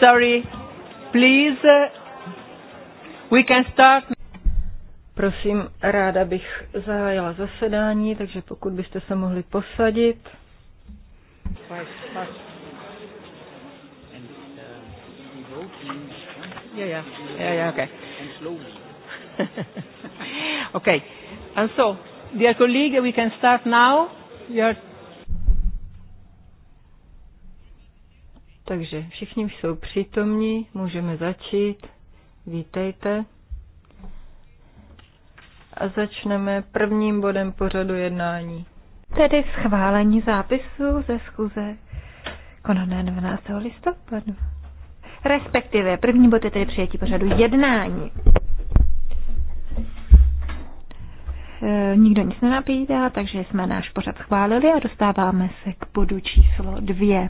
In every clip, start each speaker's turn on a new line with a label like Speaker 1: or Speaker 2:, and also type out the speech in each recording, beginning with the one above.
Speaker 1: Sorry, please, uh, we can start. Prosím, ráda bych zahájila zasedání, takže pokud byste se mohli posadit.
Speaker 2: Yeah, yeah,
Speaker 3: yeah, yeah, okay.
Speaker 1: okay, and so, dear colleague, we can start now. We are Takže všichni už jsou přítomní, můžeme začít. Vítejte. A začneme prvním bodem pořadu jednání. Tedy schválení zápisu ze
Speaker 2: schůze konané 12. listopadu.
Speaker 1: Respektive první
Speaker 2: bod je tedy přijetí pořadu jednání. E, nikdo nic nenapídá, takže jsme náš pořad schválili a dostáváme se k bodu číslo dvě.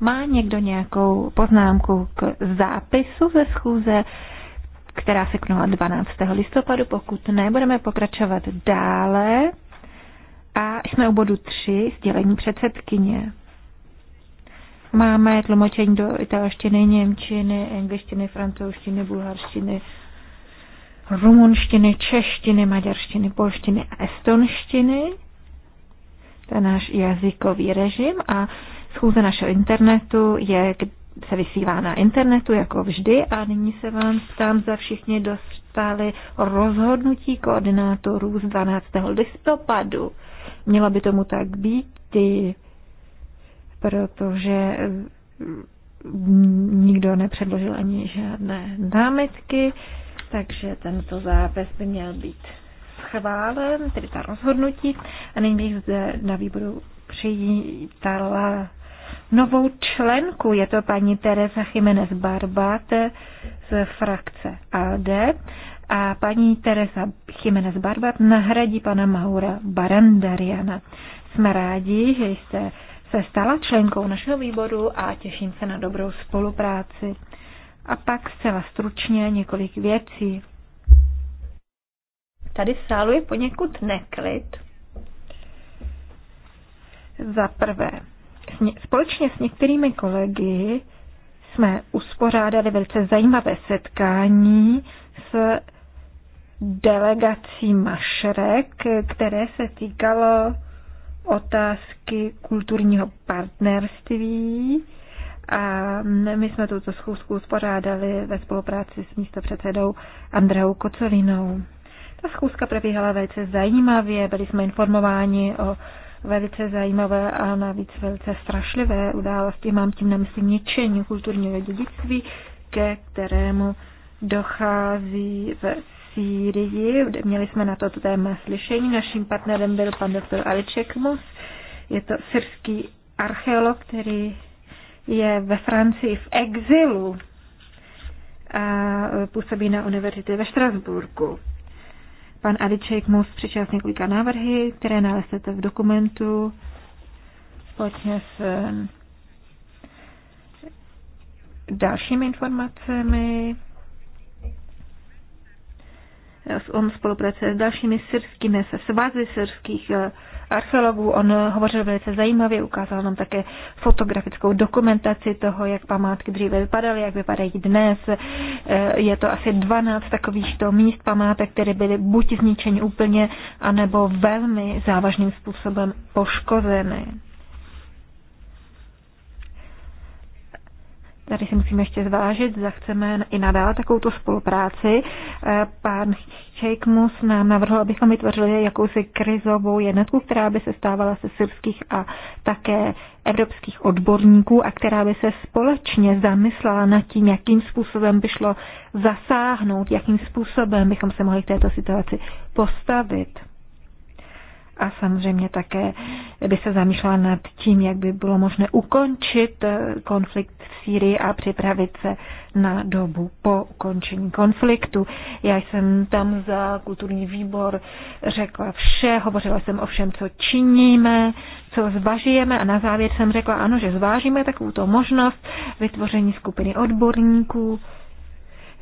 Speaker 2: Má někdo nějakou poznámku k zápisu ze schůze, která se konala 12. listopadu? Pokud ne, budeme pokračovat dále. A jsme u bodu 3, sdělení předsedkyně. Máme tlumočení do italštiny, němčiny, angličtiny, francouzštiny, bulharštiny, rumunštiny, češtiny, maďarštiny, polštiny a estonštiny. To je náš jazykový režim a Schůze našeho internetu je, se vysílá na internetu jako vždy a nyní se vám tam za všichni dostali rozhodnutí koordinátorů z 12. listopadu. Mělo by tomu tak být, protože mm, nikdo nepředložil ani žádné námitky, takže tento zápis by měl být schválen, tedy ta rozhodnutí. A nyní bych zde na výboru přijítala novou členku. Je to paní Teresa Jiménez Barbat z frakce AD a paní Teresa Jiménez Barbat nahradí pana Maura Barandariana. Jsme rádi, že jste se stala členkou našeho výboru a těším se na dobrou spolupráci. A pak zcela stručně několik věcí. Tady v sálu je poněkud neklid. Za prvé, společně s některými kolegy jsme uspořádali velice zajímavé setkání s delegací Mašrek, které se týkalo otázky kulturního partnerství. A my jsme tuto schůzku uspořádali ve spolupráci s místopředsedou Andreou Kocelinou. Ta schůzka probíhala velice zajímavě, byli jsme informováni o velice zajímavé a navíc velice strašlivé události. Mám tím na mysli ničení kulturního dědictví, ke kterému dochází v Sýrii. Měli jsme na toto téma slyšení. Naším partnerem byl pan doktor Aliček Mus. Je to syrský archeolog, který je ve Francii v exilu a působí na univerzitě ve Štrasburku. Pan Adiček Mus přišel s několika návrhy, které naleznete v dokumentu. Společně s eh, dalšími informacemi on spolupracuje s dalšími syrskými, se svazy syrských eh, archeologů. On eh, hovořil velice zajímavě, ukázal nám také fotografickou dokumentaci toho, jak památky dříve vypadaly, jak vypadají dnes. Eh, je to asi 12 takovýchto míst památek, které byly buď zničeny úplně, anebo velmi závažným způsobem poškozeny. Tady si musíme ještě zvážit, zda chceme i nadále takovou spolupráci. Eh, Pán Čejkmus nám navrhl, abychom vytvořili jakousi krizovou jednotku, která by se stávala se syrských a také evropských odborníků a která by se společně zamyslela nad tím, jakým způsobem by šlo zasáhnout, jakým způsobem bychom se mohli k této situaci postavit a samozřejmě také by se zamýšlela nad tím, jak by bylo možné ukončit eh, konflikt v Sýrii a připravit se na dobu po ukončení konfliktu. Já jsem tam za kulturní výbor řekla vše, hovořila jsem o všem, co činíme, co zvažujeme a na závěr jsem řekla ano, že zvážíme takovouto možnost vytvoření skupiny odborníků,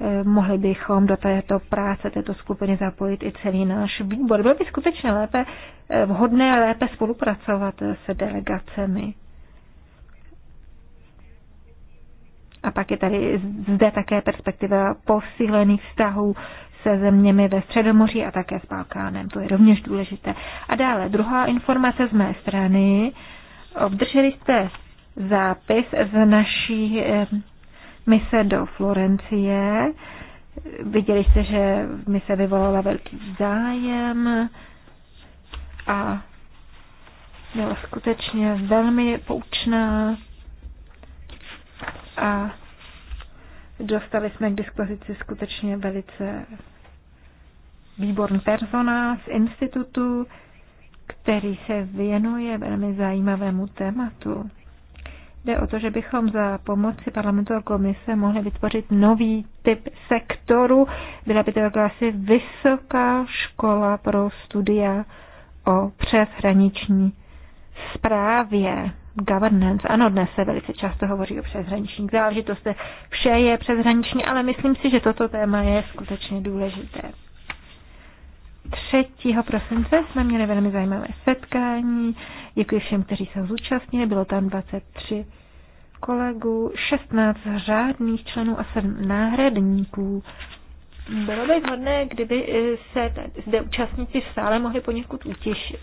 Speaker 2: eh, mohli bychom do této práce, této skupiny zapojit i celý náš výbor. Bylo by skutečně lépe, vhodné lépe spolupracovat se delegacemi. A pak je tady zde také perspektiva posílených vztahů se zeměmi ve Středomoří a také s Balkánem. To je rovněž důležité. A dále, druhá informace z mé strany. Obdrželi jste zápis z naší eh, mise do Florencie. Viděli jste, že mise vyvolala velký zájem a byla skutečně velmi poučná a dostali jsme k dispozici skutečně velice výborný personál z institutu, který se věnuje velmi zajímavému tématu. Jde o to, že bychom za pomoci parlamentu a komise mohli vytvořit nový typ sektoru. Byla by to asi vysoká škola pro studia o přeshraniční správě, governance. Ano, dnes se velice často hovoří o přeshraničních záležitostech. Vše je přeshraniční, ale myslím si, že toto téma je skutečně důležité. 3. prosince jsme měli velmi zajímavé setkání. Děkuji všem, kteří se zúčastnili. Bylo tam 23 kolegů, 16 řádných členů a 7 náhradníků. Bylo by vhodné, kdyby eh, se zde účastníci v sále mohli poněkud utěšit.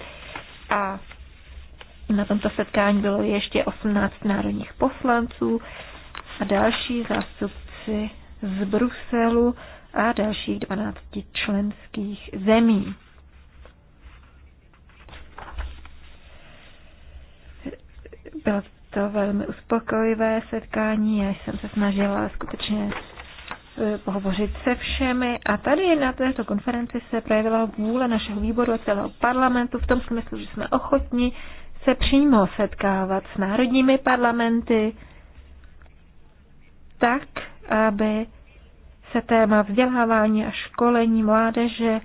Speaker 2: A na tomto setkání bylo ještě 18 národních poslanců a další zástupci z Bruselu a dalších 12 členských zemí. Bylo to velmi uspokojivé setkání, já jsem se snažila skutečně pohovořit se všemi. A tady na této konferenci se projevila vůle našeho výboru a celého parlamentu v tom smyslu, že jsme ochotni se přímo setkávat s národními parlamenty tak, aby se téma vzdělávání a školení mládeže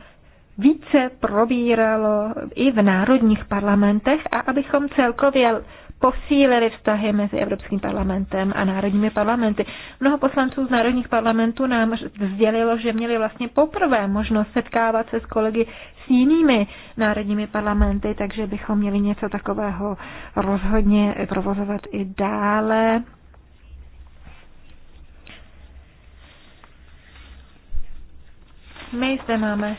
Speaker 2: více probíralo i v národních parlamentech a abychom celkově posílili vztahy mezi Evropským parlamentem a národními parlamenty. Mnoho poslanců z národních parlamentů nám vzdělilo, že měli vlastně poprvé možnost setkávat se s kolegy s jinými národními parlamenty, takže bychom měli něco takového rozhodně provozovat i dále. My zde máme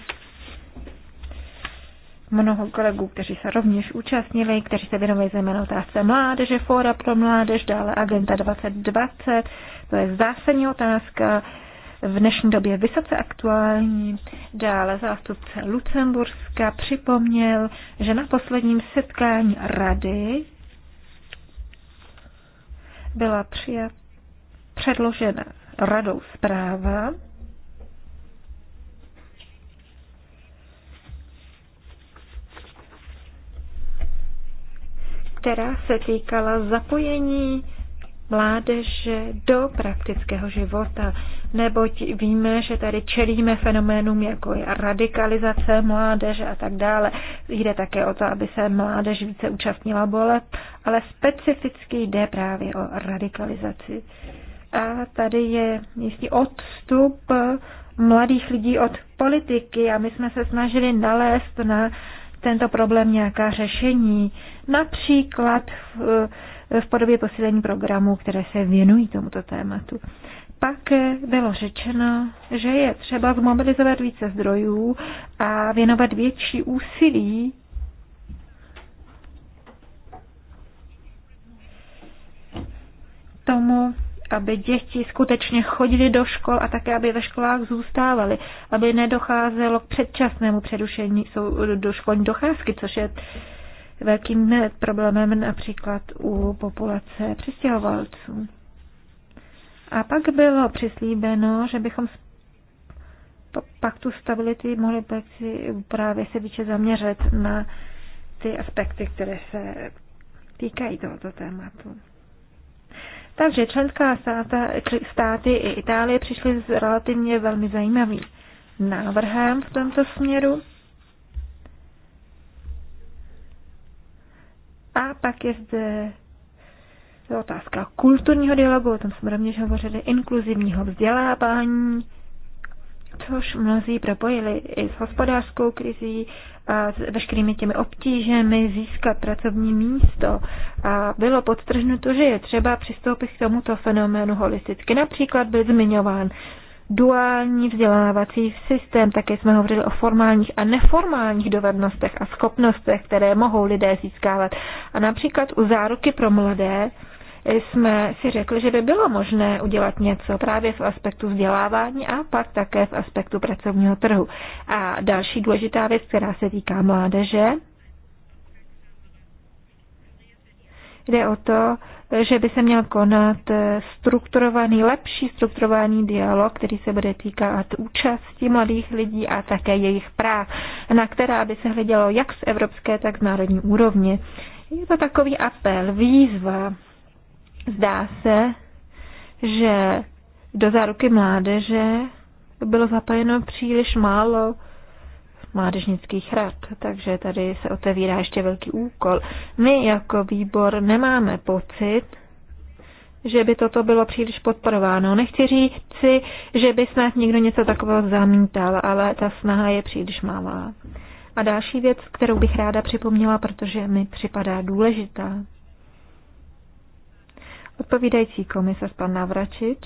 Speaker 2: mnoho kolegů, kteří se rovněž účastnili, kteří se věnovali zejména otázce mládeže, fóra pro mládež, dále Agenda 2020. To je zásadní otázka, v dnešní době vysoce aktuální. Dále zástupce Lucemburska připomněl, že na posledním setkání rady byla přijat, předložena radou zpráva která se týkala zapojení mládeže do praktického života, neboť víme, že tady čelíme fenoménům, jako je radikalizace mládeže a tak dále. Jde také o to, aby se mládež více účastnila bole, ale specificky jde právě o radikalizaci. A tady je jistý odstup mladých lidí od politiky a my jsme se snažili nalézt na tento problém nějaká řešení, například v, v podobě posílení programů, které se věnují tomuto tématu. Pak bylo řečeno, že je třeba zmobilizovat více zdrojů a věnovat větší úsilí tomu, aby děti skutečně chodily do škol a také, aby ve školách zůstávaly, aby nedocházelo k předčasnému přerušení do školní docházky, což je velkým problémem například u populace přistěhovalců. A pak bylo přislíbeno, že bychom paktu stability mohli právě se více zaměřit na ty aspekty, které se týkají tohoto tématu. Takže členská státa, státy i Itálie přišly s relativně velmi zajímavým návrhem v tomto směru. A pak je zde otázka kulturního dialogu, o tom jsme rovněž hovořili, inkluzivního vzdělávání, což mnozí propojili i s hospodářskou krizí a s veškerými těmi obtížemi získat pracovní místo. A bylo podtržnuto, že je třeba přistoupit k tomuto fenoménu holisticky. Například byl zmiňován duální vzdělávací systém, také jsme hovořili o formálních a neformálních dovednostech a schopnostech, které mohou lidé získávat. A například u záruky pro mladé jsme si řekli, že by bylo možné udělat něco právě v aspektu vzdělávání a pak také v aspektu pracovního trhu. A další důležitá věc, která se týká mládeže, jde o to, že by se měl konat strukturovaný, lepší strukturovaný dialog, který se bude týkat účasti mladých lidí a také jejich práv, na která by se hledělo jak z evropské, tak z národní úrovně. Je to takový apel, výzva Zdá se, že do záruky mládeže bylo zapojeno příliš málo mládežnických rad, takže tady se otevírá ještě velký úkol. My jako výbor nemáme pocit, že by toto bylo příliš podporováno. Nechci si, že by snad někdo něco takového zamítal, ale ta snaha je příliš malá. A další věc, kterou bych ráda připomněla, protože mi připadá důležitá. Odpovídající komisař pan Navračič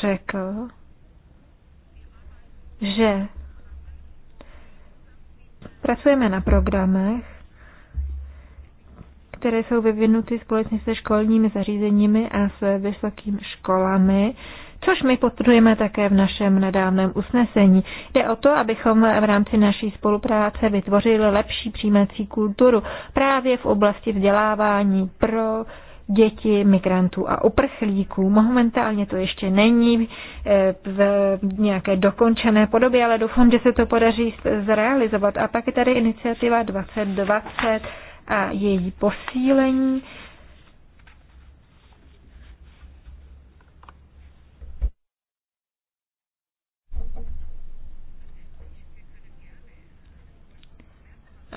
Speaker 2: řekl, že pracujeme na programech, které jsou vyvinuty společně se školními zařízeními a s vysokými školami, což my potvrdujeme také v našem nedávném usnesení. Jde o to, abychom v rámci naší spolupráce vytvořili lepší přijímací kulturu právě v oblasti vzdělávání pro děti migrantů a uprchlíků. Momentálně to ještě není eh, v nějaké dokončené podobě, ale doufám, že se to podaří zrealizovat. A pak je tady iniciativa 2020 a její posílení.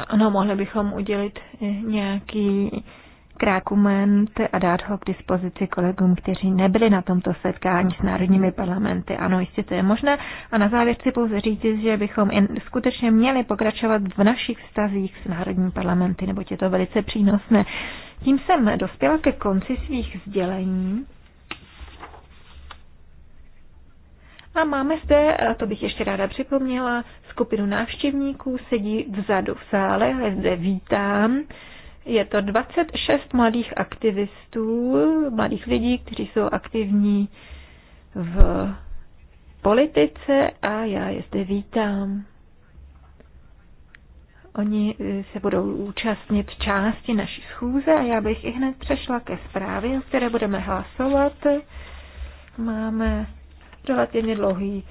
Speaker 2: Ano, mohli bychom udělit eh, nějaký dokument a dát ho k dispozici kolegům, kteří nebyli na tomto setkání s národními parlamenty. Ano, jistě to je možné. A na závěr si pouze říct, že bychom skutečně měli pokračovat v našich vztazích s národními parlamenty, neboť je to velice přínosné. Tím jsem dospěla ke konci svých sdělení. A máme zde, a to bych ještě ráda připomněla, skupinu návštěvníků, sedí vzadu v sále, zde vítám. Je to 26 mladých aktivistů, mladých lidí, kteří jsou aktivní v politice a já je zde vítám. Oni eh, se budou účastnit části naší schůze a já bych i hned přešla ke zprávě, o které budeme hlasovat. Máme relativně dlouhý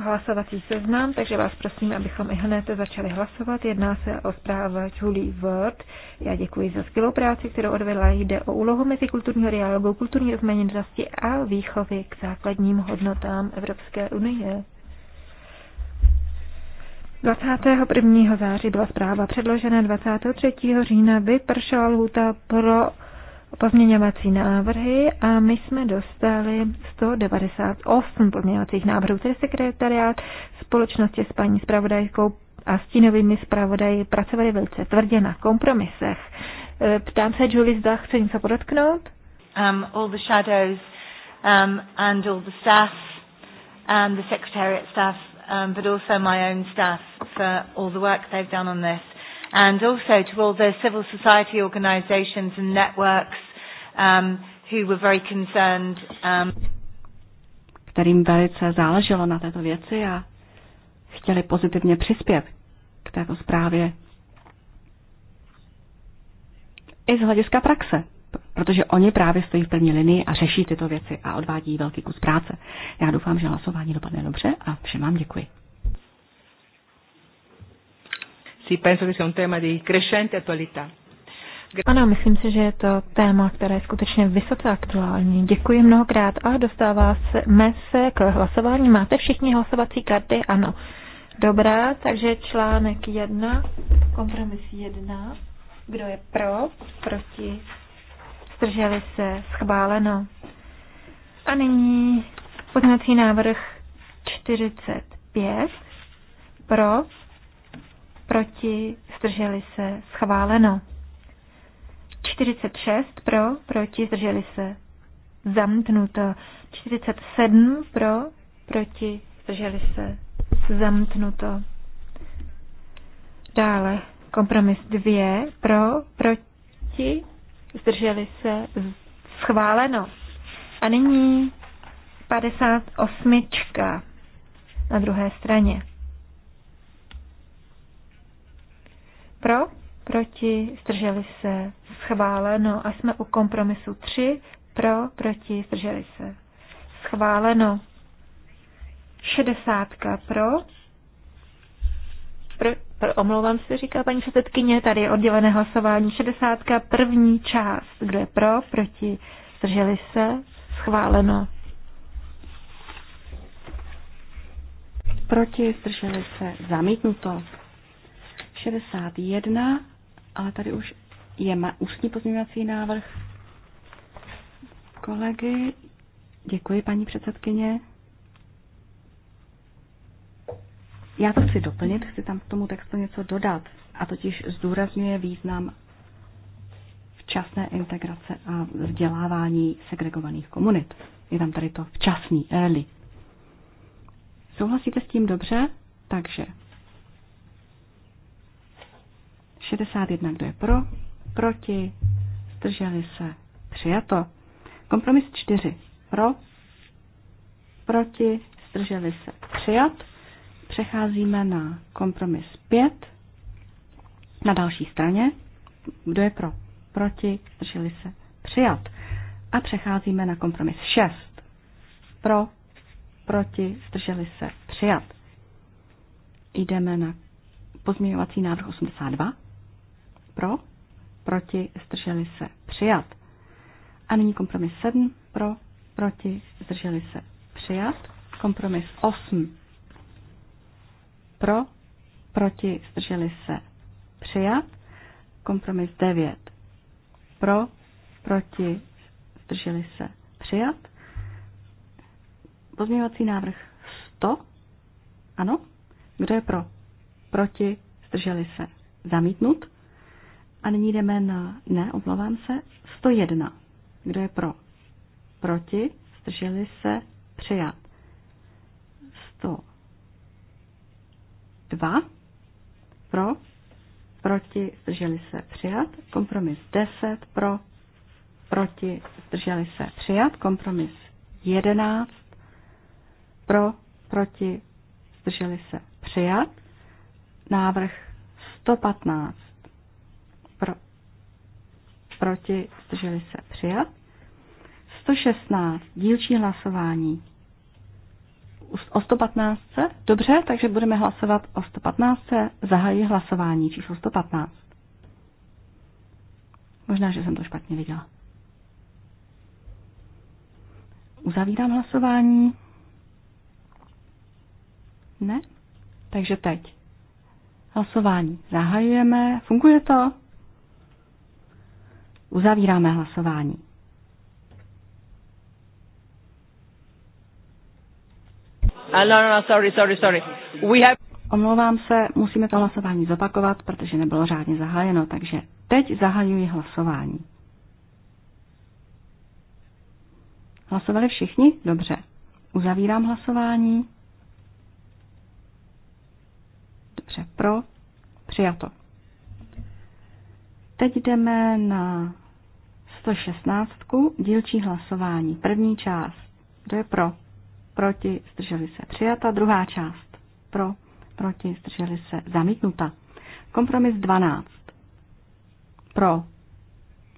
Speaker 2: hlasovací seznam, takže vás prosím, abychom i hned začali hlasovat. Jedná se o zprávu Julie Word. Já děkuji za skvělou práci, kterou odvedla. Jde o úlohu mezikulturního dialogu, kulturní rozmanitosti a výchovy k základním hodnotám Evropské unie. 21. září byla zpráva předložena, 23. října vypršela lhuta pro pozměňovací návrhy a my jsme dostali 198 pozměňovacích návrhů, tedy sekretariát společnosti s paní zpravodajkou a stínovými zpravodaji pracovali velice tvrdě na kompromisech. Eh, ptám se, Julie, zda chce něco podotknout? Um, all the shadows um, and all the staff and um, the secretariat staff um, but also my own staff for all the work they've done on this and also to all the civil society organisations
Speaker 1: and networks um, who were very concerned. Um,
Speaker 3: kterým velice záleželo na této věci a chtěli pozitivně přispět k této zprávě. I z hlediska praxe, protože oni právě stojí v první linii a řeší tyto věci a odvádí velký kus práce. Já doufám, že hlasování dopadne dobře a všem vám děkuji.
Speaker 1: si penso che sia un tema di crescente attualità.
Speaker 2: Ano, myslím si, že je to téma, které je skutečně vysoce aktuální. Děkuji mnohokrát a dostává se, se k hlasování. Máte všichni hlasovací karty? Ano. Dobrá, takže článek 1, kompromis 1. Kdo je pro? Proti? Zdrželi se? Schváleno. A nyní poznací návrh 45. Pro? proti, zdrželi se, schváleno. 46 pro, proti, zdrželi se, zamknuto. 47 pro, proti, zdrželi se, zamknuto. Dále kompromis 2 pro, proti, zdrželi se, schváleno. A nyní 58. na druhé straně. pro, proti, zdrželi se, schváleno. A jsme u kompromisu 3, pro, proti, zdrželi se, schváleno. 60 pro, pro, pro omlouvám se, říká paní předsedkyně, tady je oddělené hlasování. 60 první část, kde pro, proti, zdrželi se, schváleno.
Speaker 3: Proti, zdrželi se, zamítnuto. 61, ale tady už je ústní pozměňovací návrh kolegy. Děkuji, paní předsedkyně. Já to chci doplnit, chci tam k tomu textu něco dodat, a totiž zdůrazňuje význam včasné integrace a vzdělávání segregovaných komunit. Je tam tady to včasný, early. Souhlasíte s tím dobře? Takže 61, kdo je pro, proti, zdrželi se, přijato. Kompromis 4, pro, proti, zdrželi se, přijat. Přecházíme na kompromis 5, na další straně, kdo je pro, proti, zdrželi se, přijat. A přecházíme na kompromis 6, pro, proti, zdrželi se, přijat. Jdeme na pozměňovací návrh 82 pro, proti, zdrželi se, přijat. A nyní kompromis 7 pro, proti, zdrželi se, přijat. Kompromis 8 pro, proti, zdrželi se, přijat. Kompromis 9 pro, proti, zdrželi se, přijat. Pozměňovací návrh 100, ano. Kdo je pro? Proti, zdrželi se, zamítnut. A nyní jdeme na, ne, omlouvám se, 101. Kdo je pro? Proti? Zdrželi se? Přijat. 102. Pro? Proti? Zdrželi se? Přijat. Kompromis 10. Pro? Proti? Zdrželi se? Přijat. Kompromis 11. Pro? Proti? Zdrželi se? Přijat. Návrh 115 proti, zdrželi se přijat. 116, dílčí hlasování. O 115, dobře, takže budeme hlasovat o 115, zahají hlasování číslo 115. Možná, že jsem to špatně viděla. Uzavírám hlasování. Ne? Takže teď. Hlasování zahajujeme. Funguje to? Uzavíráme hlasování.
Speaker 1: Ah, no, no, no, sorry, sorry, sorry.
Speaker 3: We have... Omlouvám se, musíme to hlasování zopakovat, protože nebylo řádně zahájeno, takže teď zahajuji hlasování. Hlasovali všichni? Dobře. Uzavírám hlasování. Dobře, pro. Přijato. Teď jdeme na 116. dílčí hlasování. První část. Kdo je pro? Proti, zdrželi se. Přijata. Druhá část. Pro, proti, zdrželi se. Zamítnuta. Kompromis 12. Pro,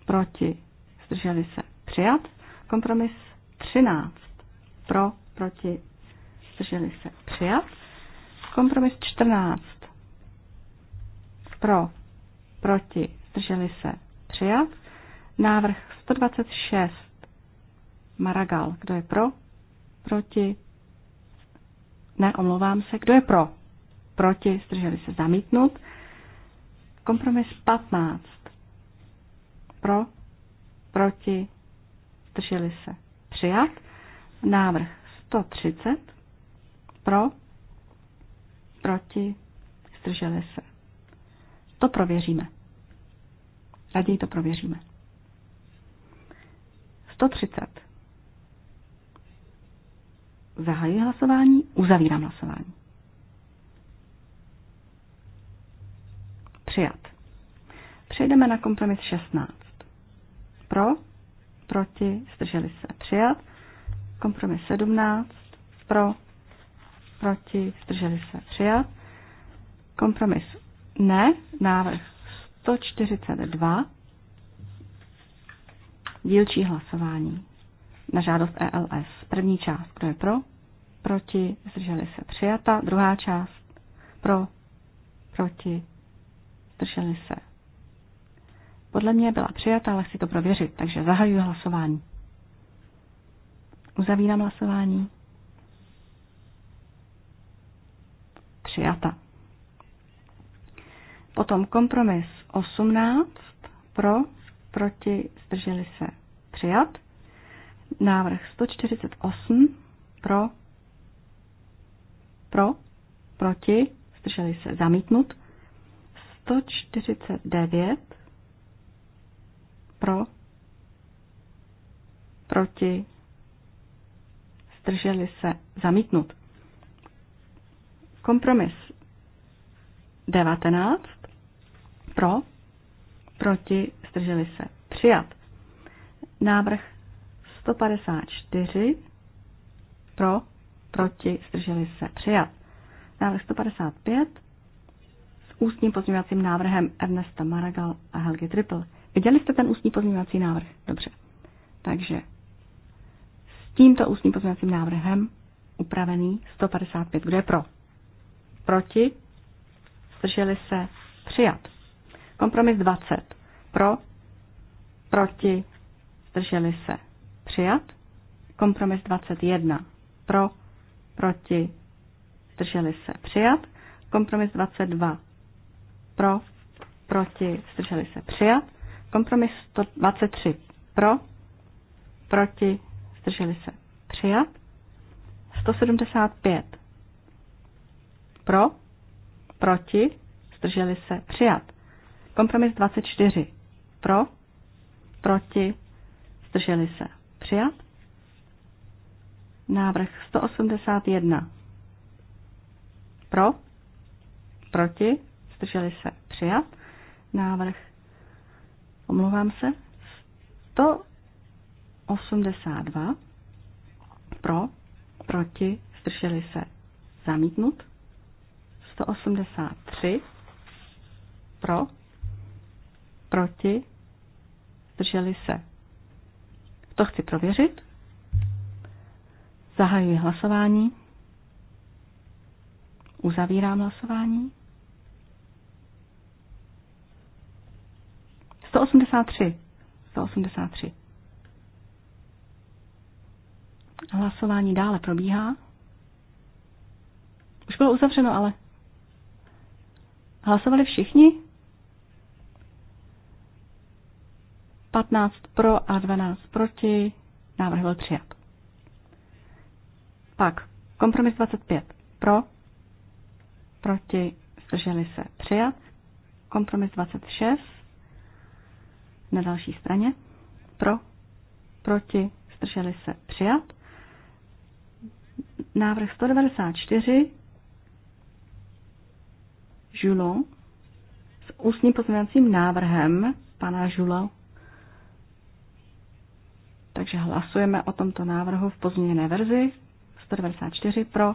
Speaker 3: proti, zdrželi se. Přijat. Kompromis 13. Pro, proti, zdrželi se. Přijat. Kompromis 14. Pro, proti, zdrželi se, přijat. Návrh 126, Maragal, kdo je pro, proti, ne, omlouvám se, kdo je pro, proti, zdrželi se, zamítnut. Kompromis 15, pro, proti, zdrželi se, přijat. Návrh 130, pro, proti, zdrželi se. To prověříme. Raději to prověříme. 130. Zahajuji hlasování, uzavírám hlasování. Přijat. Přejdeme na kompromis 16. Pro, proti, zdrželi se. Přijat. Kompromis 17. Pro, proti, zdrželi se. Přijat. Kompromis ne, návrh 142 dílčí hlasování na žádost ELS. První část, kdo je pro, proti, zdrželi se přijata. Druhá část, pro, proti, zdrželi se. Podle mě byla přijata, ale chci to prověřit, takže zahajuji hlasování. Uzavírám hlasování. Přijata. Potom kompromis 18 pro, proti, zdrželi se přijat. Návrh 148 pro, pro, proti, zdrželi se zamítnut. 149 pro, proti, zdrželi se zamítnut. Kompromis 19 pro, proti, zdrželi se. Přijat. Návrh 154. Pro, proti, zdrželi se. Přijat. Návrh 155 s ústním pozměňovacím návrhem Ernesta Maragal a Helgi Triple. Viděli jste ten ústní pozměňovací návrh? Dobře. Takže s tímto ústním pozměňovacím návrhem upravený 155. Kdo je pro? Proti? Zdrželi se? Přijat. Kompromis 20. Pro, proti, zdrželi se. Přijat. Kompromis 21. Pro, proti, zdrželi se. Přijat. Kompromis 22. Pro, proti, zdrželi se. Přijat. Kompromis 123. Pro, proti, zdrželi se. Přijat. 175. Pro, proti, zdrželi se. Přijat. Kompromis 24. Pro, proti, zdrželi se. Přijat. Návrh 181. Pro, proti, zdrželi se. Přijat. Návrh, omlouvám se, 182. Pro, proti, zdrželi se. Zamítnut. 183. Pro, Proti? Zdrželi se. To chci prověřit. Zahajuji hlasování. Uzavírám hlasování. 183. 183. Hlasování dále probíhá. Už bylo uzavřeno, ale hlasovali všichni? 15 pro a 12 proti. Návrh byl přijat. Pak kompromis 25 pro, proti, zdrželi se přijat. Kompromis 26 na další straně pro, proti, zdrželi se přijat. Návrh 194 Julon s ústním pozměňovacím návrhem pana Julon takže hlasujeme o tomto návrhu v pozměněné verzi. 194 pro,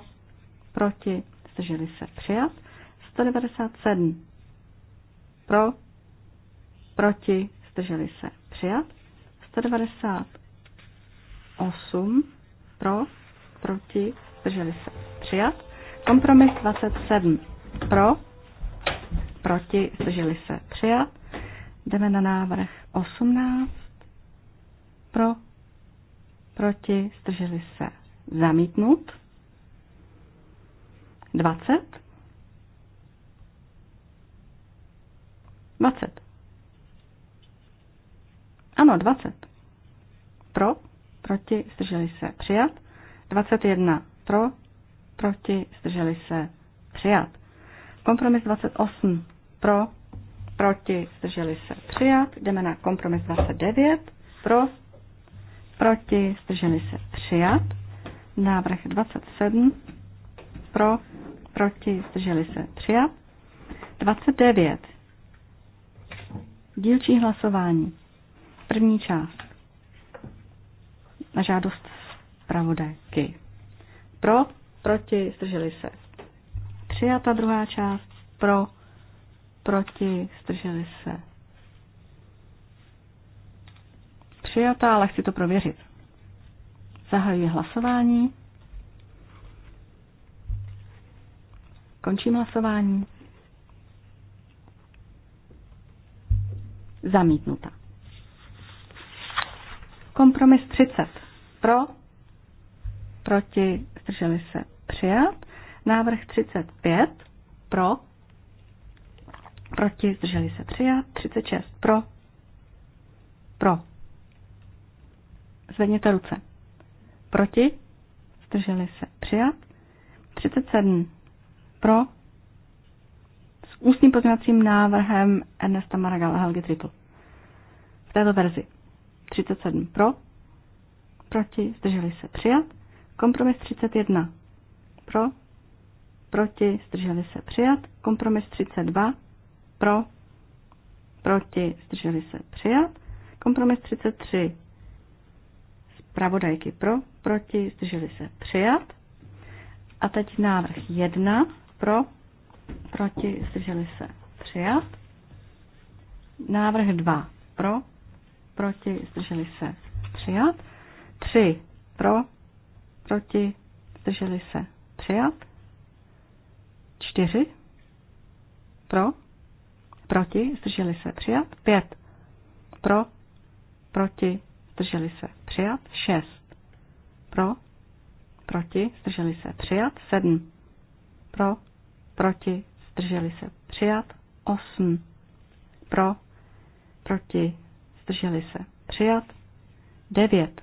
Speaker 3: proti, zdrželi se přijat. 197 pro, proti, zdrželi se přijat. 198 pro, proti, zdrželi se přijat. Kompromis 27 pro, proti, zdrželi se přijat. Jdeme na návrh 18 pro, proti, zdrželi se zamítnut. 20. 20. Ano, 20. Pro, proti, zdrželi se přijat. 21. Pro, proti, zdrželi se přijat. Kompromis 28. Pro, proti, zdrželi se přijat. Jdeme na kompromis 29. Pro, proti, zdrželi se přijat. Návrh 27, pro, proti, zdrželi se přijat. 29, dílčí hlasování, první část, na žádost zpravodajky. Pro, proti, zdrželi se přijata druhá část, pro, proti, zdrželi se přijata, ale chci to prověřit. Zahajuji hlasování. Končím hlasování. Zamítnuta. Kompromis 30. Pro, proti, zdrželi se přijat. Návrh 35. Pro, proti, zdrželi se přijat. 36. Pro, pro, Zvedněte ruce. Proti? Zdrželi se. Přijat. 37. Pro. S ústním pozměňovacím návrhem Ernesta Maragala Helgi Triple. V této verzi. 37. Pro. Proti? Zdrželi se. Přijat. Kompromis 31. Pro. Proti? Zdrželi se. Přijat. Kompromis 32. Pro. Proti? Zdrželi se. Přijat. Kompromis 33 Pravodajky pro, proti, zdrželi se přijat. A teď návrh 1 pro, proti, zdrželi se přijat. Návrh 2 pro, proti, zdrželi se přijat. 3 pro, proti, zdrželi se přijat. 4 pro, proti, zdrželi se přijat. 5 pro, proti, zdrželi se přijat, 6 pro, proti, zdrželi se přijat, 7 pro, proti, zdrželi se přijat, 8 pro, proti, zdrželi se přijat, 9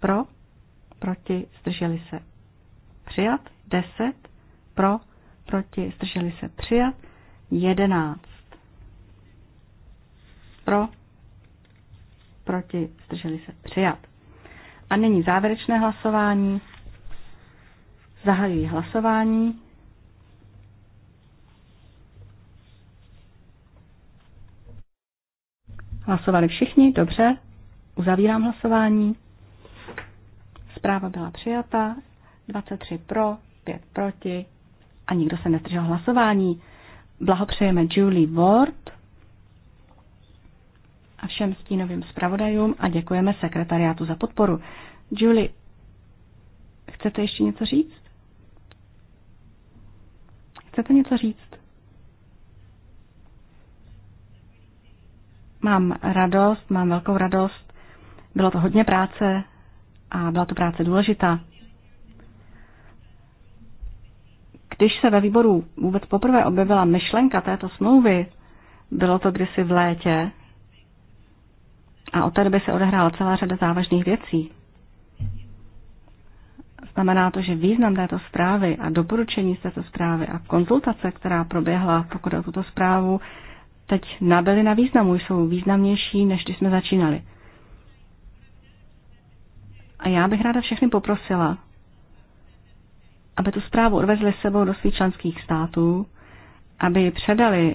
Speaker 3: pro, proti, zdrželi se přijat, 10 pro, proti, zdrželi se přijat, 11 pro, proti, zdrželi se, přijat. A nyní závěrečné hlasování. Zahajuji hlasování. Hlasovali všichni, dobře. Uzavírám hlasování. Zpráva byla přijata. 23 pro, 5 proti a nikdo se nezdržel hlasování. Blahopřejeme Julie Ward všem stínovým zpravodajům a děkujeme sekretariátu za podporu. Julie, chcete ještě něco říct? Chcete něco říct? Mám radost, mám velkou radost. Bylo to hodně práce a byla to práce důležitá. Když se ve výboru vůbec poprvé objevila myšlenka této smlouvy, bylo to kdysi v létě, a od té doby se odehrála celá řada závažných věcí. Znamená to, že význam této zprávy a doporučení z této zprávy a konzultace, která proběhla, pokud o tuto zprávu, teď nabyly na významu, jsou významnější, než když jsme začínali. A já bych ráda všechny poprosila, aby tu zprávu odvezli s sebou do svých členských států, aby ji předali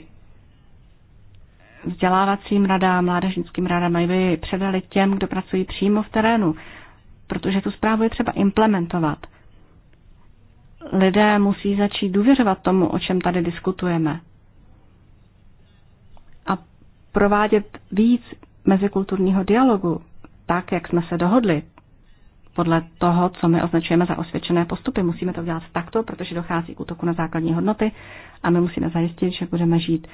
Speaker 3: vzdělávacím radám, mládežnickým radám, aby by předali těm, kdo pracují přímo v terénu, protože tu zprávu je třeba implementovat. Lidé musí začít důvěřovat tomu, o čem tady diskutujeme. A provádět víc mezikulturního dialogu, tak, jak jsme se dohodli, podle toho, co my označujeme za osvědčené postupy. Musíme to dělat takto, protože dochází k útoku na základní hodnoty a my musíme zajistit, že budeme žít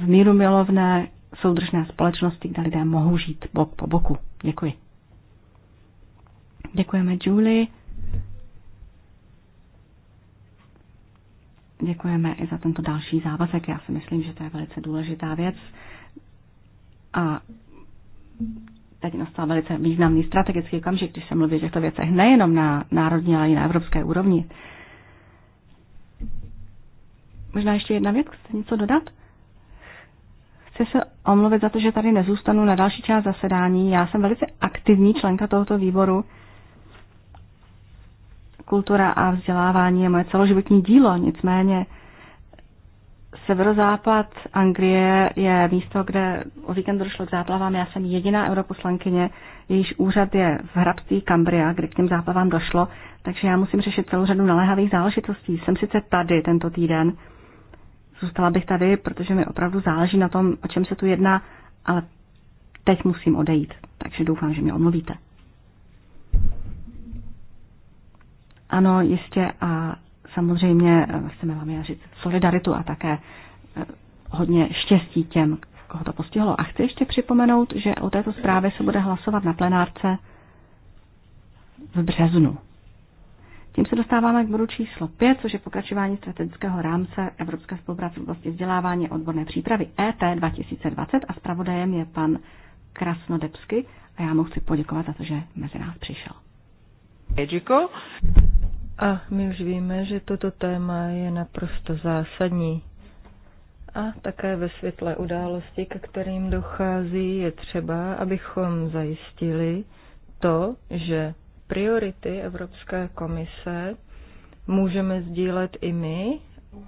Speaker 3: v míru milovné soudržné společnosti, kde lidé mohou žít bok po boku. Děkuji. Děkujeme Julie. Děkujeme i za tento další závazek. Já si myslím, že to je velice důležitá věc. A teď nastal velice významný strategický okamžik, když se mluví o těchto věcech nejenom na národní, ale i na evropské úrovni. Možná ještě jedna věc, chcete něco dodat? Chci se omluvit za to, že tady nezůstanu na další část zasedání. Já jsem velice aktivní členka tohoto výboru. Kultura a vzdělávání je moje celoživotní dílo, nicméně severozápad Anglie je místo, kde o víkendu došlo k záplavám. Já jsem jediná europoslankyně, jejíž úřad je v hrabství Cambria, kde k těm záplavám došlo, takže já musím řešit celou řadu naléhavých záležitostí. Jsem sice tady tento týden, Zůstala bych tady, protože mi opravdu záleží na tom, o čem se tu jedná, ale teď musím odejít, takže doufám, že mě omluvíte. Ano, jistě a samozřejmě eh, chceme vám říct solidaritu a také eh, hodně štěstí těm, koho to postihlo. A chci ještě připomenout, že o této zprávě se bude hlasovat na plenárce v březnu. Tím se dostáváme k bodu číslo 5, což je pokračování strategického rámce Evropské spolupráce v oblasti vzdělávání a odborné přípravy e ET 2020 a zpravodajem je pan Krasnodebsky a
Speaker 1: já mu chci poděkovat za to, že mezi nás přišel. Děkuji. A my už víme, že toto téma je naprosto zásadní. A také ve světle události, ke kterým dochází, je třeba, abychom zajistili to, že priority Evropské komise můžeme sdílet i my,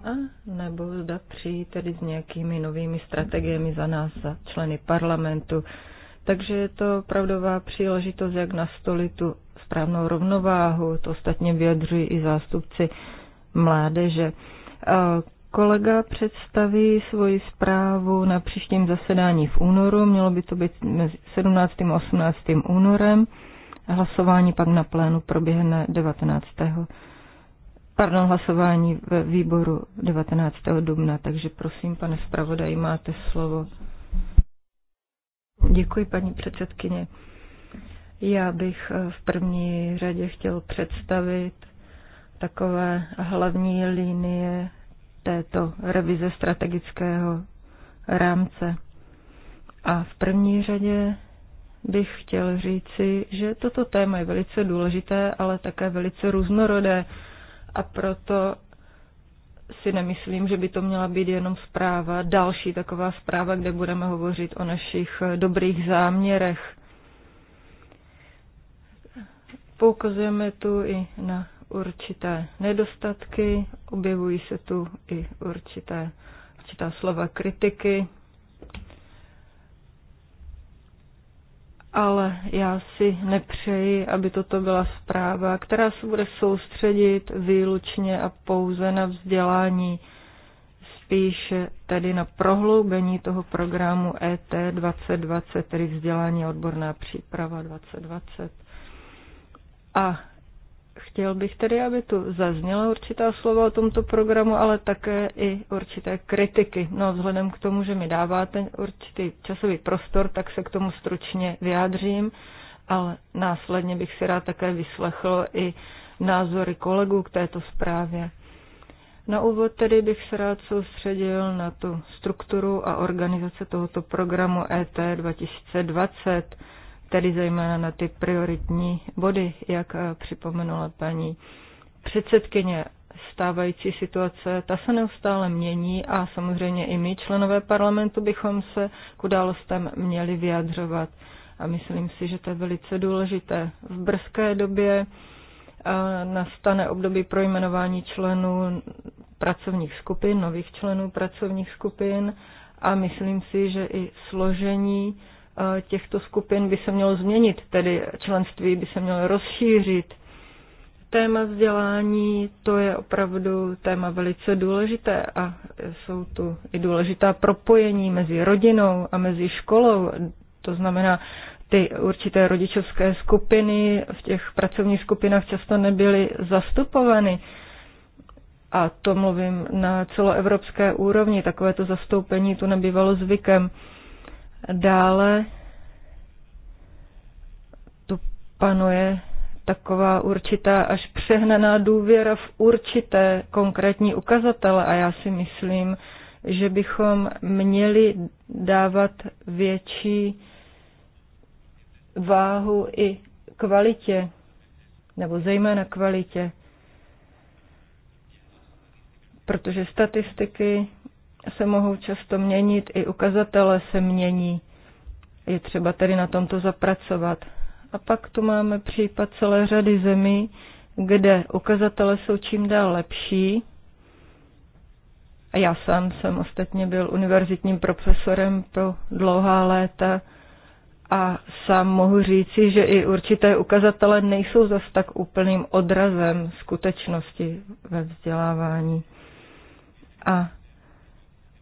Speaker 1: a nebo zda přijít tedy s nějakými novými strategiemi za nás, za členy parlamentu. Takže je to opravdová příležitost, jak nastolit tu správnou rovnováhu. To ostatně vyjadřují i zástupci mládeže. Kolega představí svoji zprávu na příštím zasedání v únoru. Mělo by to být mezi 17. a 18. únorem. Hlasování pak na plénu proběhne 19. Pardon, hlasování ve výboru 19. dubna, takže prosím, pane zpravodaji, máte slovo. Děkuji, paní předsedkyně. Já bych eh, v první řadě chtěl představit takové hlavní linie této revize strategického rámce. A v první řadě bych chtěl říci, že toto téma je velice důležité, ale také velice různorodé a proto si nemyslím, že by to měla být jenom zpráva, další taková zpráva, kde budeme hovořit o našich eh, dobrých záměrech. Poukazujeme tu i na určité nedostatky, objevují se tu i určité, určitá slova kritiky, ale já si nepřeji, aby toto byla zpráva, která se bude soustředit výlučně a pouze na vzdělání, spíše tedy na prohloubení toho programu e ET 2020, tedy vzdělání odborná příprava 2020. A Chtěl bych tedy, aby tu zazněla určitá slova o tomto programu, ale také i určité kritiky. No vzhledem k tomu, že mi dáváte určitý časový prostor, tak se k tomu stručně vyjádřím, ale následně bych si rád také vyslechl i názory kolegů k této zprávě. Na úvod tedy bych se rád soustředil na tu strukturu a organizace tohoto programu e ET 2020 tedy zejména na ty prioritní body, jak eh, připomenula paní předsedkyně. Stávající situace, ta se neustále mění a samozřejmě i my, členové parlamentu, bychom se k událostem měli vyjadřovat. A myslím si, že to je velice důležité. V brzké době eh, nastane období pro jmenování členů pracovních skupin, nových členů pracovních skupin a myslím si, že i složení těchto skupin by se mělo změnit, tedy členství by se mělo rozšířit. Téma vzdělání, to je opravdu téma velice důležité a jsou tu i důležitá propojení mezi rodinou a mezi školou. To znamená, ty určité rodičovské skupiny v těch pracovních skupinách často nebyly zastupovány. A to mluvím na celoevropské úrovni, takovéto zastoupení tu nebývalo zvykem. Dále panuje taková určitá až přehnaná důvěra v určité konkrétní ukazatele a já si myslím, že bychom měli dávat větší váhu i kvalitě, nebo zejména kvalitě, protože statistiky se mohou často měnit, i ukazatele se mění. Je třeba tedy na tomto zapracovat. A pak tu máme případ celé řady zemí, kde ukazatele jsou čím dál lepší. A já sám jsem ostatně byl univerzitním profesorem pro dlouhá léta a sám mohu říci, že i určité ukazatele nejsou zas tak úplným odrazem skutečnosti ve vzdělávání. A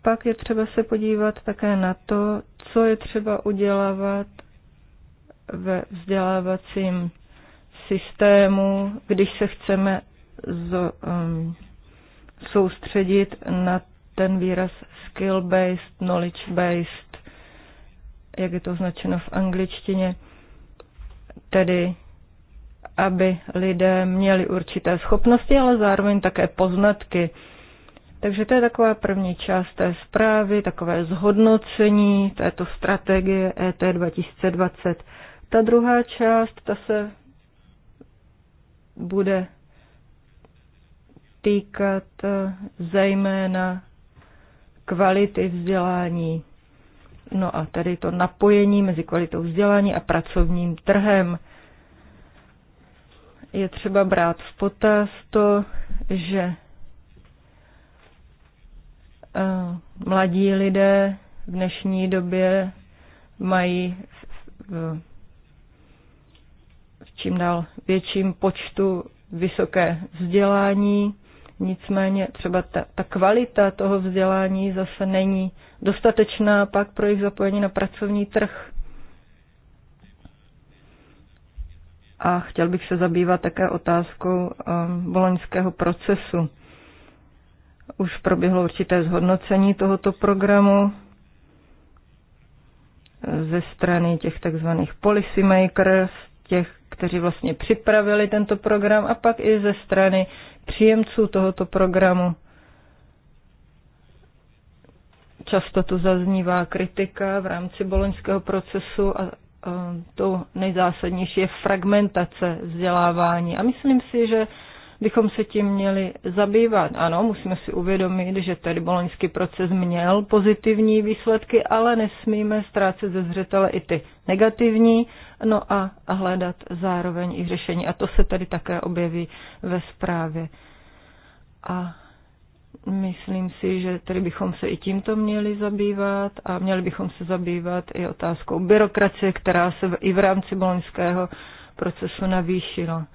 Speaker 1: pak je třeba se podívat také na to, co je třeba udělávat ve vzdělávacím systému, když se chceme z, um, soustředit na ten výraz skill-based, knowledge-based, jak je to označeno v angličtině, tedy aby lidé měli určité schopnosti, ale zároveň také poznatky. Takže to je taková první část té zprávy, takové zhodnocení této strategie e ET 2020. Ta druhá část, ta se bude týkat eh, zejména kvality vzdělání. No a tady to napojení mezi kvalitou vzdělání a pracovním trhem. Je třeba brát v potaz to, že eh, mladí lidé v dnešní době mají čím dál větším počtu vysoké vzdělání. Nicméně třeba ta, ta kvalita toho vzdělání zase není dostatečná pak pro jejich zapojení na pracovní trh. A chtěl bych se zabývat také otázkou um, boloňského procesu. Už proběhlo určité zhodnocení tohoto programu ze strany těch takzvaných policymakers, těch, kteří vlastně připravili tento program a pak i ze strany příjemců tohoto programu. Často tu zaznívá kritika v rámci boloňského procesu a to nejzásadnější je fragmentace vzdělávání. A myslím si, že bychom se tím měli zabývat. Ano, musíme si uvědomit, že tady boloňský proces měl pozitivní výsledky, ale nesmíme ztrácet ze zřetele i ty negativní, no a, a hledat zároveň i řešení. A to se tady také objeví ve zprávě. A myslím si, že tedy bychom se i tímto měli zabývat a měli bychom se zabývat i otázkou byrokracie, která se i v rámci boloňského procesu navýšila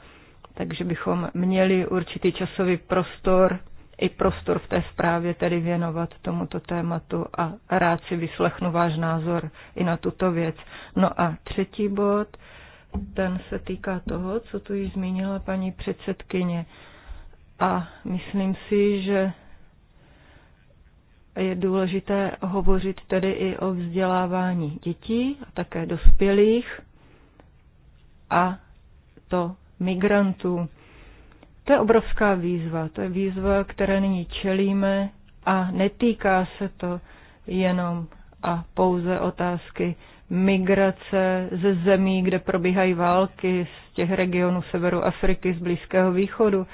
Speaker 1: takže bychom měli určitý časový prostor i prostor v té zprávě tedy věnovat tomuto tématu a rád si vyslechnu váš názor i na tuto věc. No a třetí bod, ten se týká toho, co tu již zmínila paní předsedkyně. A myslím si, že je důležité hovořit tedy i o vzdělávání dětí a také dospělých a to migrantů. To je obrovská výzva, to je výzva, které nyní čelíme a netýká se to jenom a pouze otázky migrace ze zemí, kde probíhají války, z těch regionů severu Afriky, z Blízkého východu.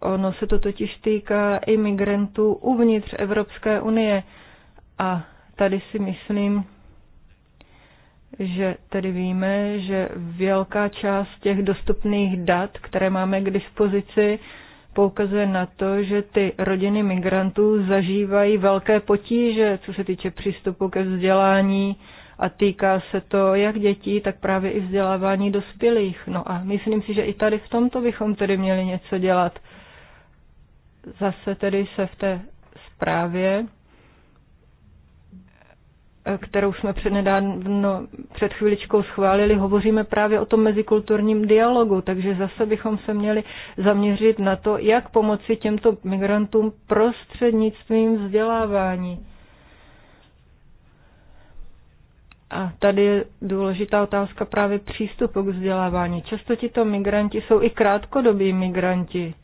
Speaker 1: Ono se to totiž týká i migrantů uvnitř Evropské unie. A tady si myslím, že tedy víme, že velká část těch dostupných dat, které máme k dispozici, poukazuje na to, že ty rodiny migrantů zažívají velké potíže, co se týče přístupu ke vzdělání a týká se to jak dětí, tak právě i vzdělávání dospělých. No a myslím si, že i tady v tomto bychom tedy měli něco dělat. Zase tedy se v té zprávě kterou jsme přednedávno, před chviličkou schválili, hovoříme právě o tom mezikulturním dialogu, takže zase bychom se měli zaměřit na to, jak pomoci těmto migrantům prostřednictvím vzdělávání. A tady je důležitá otázka právě přístupu k vzdělávání. Často tito migranti jsou i krátkodobí migranti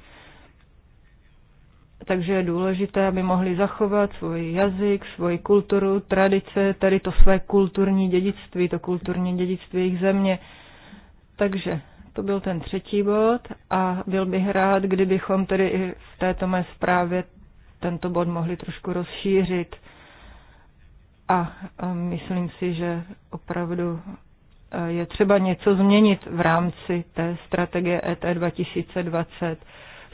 Speaker 1: takže je důležité, aby mohli zachovat svůj jazyk, svoji kulturu, tradice, tady to své kulturní dědictví, to kulturní dědictví jejich země. Takže to byl ten třetí bod a byl bych rád, kdybychom tedy i v této mé zprávě tento bod mohli trošku rozšířit. A myslím si, že opravdu e, je třeba něco změnit v rámci té strategie e ET 2020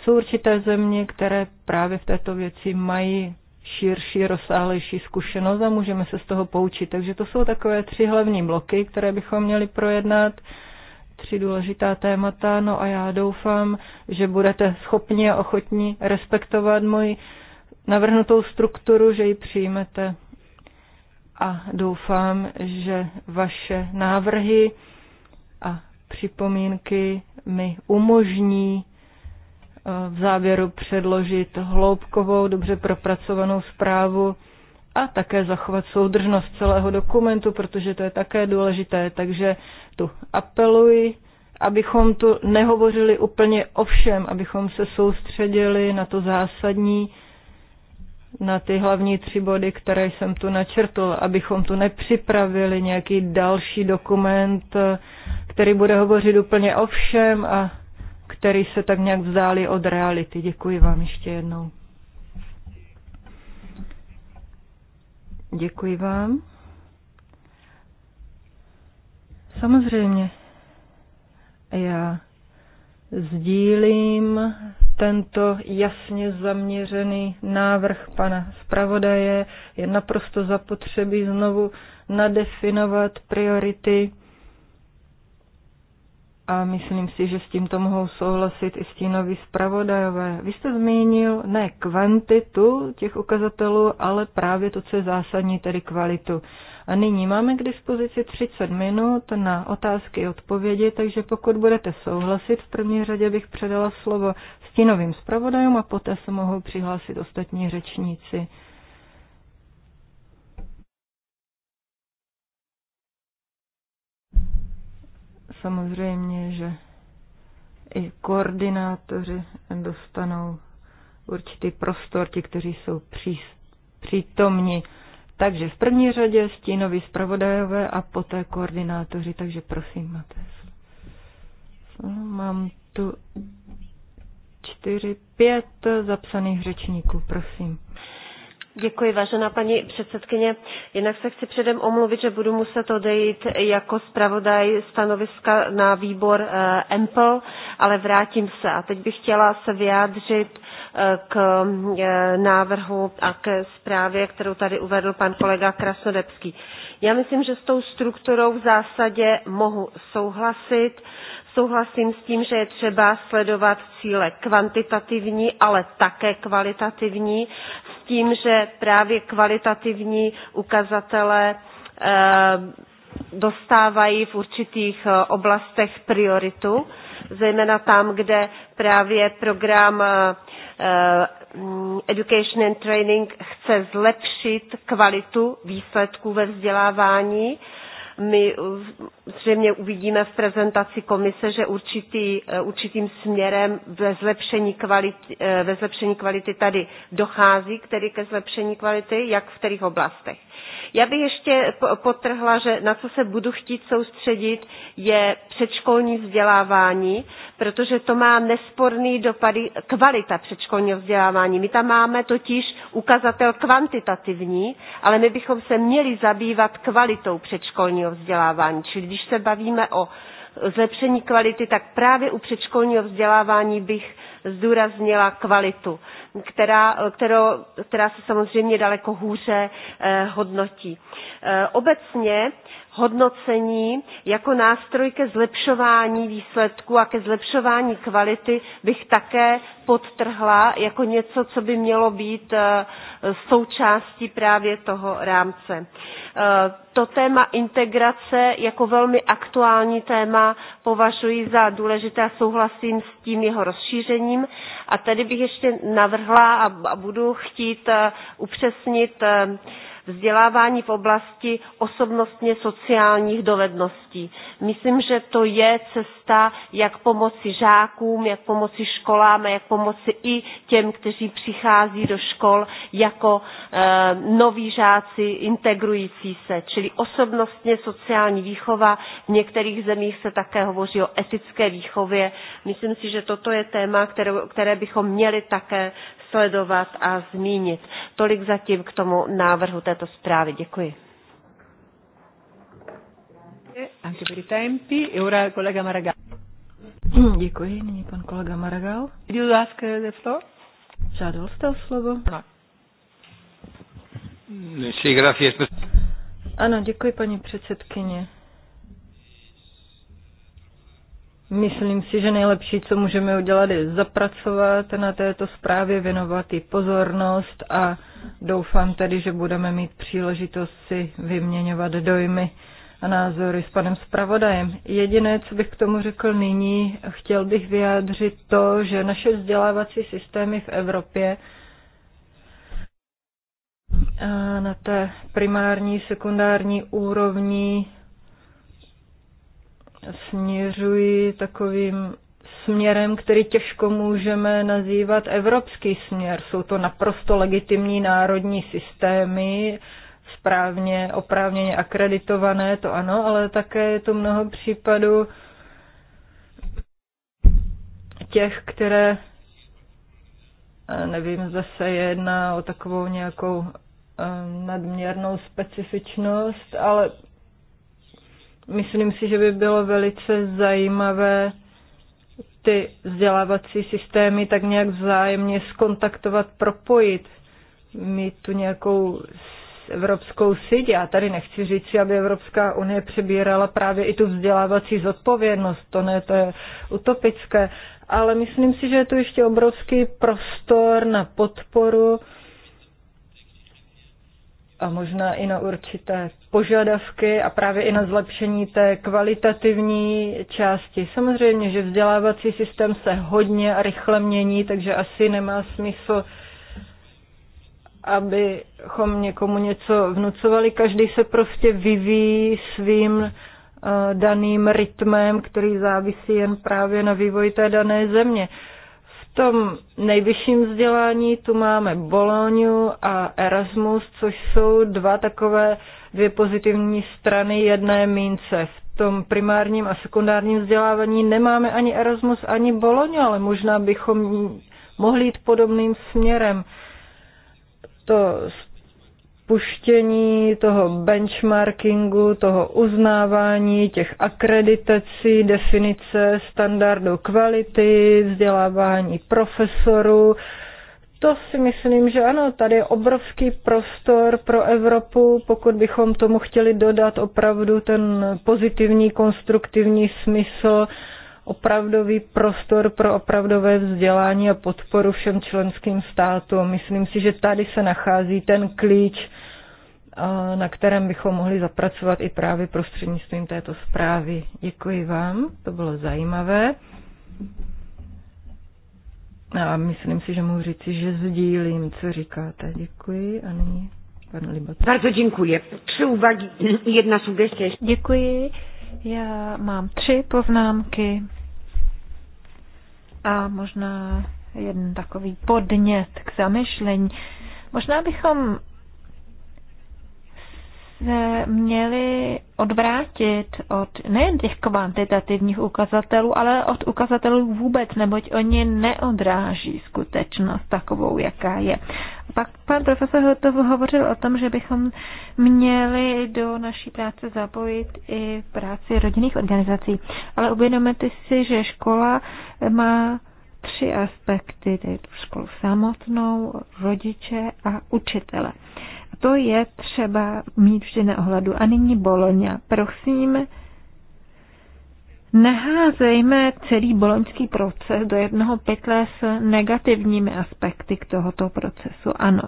Speaker 1: jsou určité země, které právě v této věci mají širší, rozsáhlejší zkušenost a můžeme se z toho poučit. Takže to jsou takové tři hlavní bloky, které bychom měli projednat, tři důležitá témata. No a já doufám, že budete schopni a ochotní respektovat moji navrhnutou strukturu, že ji přijmete. A doufám, že vaše návrhy a připomínky mi umožní v závěru předložit hloubkovou, dobře propracovanou zprávu a také zachovat soudržnost celého dokumentu, protože to je také důležité. Takže tu apeluji, abychom tu nehovořili úplně o všem, abychom se soustředili na to zásadní, na ty hlavní tři body, které jsem tu načrtl, abychom tu nepřipravili nějaký další dokument, který bude hovořit úplně o všem a který se tak nějak vzdáli od reality. Děkuji vám ještě jednou. Děkuji vám. Samozřejmě, já sdílím tento jasně zaměřený návrh pana zpravodaje. Je naprosto zapotřebí znovu nadefinovat priority a myslím si, že s tímto mohou souhlasit i stínoví zpravodajové. Vy jste zmínil ne kvantitu těch ukazatelů, ale právě to, co je zásadní, tedy kvalitu. A nyní máme k dispozici 30 minut na otázky a odpovědi, takže pokud budete souhlasit, v první řadě bych předala slovo stínovým zpravodajům a poté se mohou přihlásit ostatní řečníci. samozřejmě, že i koordinátoři dostanou určitý prostor, ti, kteří jsou pří, přítomni. Takže v první řadě stínoví zpravodajové a poté koordinátoři, takže prosím, máte. Mám tu čtyři, pět zapsaných řečníků, prosím.
Speaker 4: Děkuji, vážená paní předsedkyně. Jinak se chci předem omluvit, že budu muset odejít jako zpravodaj stanoviska na výbor eh, EMPL, ale vrátím se. A teď bych chtěla se vyjádřit eh, k eh, návrhu a k zprávě, kterou tady uvedl pan kolega Krasnodebský. Já myslím, že s tou strukturou v zásadě mohu souhlasit souhlasím s tím, že je třeba sledovat cíle kvantitativní, ale také kvalitativní, s tím, že právě kvalitativní ukazatele eh, dostávají v určitých eh, oblastech prioritu, zejména tam, kde právě program eh, Education and Training chce zlepšit kvalitu výsledků ve vzdělávání my eh, zřejmě uvidíme v prezentaci komise, že určitý, eh, určitým směrem ve zlepšení, kvality, eh, ve zlepšení kvality tady dochází, který ke zlepšení kvality, jak v kterých oblastech. Já bych ještě potrhla, že na co se budu chtít soustředit, je předškolní vzdělávání, protože to má nesporný dopady kvalita předškolního vzdělávání. My tam máme totiž ukazatel kvantitativní, ale my bychom se měli zabývat kvalitou předškolního vzdělávání. Čili když se bavíme o zlepšení kvality, tak právě u předškolního vzdělávání bych zdůraznila kvalitu, která, kterou, která se samozřejmě daleko hůře eh, hodnotí. Eh, obecně hodnocení jako nástroj ke zlepšování výsledků a ke zlepšování kvality bych také podtrhla jako něco, co by mělo být eh, součástí právě toho rámce. To téma integrace jako velmi aktuální téma považuji za důležité a souhlasím s tím jeho rozšířením nařízením. A tady bych ještě navrhla a budu chtít eh, upřesnit eh, vzdělávání v oblasti osobnostně sociálních dovedností. Myslím, že to je cesta, jak pomoci žákům, jak pomoci školám a jak pomoci i těm, kteří přichází do škol jako e, noví žáci integrující se. Čili osobnostně sociální výchova, v některých zemích se také hovoří o etické výchově. Myslím si, že toto je téma, které, které bychom měli také sledovat a zmínit. Tolik zatím k tomu návrhu této zprávy. Děkuji.
Speaker 1: E děkuji, nyní pan kolega Maragal. Uh, Žádal jste o slovo? No. Ano, děkuji, paní předsedkyně. Myslím si, že nejlepší, co můžeme udělat, je zapracovat na této zprávě, věnovat i pozornost a doufám tedy, že budeme mít příležitost si vyměňovat dojmy a názory s panem zpravodajem. Jediné, co bych k tomu řekl nyní, chtěl bych vyjádřit to, že naše vzdělávací systémy v Evropě eh, na té primární, sekundární úrovni směřují takovým směrem, který těžko můžeme nazývat evropský směr. Jsou to naprosto legitimní národní systémy, správně, oprávněně akreditované, to ano, ale také je to mnoho případů těch, které nevím, zase jedná o takovou nějakou eh, nadměrnou specifičnost, ale Myslím si, že by bylo velice zajímavé ty vzdělávací systémy tak nějak vzájemně skontaktovat, propojit, mít tu nějakou evropskou síť. Já tady nechci říct, aby Evropská unie přebírala právě i tu vzdělávací zodpovědnost, to ne, to je utopické, ale myslím si, že je tu ještě obrovský prostor na podporu a možná i na určité požadavky a právě i na zlepšení té kvalitativní části. Samozřejmě, že vzdělávací systém se hodně a rychle mění, takže asi nemá smysl, abychom někomu něco vnucovali. Každý se prostě vyvíjí svým eh, daným rytmem, který závisí jen právě na vývoji té dané země tom nejvyšším vzdělání tu máme Bologna a Erasmus, což jsou dva takové dvě pozitivní strany jedné mince. V tom primárním a sekundárním vzdělávání nemáme ani Erasmus, ani Bologna, ale možná bychom mohli jít podobným směrem. To spuštění toho benchmarkingu, toho uznávání těch akreditací, definice standardu kvality, vzdělávání profesorů. To si myslím, že ano, tady je obrovský prostor pro Evropu, pokud bychom tomu chtěli dodat opravdu ten pozitivní, konstruktivní smysl, opravdový prostor pro opravdové vzdělání a podporu všem členským státům. Myslím si, že tady se nachází ten klíč, na kterém bychom mohli zapracovat i právě prostřednictvím této zprávy. Děkuji vám, to bylo zajímavé. A myslím si, že mohu říci, že sdílím, co říkáte. Děkuji a nyní pan Libat. Bardzo děkuji.
Speaker 4: Tři uwagi, jedna sugestie. Děkuji. Já mám
Speaker 2: tři poznámky a možná jeden takový podnět k zamyšlení. Možná bychom se měli odvrátit od nejen těch kvantitativních ukazatelů, ale od ukazatelů vůbec, neboť oni neodráží skutečnost takovou, jaká je. Pak pan profesor Hotov hovořil o tom, že bychom měli do naší práce zapojit i práci rodinných organizací. Ale uvědomujete si, že škola má tři aspekty, tedy školu samotnou, rodiče a učitele. Uh, to je třeba mít vždy na ohledu. A nyní Boloňa. Prosím, neházejme celý boloňský proces do jednoho pytle s negativními aspekty k tohoto procesu. Ano,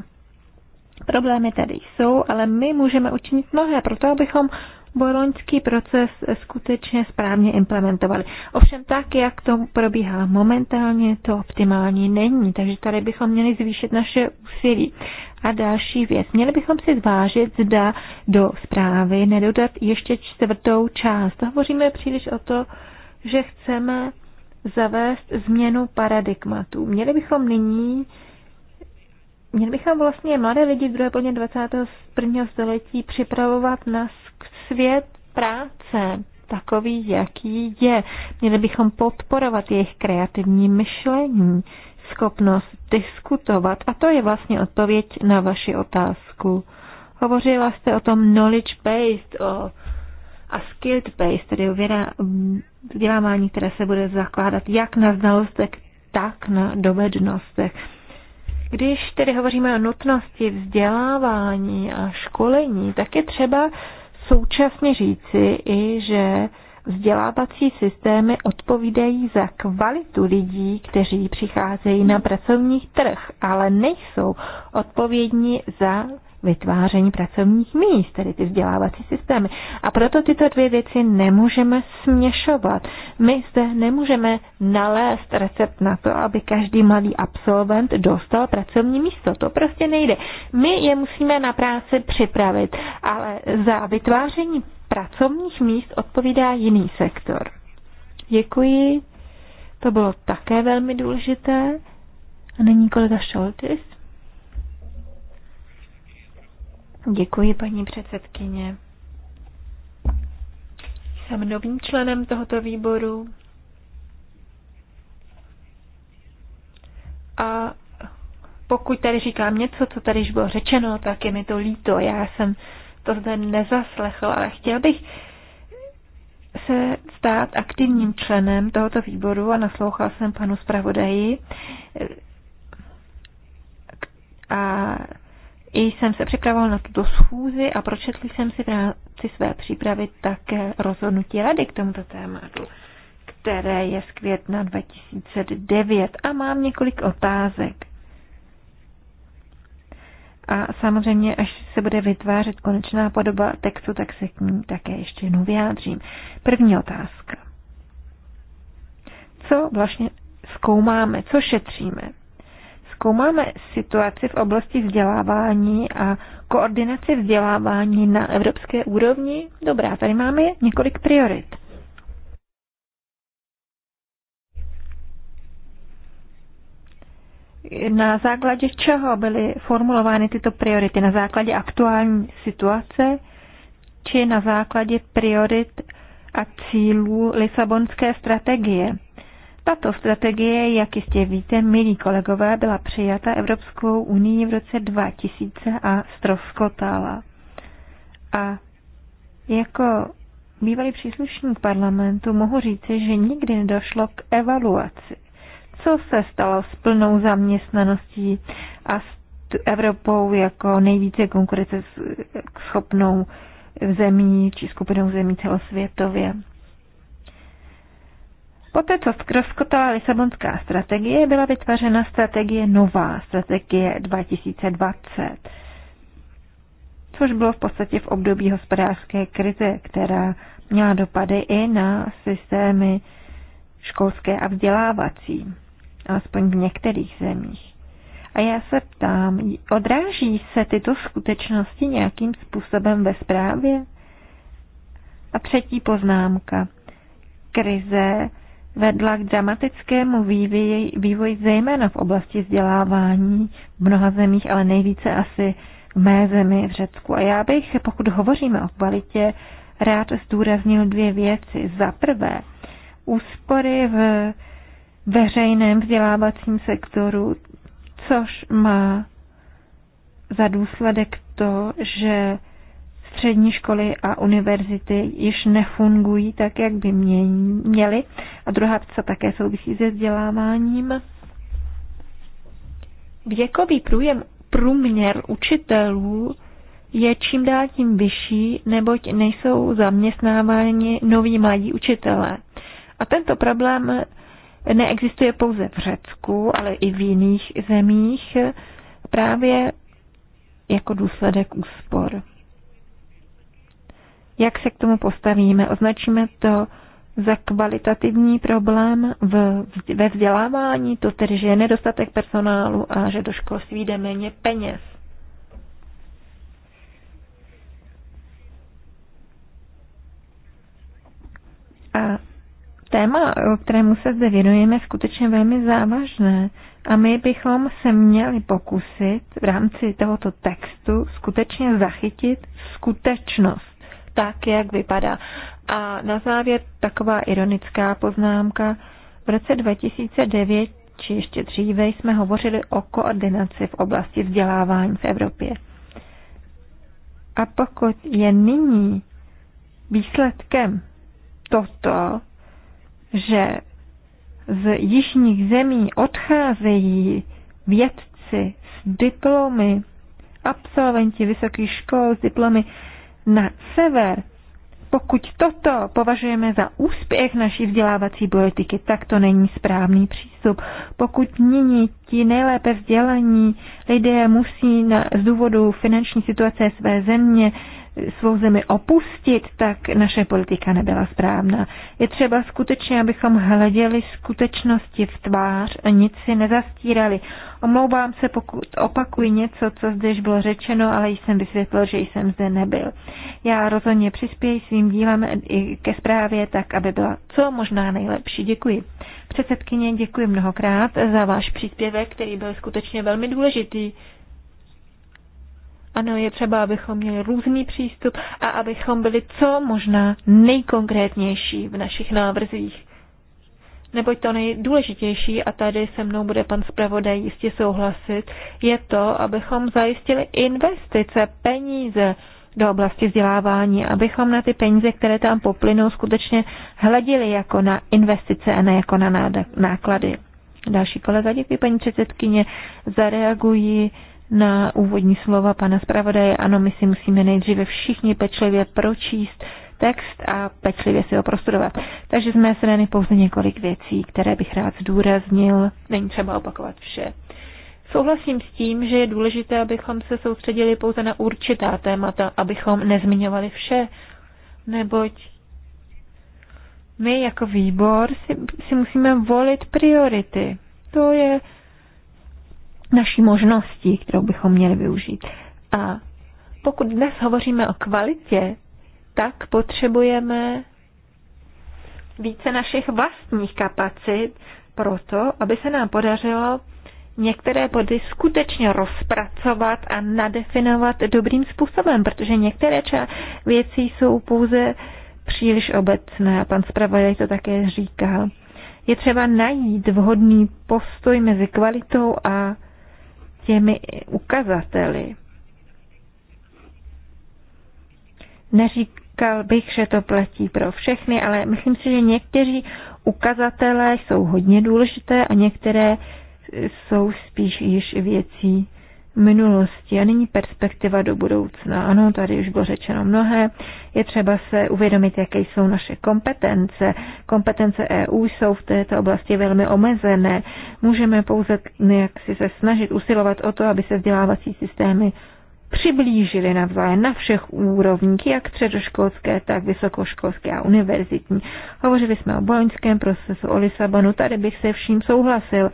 Speaker 2: problémy tady jsou, ale my můžeme učinit mnohé proto, abychom boloňský proces skutečně správně implementovali. Ovšem tak, jak to probíhá momentálně, to optimální není, takže tady bychom měli zvýšit naše úsilí. A další věc. Měli bychom si zvážit, zda do zprávy nedodat ještě čtvrtou část. Hovoříme příliš o to, že chceme zavést změnu paradigmatu. Měli bychom nyní Měli bychom vlastně mladé lidi v druhé polovině 21. století připravovat na svět práce takový, jaký je. Měli bychom podporovat jejich kreativní myšlení, schopnost diskutovat. A to je vlastně odpověď na vaši otázku. Hovořila jste o tom knowledge-based o, a skilled-based, tedy o vzdělávání, které se bude zakládat jak na znalostech, tak na dovednostech. Když tedy hovoříme o nutnosti vzdělávání a školení, tak je třeba současně říci i, že vzdělávací systémy odpovídají za kvalitu lidí, kteří přicházejí na pracovní trh, ale nejsou odpovědní za vytváření pracovních míst, tedy ty vzdělávací systémy. A proto tyto dvě věci nemůžeme směšovat. My zde nemůžeme nalézt recept na to, aby každý mladý absolvent dostal pracovní místo. To prostě nejde. My je musíme na práci připravit, ale za vytváření pracovních míst odpovídá jiný sektor. Děkuji. To bylo také velmi důležité. A není kolega Šoltis? Děkuji, paní předsedkyně. Jsem novým členem tohoto výboru a pokud tady říkám něco, co tady již bylo řečeno, tak je mi to líto. Já jsem to zde nezaslechla. ale chtěl bych se stát aktivním členem tohoto výboru a naslouchal jsem panu zpravodaji. A i jsem se připravoval na tuto schůzi a pročetl jsem si v rámci své přípravy také rozhodnutí rady k tomuto tématu, které je z května 2009 a mám několik otázek. A samozřejmě, až se bude vytvářet konečná podoba textu, tak se k ní také ještě jednou vyjádřím. První otázka. Co vlastně zkoumáme, co šetříme? Zkoumáme situaci v oblasti vzdělávání a koordinaci vzdělávání na evropské úrovni. Dobrá, tady máme několik priorit. Na základě čeho byly formulovány tyto priority? Na základě aktuální situace či na základě priorit a cílů Lisabonské strategie? Tato strategie, jak jistě víte, milí kolegové, byla přijata Evropskou unii v roce 2000 a stroskotala. A jako bývalý příslušník parlamentu mohu říci, že nikdy nedošlo k evaluaci. Co se stalo s plnou zaměstnaností a s Evropou jako nejvíce konkurenceschopnou zemí či skupinou zemí celosvětově? Poté, co zkraskotala Lisabonská strategie, byla vytvořena strategie nová, strategie 2020, což bylo v podstatě v období hospodářské krize, která měla dopady i na systémy školské a vzdělávací, alespoň v některých zemích. A já se ptám, odráží se tyto skutečnosti nějakým způsobem ve zprávě? A třetí poznámka. Krize vedla k dramatickému vývoji, vývoji zejména v oblasti vzdělávání v mnoha zemích, ale nejvíce asi v mé zemi v Řecku. A já bych, pokud hovoříme o kvalitě, rád zdůraznil dvě věci. Za prvé, úspory v veřejném vzdělávacím sektoru, což má za důsledek to, že střední školy a univerzity již nefungují tak, jak by měly. A druhá věc, co také souvisí se vzděláváním, věkový průjem, průměr učitelů je čím dál tím vyšší, neboť nejsou zaměstnáváni noví mladí učitelé. A tento problém neexistuje pouze v Řecku, ale i v jiných zemích právě jako důsledek úspor jak se k tomu postavíme. Označíme to za kvalitativní problém v, ve vzdělávání, to tedy, že je nedostatek personálu a že do školství jde méně peněz. A téma, o kterému se zde věnujeme, je skutečně velmi závažné a my bychom se měli pokusit v rámci tohoto textu skutečně zachytit skutečnost tak, jak vypadá. A na závěr taková ironická poznámka. V roce 2009 či ještě dříve jsme hovořili o koordinaci v oblasti vzdělávání v Evropě. A pokud je nyní výsledkem toto, že z jižních zemí odcházejí vědci s diplomy, absolventi vysokých škol s diplomy, na sever. Pokud toto považujeme za úspěch naší vzdělávací politiky, tak to není správný přístup. Pokud nyní ti nejlépe vzdělaní lidé musí na, z důvodu finanční situace své země svou zemi opustit, tak naše politika nebyla správná. Je třeba skutečně, abychom hleděli skutečnosti v tvář a nic si nezastírali. Omlouvám se, pokud opakuji něco, co zde již bylo řečeno, ale jsem vysvětlil, že jsem zde nebyl. Já rozhodně přispěji svým dílem i ke zprávě tak, aby byla co možná nejlepší. Děkuji. Předsedkyně, děkuji mnohokrát za váš příspěvek, který byl skutečně velmi důležitý. Ano, je třeba, abychom měli různý přístup a abychom byli co možná nejkonkrétnější v našich návrzích. Neboť to nejdůležitější, a tady se mnou bude pan zpravodaj jistě souhlasit, je to, abychom zajistili investice, peníze do oblasti vzdělávání, abychom na ty peníze, které tam poplynou, skutečně hleděli jako na investice a ne jako na náklady. Další kolega, děkuji paní předsedkyně, zareagují na úvodní slova pana zpravodaje. Ano, my si musíme nejdříve všichni pečlivě pročíst text a pečlivě si ho prostudovat. Takže z mé strany pouze několik věcí, které bych rád zdůraznil. Není třeba opakovat vše. Souhlasím s tím, že je důležité, abychom se soustředili pouze na určitá témata, abychom nezmiňovali vše, neboť my jako výbor si, si musíme volit priority. To je naší možností, kterou bychom měli využít. A pokud dnes hovoříme o kvalitě, tak potřebujeme více našich vlastních kapacit proto, aby se nám podařilo některé body skutečně rozpracovat a nadefinovat dobrým způsobem, protože některé věci jsou pouze příliš obecné. Pan zpravodaj to také říkal. Je třeba najít vhodný postoj mezi kvalitou a těmi ukazateli. Neříkal bych, že to platí pro všechny, ale myslím si, že někteří ukazatelé jsou hodně důležité a některé jsou spíš již věcí minulosti a není perspektiva do budoucna. Ano, tady už bylo řečeno mnohé. Je třeba se uvědomit, jaké jsou naše kompetence. Kompetence EU jsou v této oblasti velmi omezené. Můžeme pouze nějak si se snažit usilovat o to, aby se vzdělávací systémy přiblížili navzájem na všech úrovních, jak středoškolské, tak vysokoškolské a univerzitní. Hovořili jsme o boloňském procesu, o Lisabonu, tady bych se vším souhlasil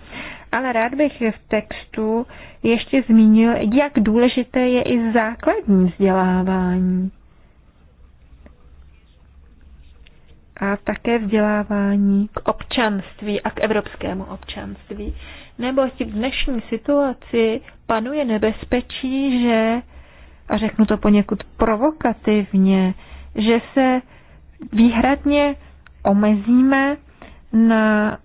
Speaker 2: ale rád bych v textu ještě zmínil, jak důležité je i základní vzdělávání. A také vzdělávání k občanství a k evropskému občanství. Neboť v dnešní situaci panuje nebezpečí, že, a řeknu to poněkud provokativně, že se výhradně omezíme na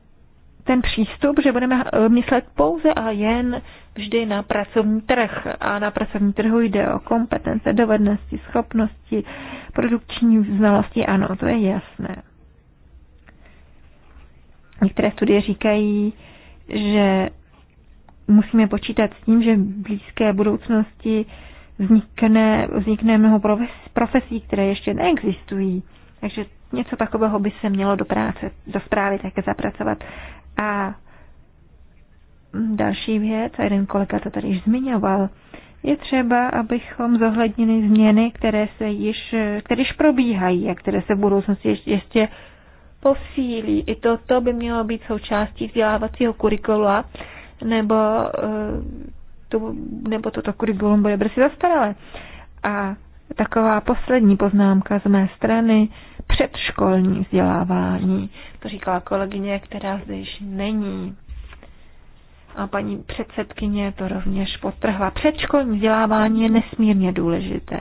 Speaker 2: ten přístup, že budeme eh, myslet pouze a jen vždy na pracovní trh. A na pracovní trhu jde o kompetence, dovednosti, schopnosti, produkční znalosti. Ano, to je jasné. Některé studie říkají, že musíme počítat s tím, že v blízké budoucnosti vznikne, vznikne mnoho profesí, které ještě neexistují. Takže něco takového by se mělo do práce, do zprávy také zapracovat. A další věc, a jeden kolega to tady již zmiňoval, je třeba, abychom zohlednili změny, které se již, které již probíhají a které se v budoucnosti ještě, ještě posílí. I toto by mělo být součástí vzdělávacího kurikula, nebo, eh, tu, nebo toto kurikulum bude brzy zastaralé. A taková poslední poznámka z mé strany předškolní vzdělávání. To říkala kolegyně, která zde již není. A paní předsedkyně to rovněž potrhla. Předškolní vzdělávání je nesmírně důležité.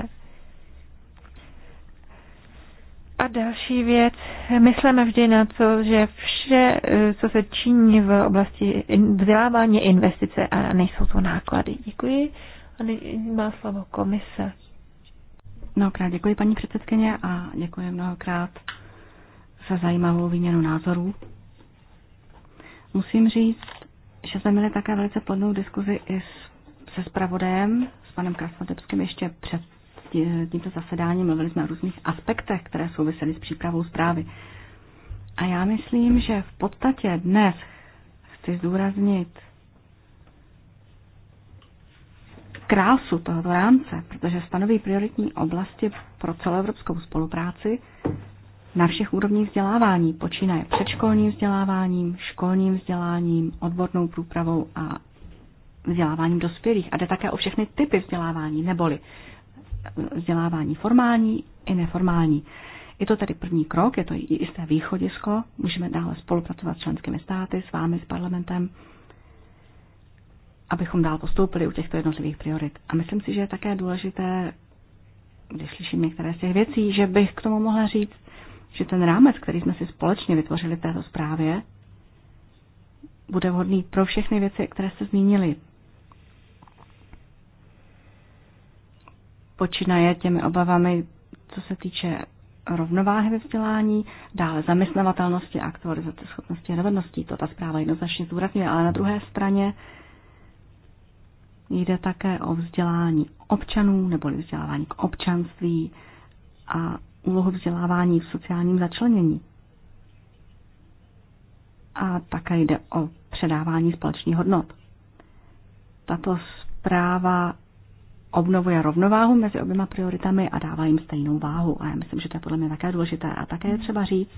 Speaker 2: A další věc, myslíme vždy na to, že vše, co se činí v oblasti vzdělávání, investice a nejsou to náklady. Děkuji. A má slovo komise.
Speaker 3: Mnohokrát děkuji, paní předsedkyně, a děkuji mnohokrát za zajímavou výměnu názorů. Musím říct, že jsme měli také velice plodnou diskuzi i s, se spravodajem, s panem Krasnodebským, ještě před tímto zasedáním. Mluvili jsme o různých aspektech, které souvisely s přípravou zprávy. A já myslím, že v podstatě dnes chci zdůraznit krásu tohoto rámce, protože stanoví prioritní oblasti pro celoevropskou spolupráci na všech úrovních vzdělávání, počínaje předškolním vzděláváním, školním vzděláním, odbornou průpravou a vzděláváním dospělých. A jde také o všechny typy vzdělávání, neboli vzdělávání formální i neformální. Je to tedy první krok, je to jisté východisko, můžeme dále spolupracovat s členskými státy, s vámi, s parlamentem abychom dál postoupili u těchto jednotlivých priorit. A myslím si, že je také důležité, když slyším některé z těch věcí, že bych k tomu mohla říct, že ten rámec, který jsme si společně vytvořili v této zprávě, bude vhodný pro všechny věci, které se zmínili. Počínaje těmi obavami, co se týče rovnováhy ve vzdělání, dále zaměstnavatelnosti aktualizace schopnosti, a dovedností. To ta zpráva jednoznačně zdůrazňuje, ale na druhé straně Jde také o vzdělání občanů nebo vzdělávání k občanství a úlohu vzdělávání v sociálním začlenění. A také jde o předávání společných hodnot. Tato zpráva obnovuje rovnováhu mezi oběma prioritami a dává jim stejnou váhu. A já myslím, že to je podle mě také důležité. A také je třeba říct,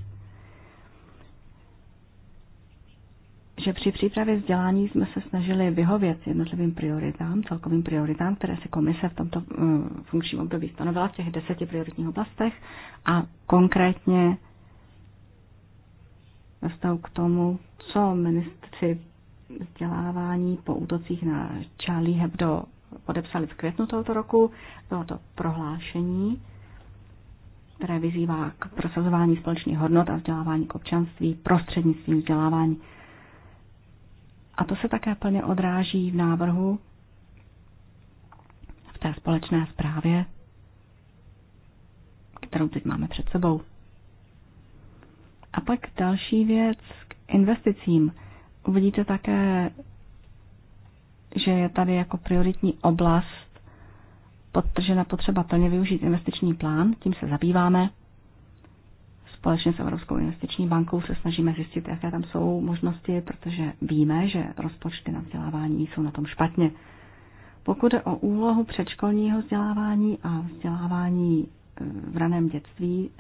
Speaker 3: že při přípravě vzdělání jsme se snažili vyhovět jednotlivým prioritám, celkovým prioritám, které si komise v tomto eh, funkčním období stanovila v těch deseti prioritních oblastech a konkrétně vztahu k tomu, co ministři vzdělávání po útocích na Charlie Hebdo podepsali v květnu tohoto roku. Bylo to prohlášení, které vyzývá k prosazování společných hodnot a vzdělávání k občanství prostřednictvím vzdělávání. A to se také plně odráží v návrhu v té společné zprávě, kterou teď máme před sebou. A pak další věc k investicím. Uvidíte také, že je tady jako prioritní oblast podtržena potřeba plně využít investiční plán, tím se zabýváme. Společně s Evropskou investiční bankou se snažíme zjistit, jaké tam jsou možnosti, protože víme, že rozpočty na vzdělávání jsou na tom špatně. Pokud je o úlohu předškolního vzdělávání a vzdělávání e, v raném dětství,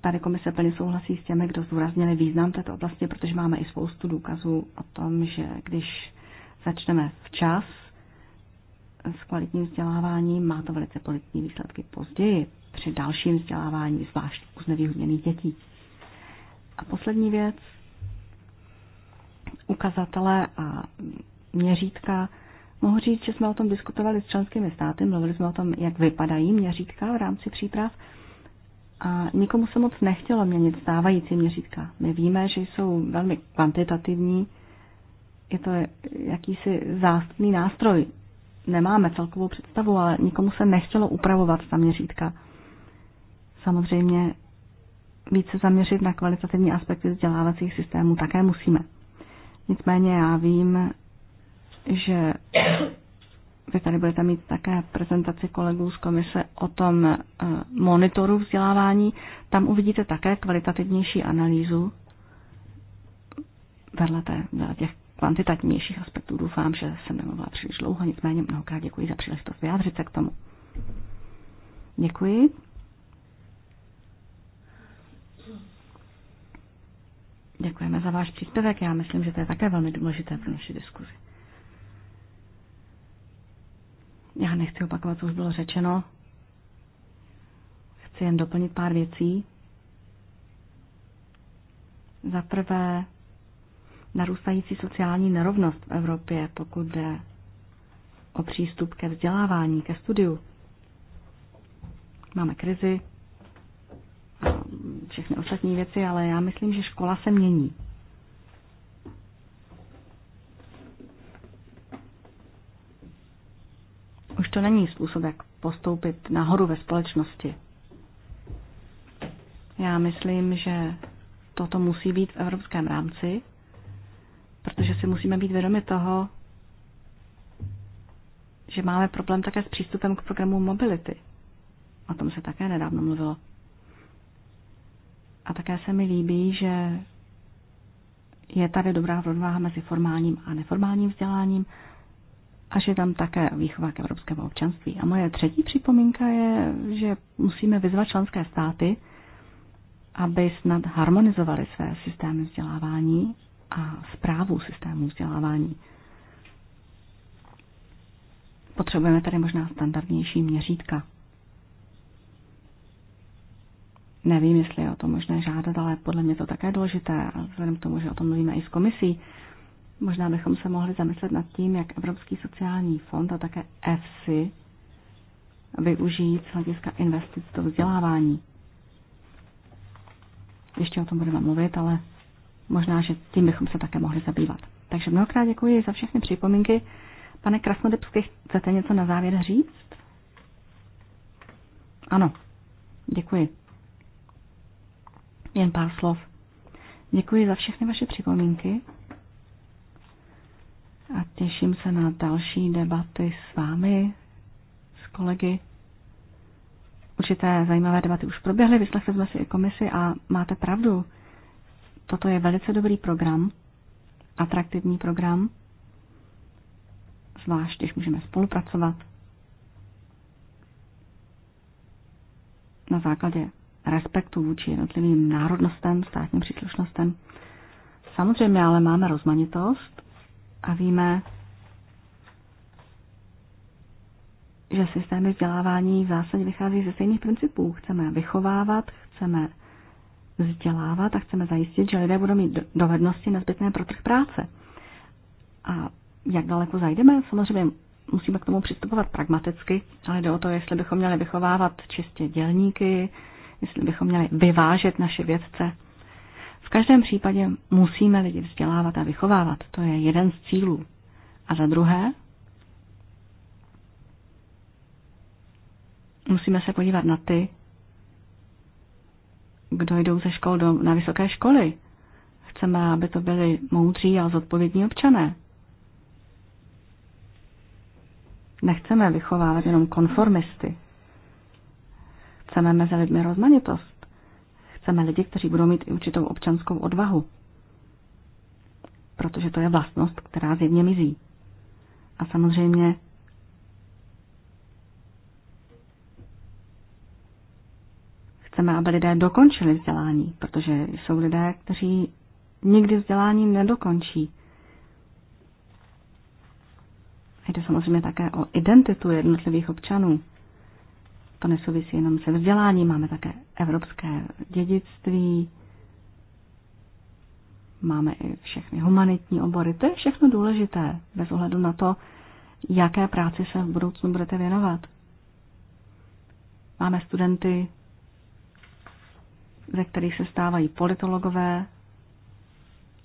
Speaker 3: tady komise plně souhlasí s těmi, kdo zdůraznili význam této oblasti, protože máme i spoustu důkazů o tom, že když začneme včas s kvalitním vzděláváním, má to velice pozitivní výsledky později při dalším vzdělávání, zvlášť u znevýhodněných dětí. A poslední věc, ukazatele a měřítka. Mohu říct, že jsme o tom diskutovali s členskými státy, mluvili jsme o tom, jak vypadají měřítka v rámci příprav a nikomu se moc nechtělo měnit stávající měřítka. My víme, že jsou velmi kvantitativní, je to jakýsi zástupný nástroj. Nemáme celkovou představu, ale nikomu se nechtělo upravovat ta měřítka samozřejmě více zaměřit na kvalitativní aspekty vzdělávacích systémů také musíme. Nicméně já vím, že vy tady budete mít také prezentaci kolegů z komise o tom eh, monitoru vzdělávání. Tam uvidíte také kvalitativnější analýzu vedle, těch kvantitativnějších aspektů. Doufám, že jsem nemluvila příliš dlouho, nicméně mnohokrát děkuji za příležitost vyjádřit se k tomu. Děkuji. Děkujeme za váš příspěvek. Já myslím, že to je také velmi důležité pro naši diskuzi. Já nechci opakovat, co už bylo řečeno. Chci jen doplnit pár věcí. Za prvé, narůstající sociální nerovnost v Evropě, pokud jde o přístup ke vzdělávání, ke studiu. Máme krizi, všechny ostatní věci, ale já myslím, že škola se mění. Už to není způsob, jak postoupit nahoru ve společnosti. Já myslím, že toto musí být v evropském rámci, protože si musíme být vědomi toho, že máme problém také s přístupem k programu mobility. O tom se také nedávno mluvilo. A také se mi líbí, že je tady dobrá rovnováha mezi formálním a neformálním vzděláním a že tam také výchova k evropskému občanství. A moje třetí připomínka je, že musíme vyzvat členské státy, aby snad harmonizovali své systémy vzdělávání a zprávu systému vzdělávání. Potřebujeme tady možná standardnější měřítka. Nevím, jestli je o to možné žádat, ale podle mě to také důležité. A vzhledem k tomu, že o tom mluvíme i s komisí, možná bychom se mohli zamyslet nad tím, jak Evropský sociální fond a také EFSI využijí z hlediska investic do vzdělávání. Ještě o tom budeme mluvit, ale možná, že tím bychom se také mohli zabývat. Takže mnohokrát děkuji za všechny připomínky. Pane Krasnodebsky, chcete něco na závěr říct? Ano, děkuji. Jen pár slov. Děkuji za všechny vaše připomínky a těším se na další debaty s vámi, s kolegy. Určité zajímavé debaty už proběhly, vyslechli jsme si i komisi a máte pravdu. Toto je velice dobrý program, atraktivní program, zvlášť když můžeme spolupracovat na základě respektu vůči jednotlivým národnostem, státním příslušnostem. Samozřejmě ale máme rozmanitost a víme, že systémy vzdělávání v zásadě vychází ze stejných principů. Chceme vychovávat, chceme vzdělávat a chceme zajistit, že lidé budou mít dovednosti nezbytné pro trh práce. A jak daleko zajdeme? Samozřejmě musíme k tomu přistupovat pragmaticky, ale jde o to, jestli bychom měli vychovávat čistě dělníky, jestli bychom měli vyvážet naše vědce. V každém případě musíme lidi vzdělávat a vychovávat. To je jeden z cílů. A za druhé, musíme se podívat na ty, kdo jdou ze škol do, na vysoké školy. Chceme, aby to byli moudří a zodpovědní občané. Nechceme vychovávat jenom konformisty. Chceme mezi lidmi rozmanitost. Chceme lidi, kteří budou mít i určitou občanskou odvahu. Protože to je vlastnost, která zjevně mizí. A samozřejmě chceme, aby lidé dokončili vzdělání, protože jsou lidé, kteří nikdy vzdělání nedokončí. Jde samozřejmě také o identitu jednotlivých občanů. To nesouvisí jenom se vzděláním, máme také evropské dědictví, máme i všechny humanitní obory. To je všechno důležité, bez ohledu na to, jaké práci se v budoucnu budete věnovat. Máme studenty, ze kterých se stávají politologové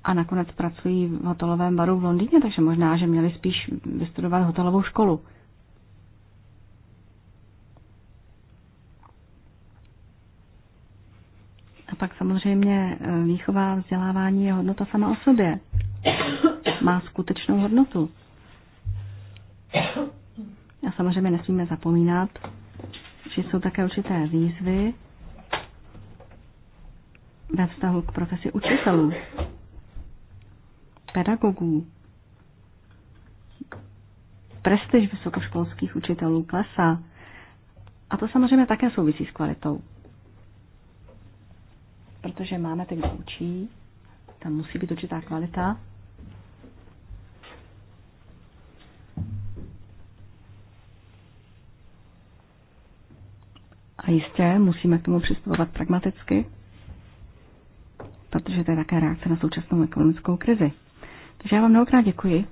Speaker 3: a nakonec pracují v hotelovém baru v Londýně, takže možná, že měli spíš vystudovat hotelovou školu. A pak samozřejmě eh, výchová vzdělávání je hodnota sama o sobě. Má skutečnou hodnotu. A samozřejmě nesmíme zapomínat, že jsou také určité výzvy ve vztahu k profesi učitelů, pedagogů. Prestiž vysokoškolských učitelů klesá. A to samozřejmě také souvisí s kvalitou protože máme ty, kdo učí, tam musí být určitá kvalita. A jistě musíme k tomu přistupovat pragmaticky, protože to je také reakce na současnou ekonomickou krizi. Takže já vám mnohokrát děkuji.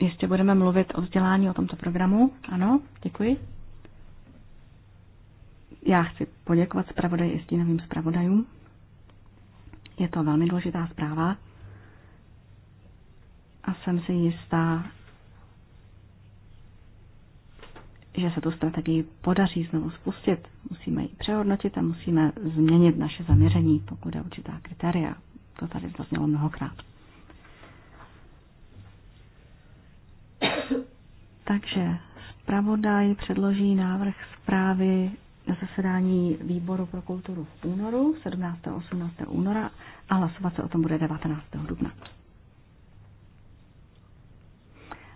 Speaker 3: Ještě budeme mluvit o vzdělání o tomto programu. Ano, děkuji. Já chci poděkovat zpravodaji i stínovým zpravodajům. Je to velmi důležitá zpráva a jsem si jistá, že se tu strategii podaří znovu spustit. Musíme ji přehodnotit a musíme změnit naše zaměření, pokud je určitá kritéria. To tady zaznělo mnohokrát. Takže zpravodaj předloží návrh zprávy na zasedání výboru pro kulturu v únoru, 17. a 18. února a hlasovat se o tom bude 19. dubna.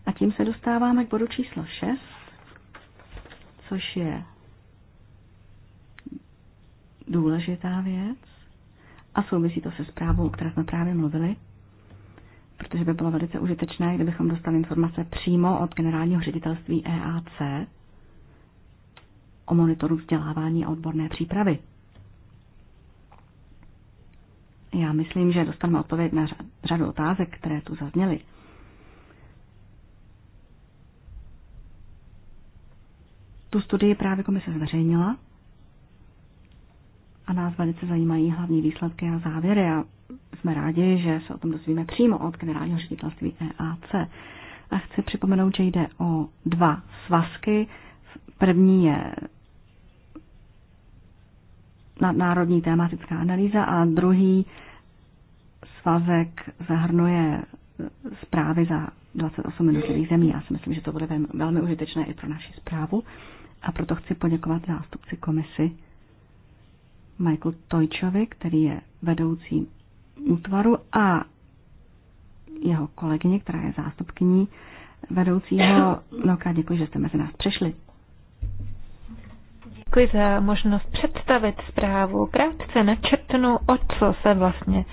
Speaker 3: A tím se dostáváme k bodu číslo 6, což je důležitá věc a souvisí to se zprávou, o které jsme právě mluvili, protože by bylo velice užitečné, kdybychom dostali informace přímo od generálního ředitelství EAC, o monitoru vzdělávání a odborné přípravy. Já myslím, že dostaneme odpověď na řadu otázek, které tu zazněly. Tu studii právě komise zveřejnila a nás velice zajímají hlavní výsledky a závěry a jsme rádi, že se o tom dozvíme přímo od generálního ředitelství EAC. A chci připomenout, že jde o dva svazky. První je nadnárodní tématická analýza a druhý svazek zahrnuje zprávy za 28 minutových zemí. Já si myslím, že to bude velmi užitečné i pro naši zprávu a proto chci poděkovat zástupci komisy Michael Tojčovi, který je vedoucím útvaru a jeho kolegyně, která je zástupkyní vedoucího. Mnohokrát děkuji,
Speaker 2: že jste mezi nás přišli děkuji za možnost představit zprávu. Krátce načrtnu, o co se vlastně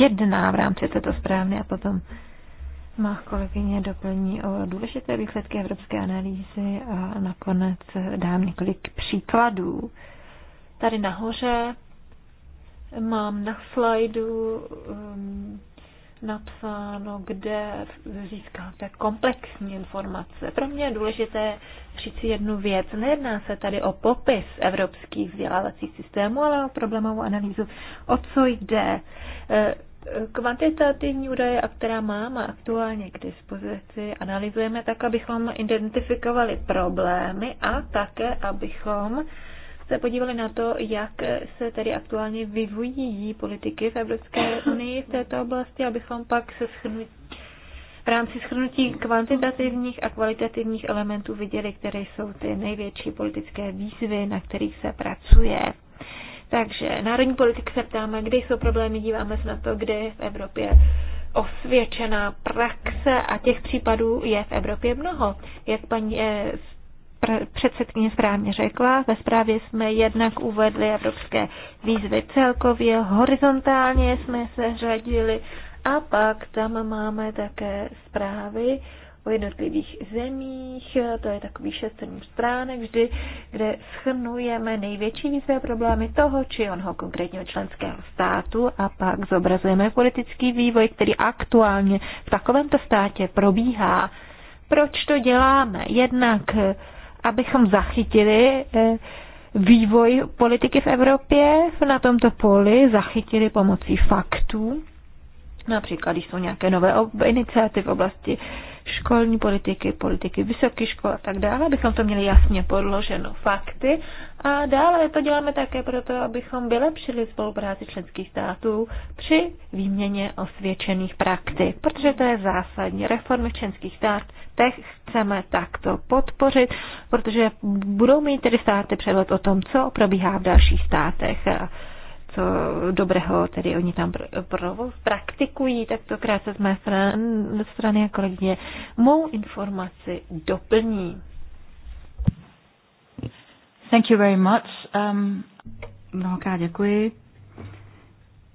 Speaker 2: jedná v rámci této zprávy a potom má kolegyně doplní o důležité výsledky evropské analýzy a nakonec dám několik příkladů. Tady nahoře mám na slajdu um, napsáno, kde získáte komplexní informace. Pro mě je důležité říct jednu věc. Nejedná se tady o popis evropských vzdělávacích systémů, ale o problémovou analýzu. O co jde? E, kvantitativní údaje, a která máme aktuálně k dispozici, analyzujeme tak, abychom identifikovali problémy a také, abychom se podívali na to, jak se tedy aktuálně vyvíjí politiky v Evropské unii v této oblasti, abychom pak se schrnutí v rámci schrnutí kvantitativních a kvalitativních elementů viděli, které jsou ty největší politické výzvy, na kterých se pracuje. Takže národní politik se ptáme, kde jsou problémy, díváme se na to, kde je v Evropě osvědčená praxe a těch případů je v Evropě mnoho. Jak paní eh, předsedkyně správně řekla, ve zprávě jsme jednak uvedli evropské výzvy celkově, horizontálně jsme se řadili a pak tam máme také zprávy o jednotlivých zemích, to je takový 6 stránek vždy, kde schrnujeme největší výzvy problémy toho či onho konkrétního členského státu a pak zobrazujeme politický vývoj, který aktuálně v takovémto státě probíhá. Proč to děláme? Jednak abychom zachytili eh, vývoj politiky v Evropě na tomto poli, zachytili pomocí faktů. Například, když jsou nějaké nové iniciativy v oblasti školní politiky, politiky vysokých škol a tak dále, abychom to měli jasně podloženo fakty. A dále to děláme také proto, abychom vylepšili spolupráci členských států při výměně osvědčených praktik, protože to je zásadní. Reformy v členských státech chceme takto podpořit, protože budou mít tedy státy přehled o tom, co probíhá v dalších státech co dobrého tedy oni tam provo praktikují, tak to krátce z mé strany, strany a kolegyně mou informaci doplní. Thank you very much. Um,
Speaker 3: mnohokrát děkuji.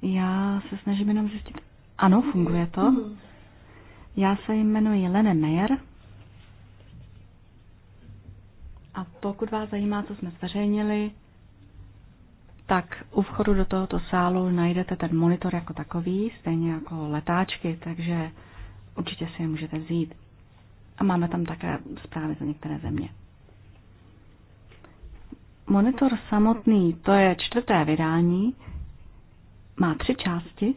Speaker 3: Já se snažím jenom zjistit. Ano, funguje to. Mhm. Já se jmenuji Lene Meyer. A pokud vás zajímá, co jsme zveřejnili, tak u vchodu do tohoto sálu najdete ten monitor jako takový, stejně jako letáčky, takže určitě si je můžete vzít. A máme tam také zprávy za některé země. Monitor samotný, to je čtvrté vydání, má tři části.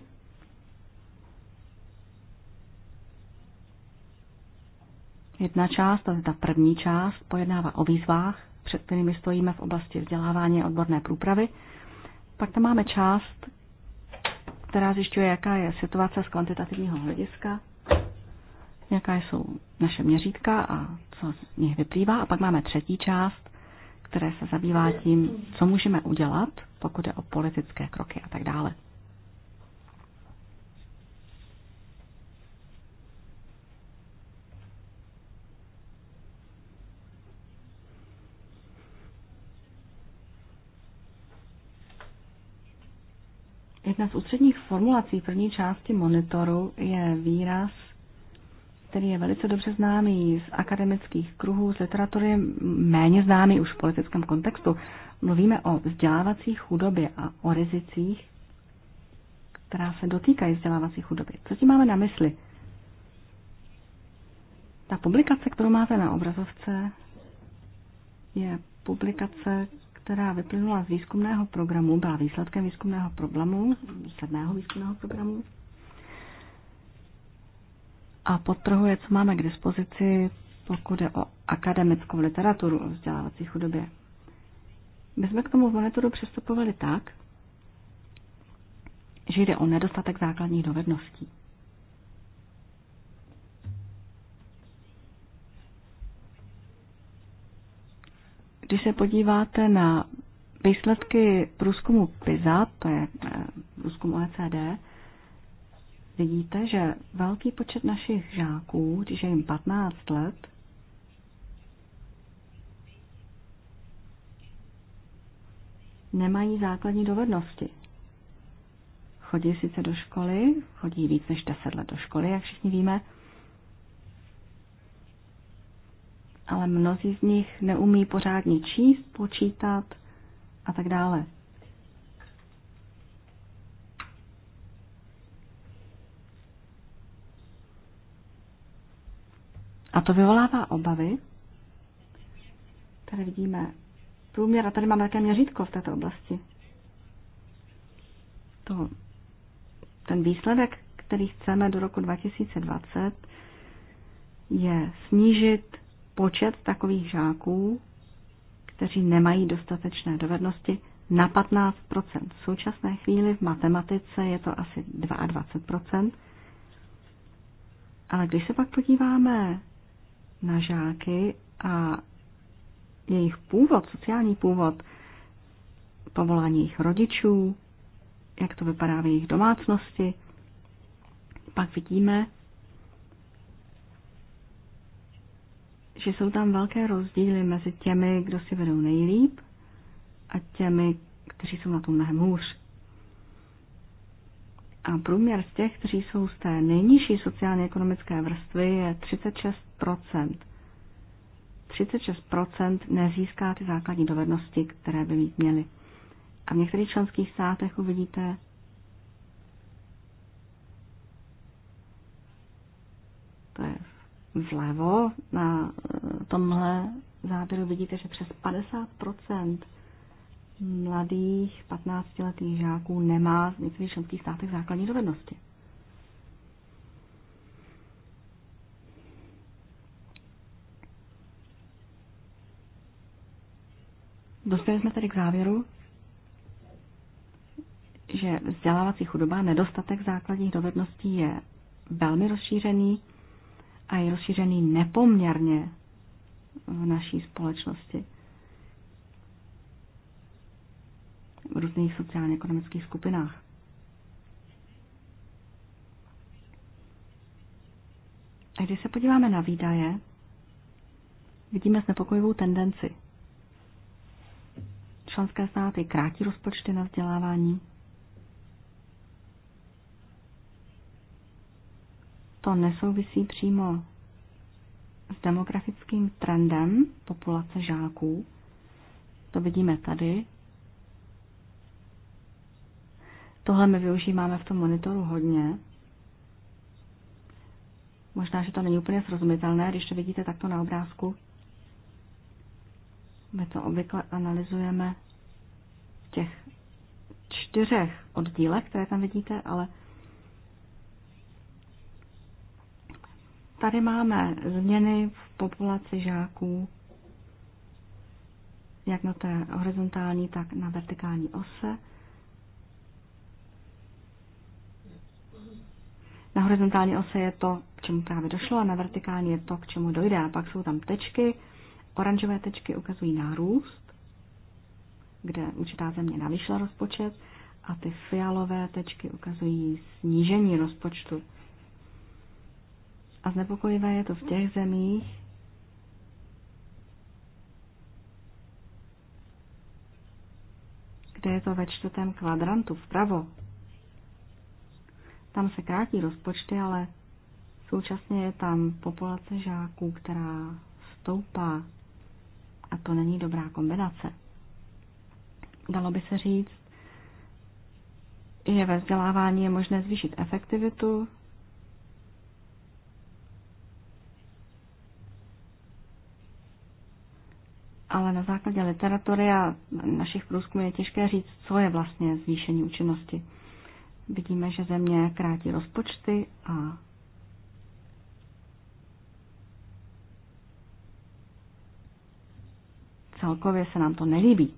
Speaker 3: Jedna část, to je ta první část, pojednává o výzvách, před kterými stojíme v oblasti vzdělávání a odborné průpravy – pak tam máme část, která zjišťuje, jaká je situace z kvantitativního hlediska, jaká jsou naše měřítka a co z nich vyplývá. A pak máme třetí část, které se zabývá tím, co můžeme udělat, pokud je o politické kroky a tak dále. Jedna z ústředních formulací první části monitoru je výraz, který je velice dobře známý z akademických kruhů, z literatury, méně známý už v politickém kontextu. Mluvíme o vzdělávací chudobě a o rizicích, která se dotýkají vzdělávací chudoby. Co tím máme na mysli? Ta publikace, kterou máte na obrazovce, je publikace, která vyplynula z výzkumného programu, byla výsledkem výzkumného programu, sedmého výzkumného programu a potrhuje, co máme k dispozici, pokud je o akademickou literaturu o vzdělávací chudobě. My jsme k tomu v monitoru přistupovali tak, že jde o nedostatek základních dovedností. Když se podíváte na výsledky průzkumu PISA, to je eh, průzkum OECD, vidíte, že velký počet našich žáků, když je jim 15 let, nemají základní dovednosti. Chodí sice do školy, chodí víc než 10 let do školy, jak všichni víme, ale mnozí z nich neumí pořádně číst, počítat a tak dále. A to vyvolává obavy. Tady vidíme průměr a tady máme také měřítko v této oblasti. To, ten výsledek, který chceme do roku 2020, je snížit počet takových žáků, kteří nemají dostatečné dovednosti, na 15 V současné chvíli v matematice je to asi 22 Ale když se pak podíváme na žáky a jejich původ, sociální původ, povolání jejich rodičů, jak to vypadá v jejich domácnosti, pak vidíme, že jsou tam velké rozdíly mezi těmi, kdo si vedou nejlíp a těmi, kteří jsou na tom mnohem hůř. A průměr z těch, kteří jsou z té nejnižší sociálně ekonomické vrstvy, je 36 36 nezíská ty základní dovednosti, které by mít měli. A v některých členských státech uvidíte, Vlevo na eh, tomhle záběru vidíte, že přes 50 mladých 15-letých žáků nemá v některých členských státech základní dovednosti. Dostali jsme tedy k závěru, že vzdělávací chudoba, nedostatek základních dovedností je velmi rozšířený a je rozšířený nepoměrně v naší společnosti. V různých sociálně-ekonomických skupinách. A když se podíváme na výdaje, vidíme znepokojivou tendenci. Členské státy krátí rozpočty na vzdělávání, to nesouvisí přímo s demografickým trendem populace žáků. To vidíme tady. Tohle my využíváme v tom monitoru hodně. Možná, že to není úplně srozumitelné, když to vidíte takto na obrázku. My to obvykle analyzujeme v těch čtyřech oddílech, které tam vidíte, ale Tady máme změny v populaci žáků, jak na té horizontální, tak na vertikální ose. Na horizontální ose je to, k čemu právě došlo, a na vertikální je to, k čemu dojde. A pak jsou tam tečky. Oranžové tečky ukazují nárůst, kde určitá země navýšila rozpočet, a ty fialové tečky ukazují snížení rozpočtu a znepokojivé je to v těch zemích, kde je to ve čtvrtém kvadrantu vpravo. Tam se krátí rozpočty, ale současně je tam populace žáků, která stoupá. A to není dobrá kombinace. Dalo by se říct, že ve vzdělávání je možné zvýšit efektivitu, ale na základě literatury a našich průzkumů je těžké říct, co je vlastně zvýšení účinnosti. Vidíme, že země krátí rozpočty a celkově se nám to nelíbí.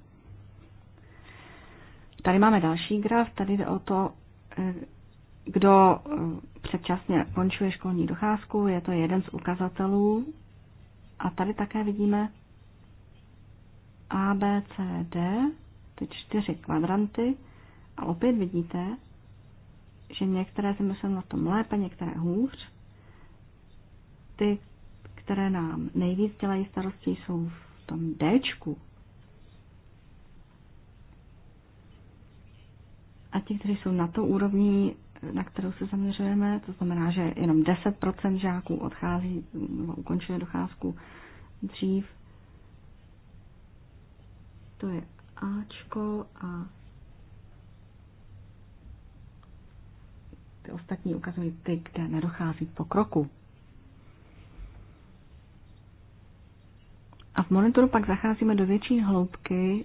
Speaker 3: Tady máme další graf, tady jde o to, eh, kdo eh, předčasně končuje školní docházku, je to jeden z ukazatelů. A tady také vidíme, a, B, C, D, ty čtyři kvadranty, a opět vidíte, že některé země jsou na tom lépe, některé hůř. Ty, které nám nejvíc dělají starosti, jsou v tom D. A ti, kteří jsou na to úrovni, na kterou se zaměřujeme, to znamená, že jenom 10% žáků odchází nebo ukončuje docházku dřív, to je Ačko a ty ostatní ukazují ty, kde nedochází po pokroku. A v monitoru pak zacházíme do větší hloubky,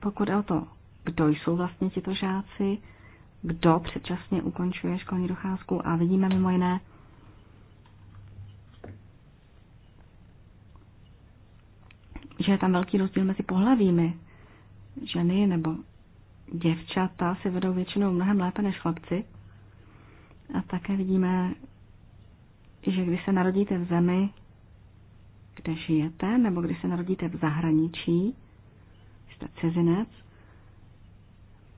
Speaker 3: pokud je o to, kdo jsou vlastně tito žáci, kdo předčasně ukončuje školní docházku a vidíme mimo jiné, že je tam velký rozdíl mezi pohlavími ženy nebo děvčata si vedou většinou mnohem lépe než chlapci. A také vidíme, že když se narodíte v zemi, kde žijete, nebo když se narodíte v zahraničí, jste cizinec,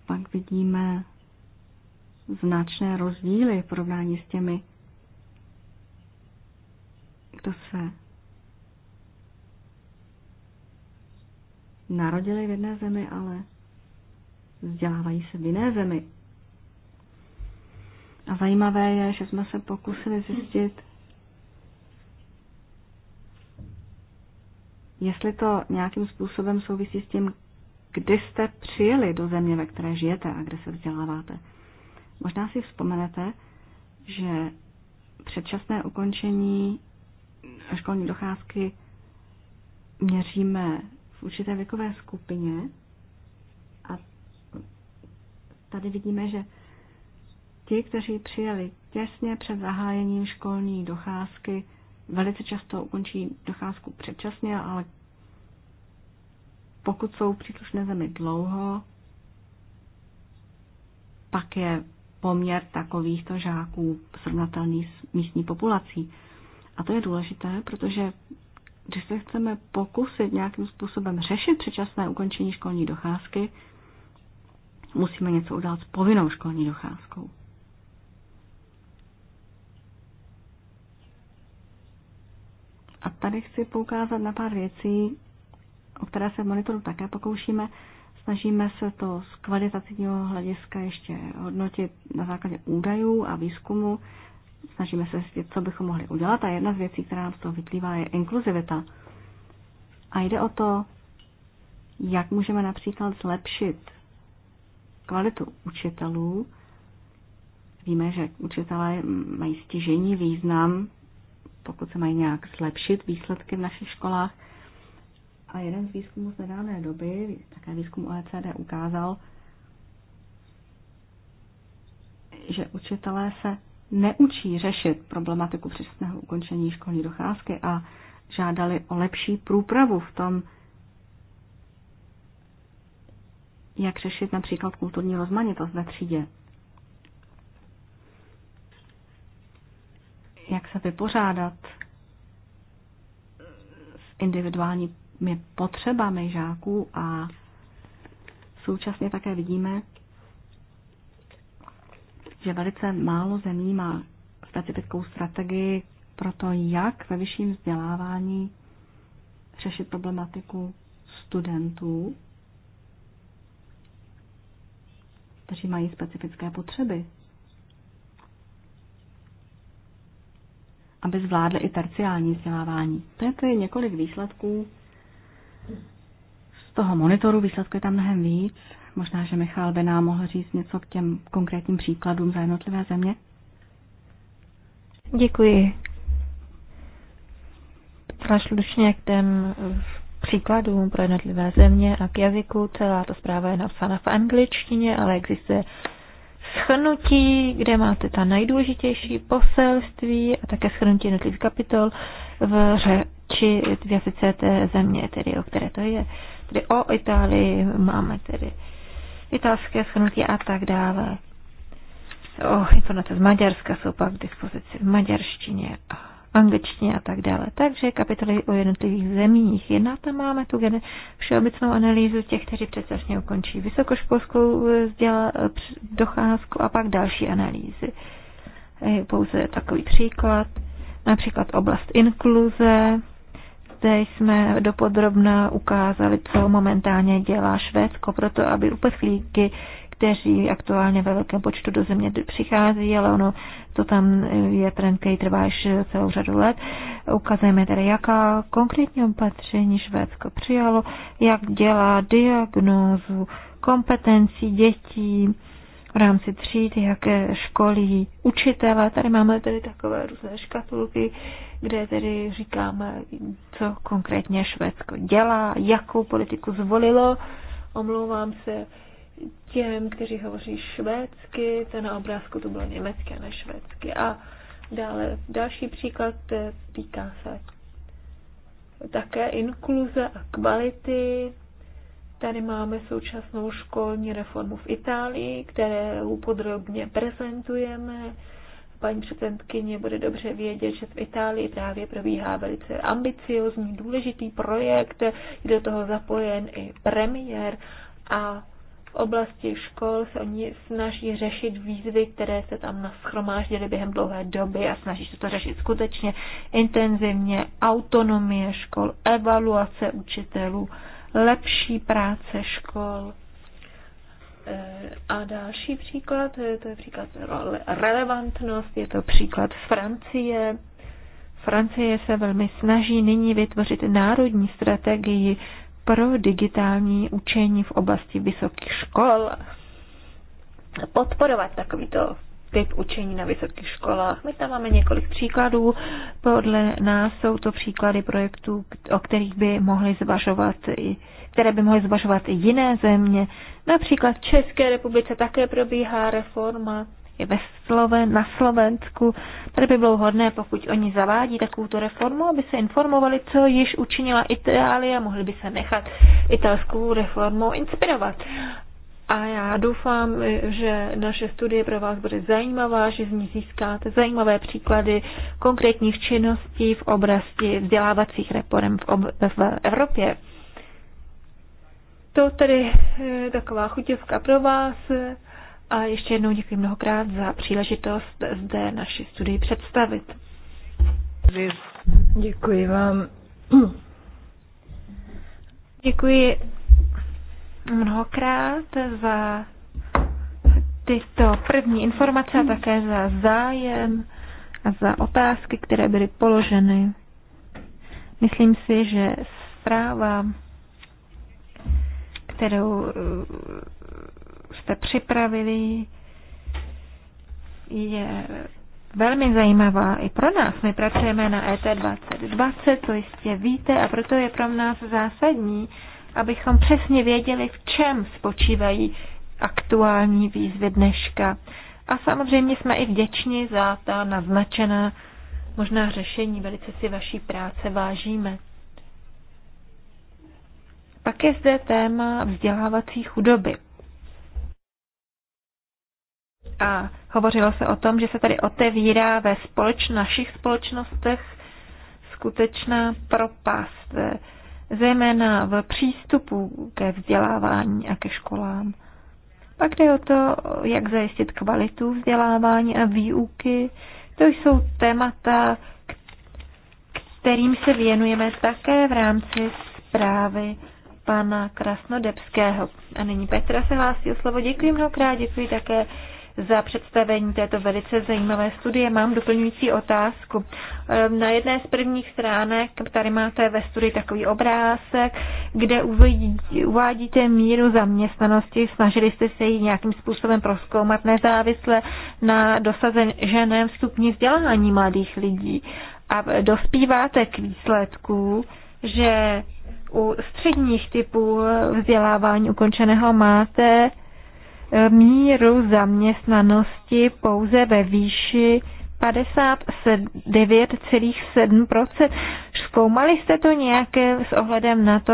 Speaker 3: pak vidíme značné rozdíly v porovnání s těmi, kdo se narodili v jedné zemi, ale vzdělávají se v jiné zemi. A zajímavé je, že jsme se pokusili zjistit, jestli to nějakým způsobem souvisí s tím, kdy jste přijeli do země, ve které žijete a kde se vzděláváte. Možná si vzpomenete, že předčasné ukončení školní docházky měříme určité věkové skupině. A tady vidíme, že ti, kteří přijeli těsně před zahájením školní docházky, velice často ukončí docházku předčasně, ale pokud jsou v příslušné zemi dlouho, pak je poměr takovýchto žáků srovnatelný s místní populací. A to je důležité, protože když se chceme pokusit nějakým způsobem řešit předčasné ukončení školní docházky, musíme něco udělat s povinnou školní docházkou. A tady chci poukázat na pár věcí, o které se v monitoru také pokoušíme. Snažíme se to z kvalitativního hlediska ještě hodnotit na základě údajů a výzkumu Snažíme se zjistit, co bychom mohli udělat a jedna z věcí, která nám z toho vyplývá, je inkluzivita. A jde o to, jak můžeme například zlepšit kvalitu učitelů. Víme, že učitelé mají stěžení význam, pokud se mají nějak zlepšit výsledky v našich školách. A jeden z výzkumů z nedávné doby, také výzkum OECD, ukázal, že učitelé se neučí řešit problematiku přesného ukončení školní docházky a žádali o lepší průpravu v tom, jak řešit například kulturní rozmanitost ve třídě. Jak se vypořádat s individuálními potřebami žáků a současně také vidíme, že velice málo zemí má specifickou strategii pro to, jak ve vyšším vzdělávání řešit problematiku studentů, kteří mají specifické potřeby. Aby zvládli i terciální vzdělávání. To je tedy několik výsledků. Z toho monitoru Výsledků je tam mnohem víc, Možná, že Michal by nám mohl říct něco k těm konkrétním příkladům za jednotlivé země.
Speaker 2: Děkuji. Zvláštně k těm eh, příkladům pro jednotlivé země a k jazyku. Celá ta zpráva je napsána v angličtině, ale existuje schrnutí, kde máte ta nejdůležitější poselství a také schrnutí jednotlivých kapitol v řeči v jazyce té země, tedy o které to je. Tedy o Itálii máme tedy italské schnutí a tak dále. Oh, informace z Maďarska jsou pak k dispozici v maďarštině a angličtině a tak dále. Takže kapitoly o jednotlivých zemích. Jedna tam máme tu všeobecnou analýzu těch, kteří předčasně ukončí vysokoškolskou eh, vzděla, eh, docházku a pak další analýzy. Eh, pouze takový příklad, například oblast inkluze, zde jsme dopodrobna ukázali, co momentálně dělá Švédsko, proto aby uprchlíky, kteří aktuálně ve velkém počtu do země přichází, ale ono to tam je trend, který trvá již celou řadu let. Ukazujeme tedy, jaká konkrétní opatření Švédsko přijalo, jak dělá diagnózu kompetencí dětí, v rámci tříd, jaké školí učitele. Tady máme tedy takové různé škatulky, kde tedy říkáme, co konkrétně Švédsko dělá, jakou politiku zvolilo. Omlouvám se těm, kteří hovoří švédsky, to na obrázku to bylo a ne švédsky. A dále další příklad eh, týká se také inkluze a kvality Tady máme současnou školní reformu v Itálii, kterou podrobně prezentujeme. Paní předsedkyně bude dobře vědět, že v Itálii právě probíhá velice ambiciozní, důležitý projekt, je do toho zapojen i premiér a v oblasti škol se oni snaží řešit výzvy, které se tam naschromáždily během dlouhé doby a snaží se to řešit skutečně intenzivně. Autonomie škol, evaluace učitelů, lepší práce škol. Eh, a další příklad, to je příklad relevantnost, je to příklad Francie. Francie se velmi snaží nyní vytvořit národní strategii pro digitální učení v oblasti vysokých škol. Podporovat takovýto typ učení na vysokých školách. My tam máme několik příkladů. Podle nás jsou to příklady projektů, o kterých by mohly zvažovat i které by mohly zvažovat i jiné země. Například v České republice také probíhá reforma je ve Sloven, na Slovensku. Tady by bylo hodné, pokud oni zavádí takovou reformu, aby se informovali, co již učinila Itálie a mohli by se nechat italskou reformou inspirovat. A já doufám, že naše studie pro vás bude zajímavá, že z ní získáte zajímavé příklady konkrétních činností v oblasti vzdělávacích reform v, ob- v Evropě. To tedy je eh, taková chutěvka pro vás a ještě jednou děkuji mnohokrát za příležitost zde naši studii představit. Děkuji vám. Děkuji mnohokrát za tyto první informace a také za zájem a za otázky, které byly položeny. Myslím si, že zpráva, kterou eh, jste připravili, je velmi zajímavá i pro nás. My pracujeme na e ET 2020, to jistě víte, a proto je pro nás zásadní, abychom přesně věděli, v čem spočívají aktuální výzvy dneška. A samozřejmě jsme i vděční za ta naznačená možná řešení. Velice si vaší práce vážíme. Pak je zde téma vzdělávací chudoby. A hovořilo se o tom, že se tady otevírá ve společ, našich společnostech skutečná propast zejména v přístupu ke vzdělávání a ke školám. Pak jde o to, jak zajistit kvalitu vzdělávání a výuky. To jsou témata, kterým se věnujeme také v rámci zprávy pana Krasnodebského. A nyní Petra se hlásí o slovo. Děkuji mnohokrát, děkuji také za představení této velice zajímavé studie. Mám doplňující otázku. Ehm, na jedné z prvních stránek tady máte ve studii takový obrázek, kde uvádíte míru zaměstnanosti. Snažili jste se ji nějakým způsobem proskoumat nezávisle na dosaženém stupni vzdělání mladých lidí. A dospíváte k výsledku, že u středních typů vzdělávání ukončeného máte míru zaměstnanosti pouze ve výši 59,7%. Zkoumali jste to nějak s ohledem na to,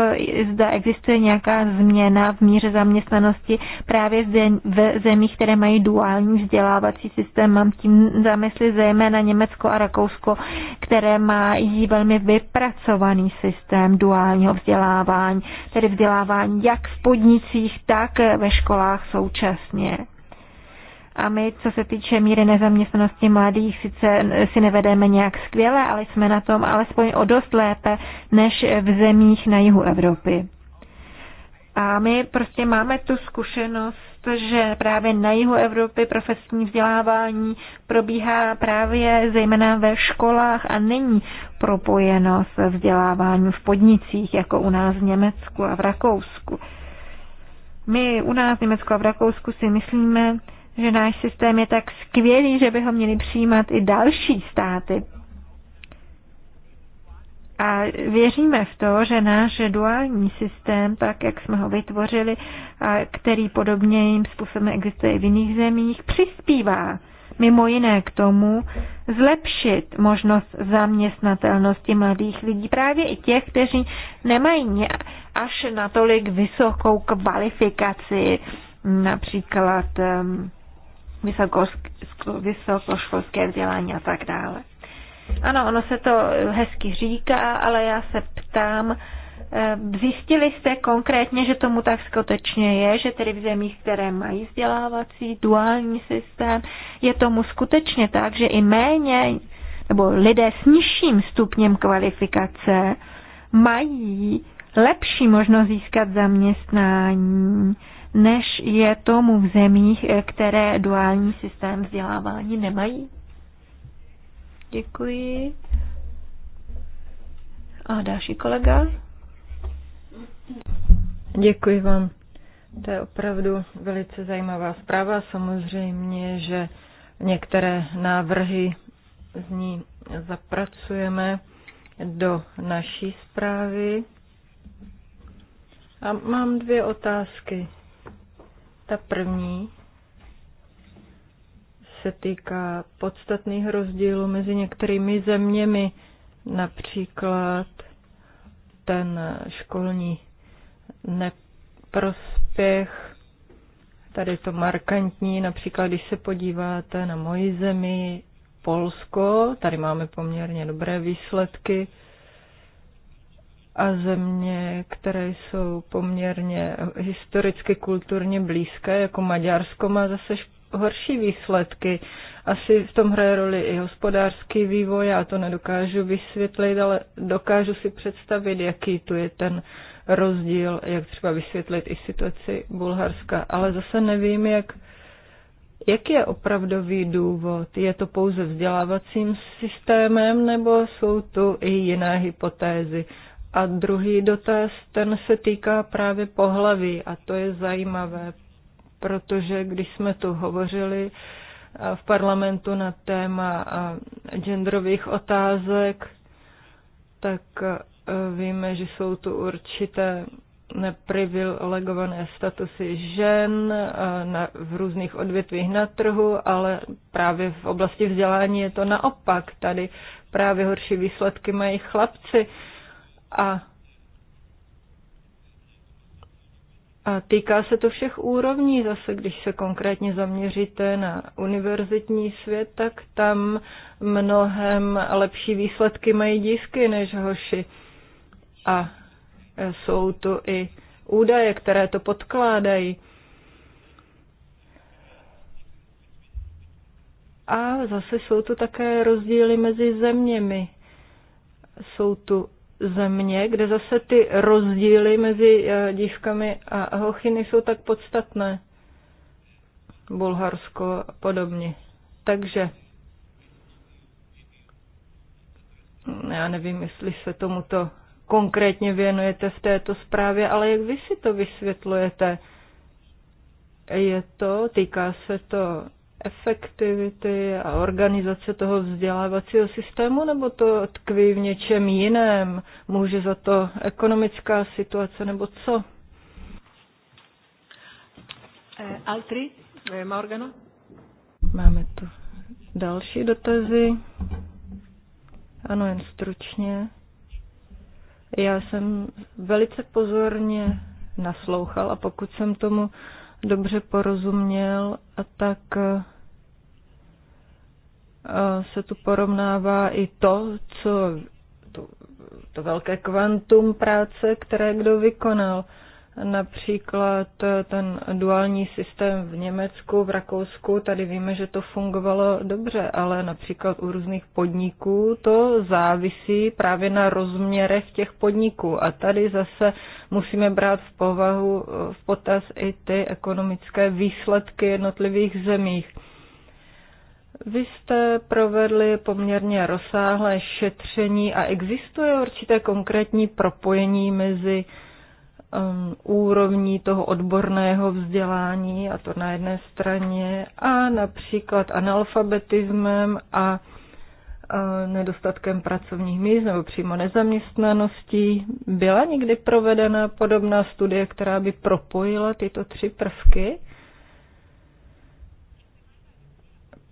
Speaker 2: zda existuje nějaká změna v míře zaměstnanosti právě v zemích, které mají duální vzdělávací systém? Mám tím zamysli zejména Německo a Rakousko, které mají velmi vypracovaný systém duálního vzdělávání, tedy vzdělávání jak v podnicích, tak ve školách současně. A my, co se týče míry nezaměstnanosti mladých, sice si nevedeme nějak skvěle, ale jsme na tom alespoň o dost lépe než v zemích na jihu Evropy. A my prostě máme tu zkušenost, že právě na jihu Evropy profesní vzdělávání probíhá právě zejména ve školách a není propojeno s vzděláváním v podnicích, jako u nás v Německu a v Rakousku. My u nás v Německu a v Rakousku si myslíme, že náš systém je tak skvělý, že by ho měli přijímat i další státy. A věříme v to, že náš duální systém, tak jak jsme ho vytvořili, a který jim způsobem existuje i v jiných zemích, přispívá mimo jiné k tomu zlepšit možnost zaměstnatelnosti mladých lidí, právě i těch, kteří nemají až natolik vysokou kvalifikaci, například um, vysokoškolské vzdělání a tak dále. Ano, ono se to eh, hezky říká, ale já se ptám, eh, zjistili jste konkrétně, že tomu tak skutečně je, že tedy v zemích, které mají vzdělávací duální systém, je tomu skutečně tak, že i méně nebo lidé s nižším stupněm kvalifikace mají lepší možnost získat zaměstnání než je tomu v zemích, eh, které duální systém vzdělávání nemají.
Speaker 1: Děkuji. A další kolega. Děkuji vám. To je opravdu velice zajímavá zpráva. Samozřejmě, že některé návrhy z ní zapracujeme do naší zprávy. A mám dvě otázky. Ta první se týká podstatných rozdílů mezi některými zeměmi, například ten školní neprospěch, tady to markantní, například když se podíváte na moji zemi, Polsko, tady máme poměrně dobré výsledky, a země, které jsou poměrně historicky kulturně blízké, jako Maďarsko, má zase horší výsledky. Asi v tom hraje roli i hospodářský vývoj, já to nedokážu vysvětlit, ale dokážu si představit, jaký tu je ten rozdíl, jak třeba vysvětlit i situaci Bulharska. Ale zase nevím, jak, jaký je opravdový důvod. Je to pouze vzdělávacím systémem, nebo jsou tu i jiné hypotézy? A druhý dotaz, ten se týká právě pohlaví a to je zajímavé, protože když jsme tu hovořili eh, v parlamentu na téma eh, genderových otázek, tak eh, víme, že jsou tu určité neprivilegované statusy žen v různých odvětvích na trhu, ale právě v oblasti vzdělání je to naopak. Tady právě horší výsledky mají chlapci. A a týká se to všech úrovní zase, když se konkrétně zaměříte na univerzitní svět, tak tam mnohem lepší výsledky mají dívky než hoši. A jsou tu i údaje, které to podkládají. A zase jsou tu také rozdíly mezi zeměmi. Jsou tu země, kde zase ty rozdíly mezi eh, dívkami a hochiny jsou tak podstatné. Bulharsko a podobně. Takže mm, já nevím, jestli se tomuto konkrétně věnujete v této zprávě, ale jak vy si to vysvětlujete? Je to, týká se to efektivity a organizace toho vzdělávacího systému, nebo to tkví v něčem jiném? Může za to ekonomická situace, nebo co? Eh, Altri, eh, Morgano? Máme tu další dotazy. Ano, jen stručně. Já jsem velice pozorně naslouchal a pokud jsem tomu dobře porozuměl a tak eh, se tu porovnává i to, co to, to velké kvantum práce, které kdo vykonal. Například eh, ten duální systém v Německu, v Rakousku, tady víme, že to fungovalo dobře, ale například u různých podniků to závisí právě na rozměrech těch podniků. A tady zase musíme brát v povahu eh, v potaz i ty ekonomické výsledky jednotlivých zemích. Vy jste provedli poměrně rozsáhlé šetření a existuje určité konkrétní propojení mezi um, úrovní toho odborného vzdělání, a to na jedné straně, a například analfabetismem a uh, nedostatkem pracovních míst nebo přímo nezaměstnaností. Byla někdy provedena podobná studie, která by propojila tyto tři prvky?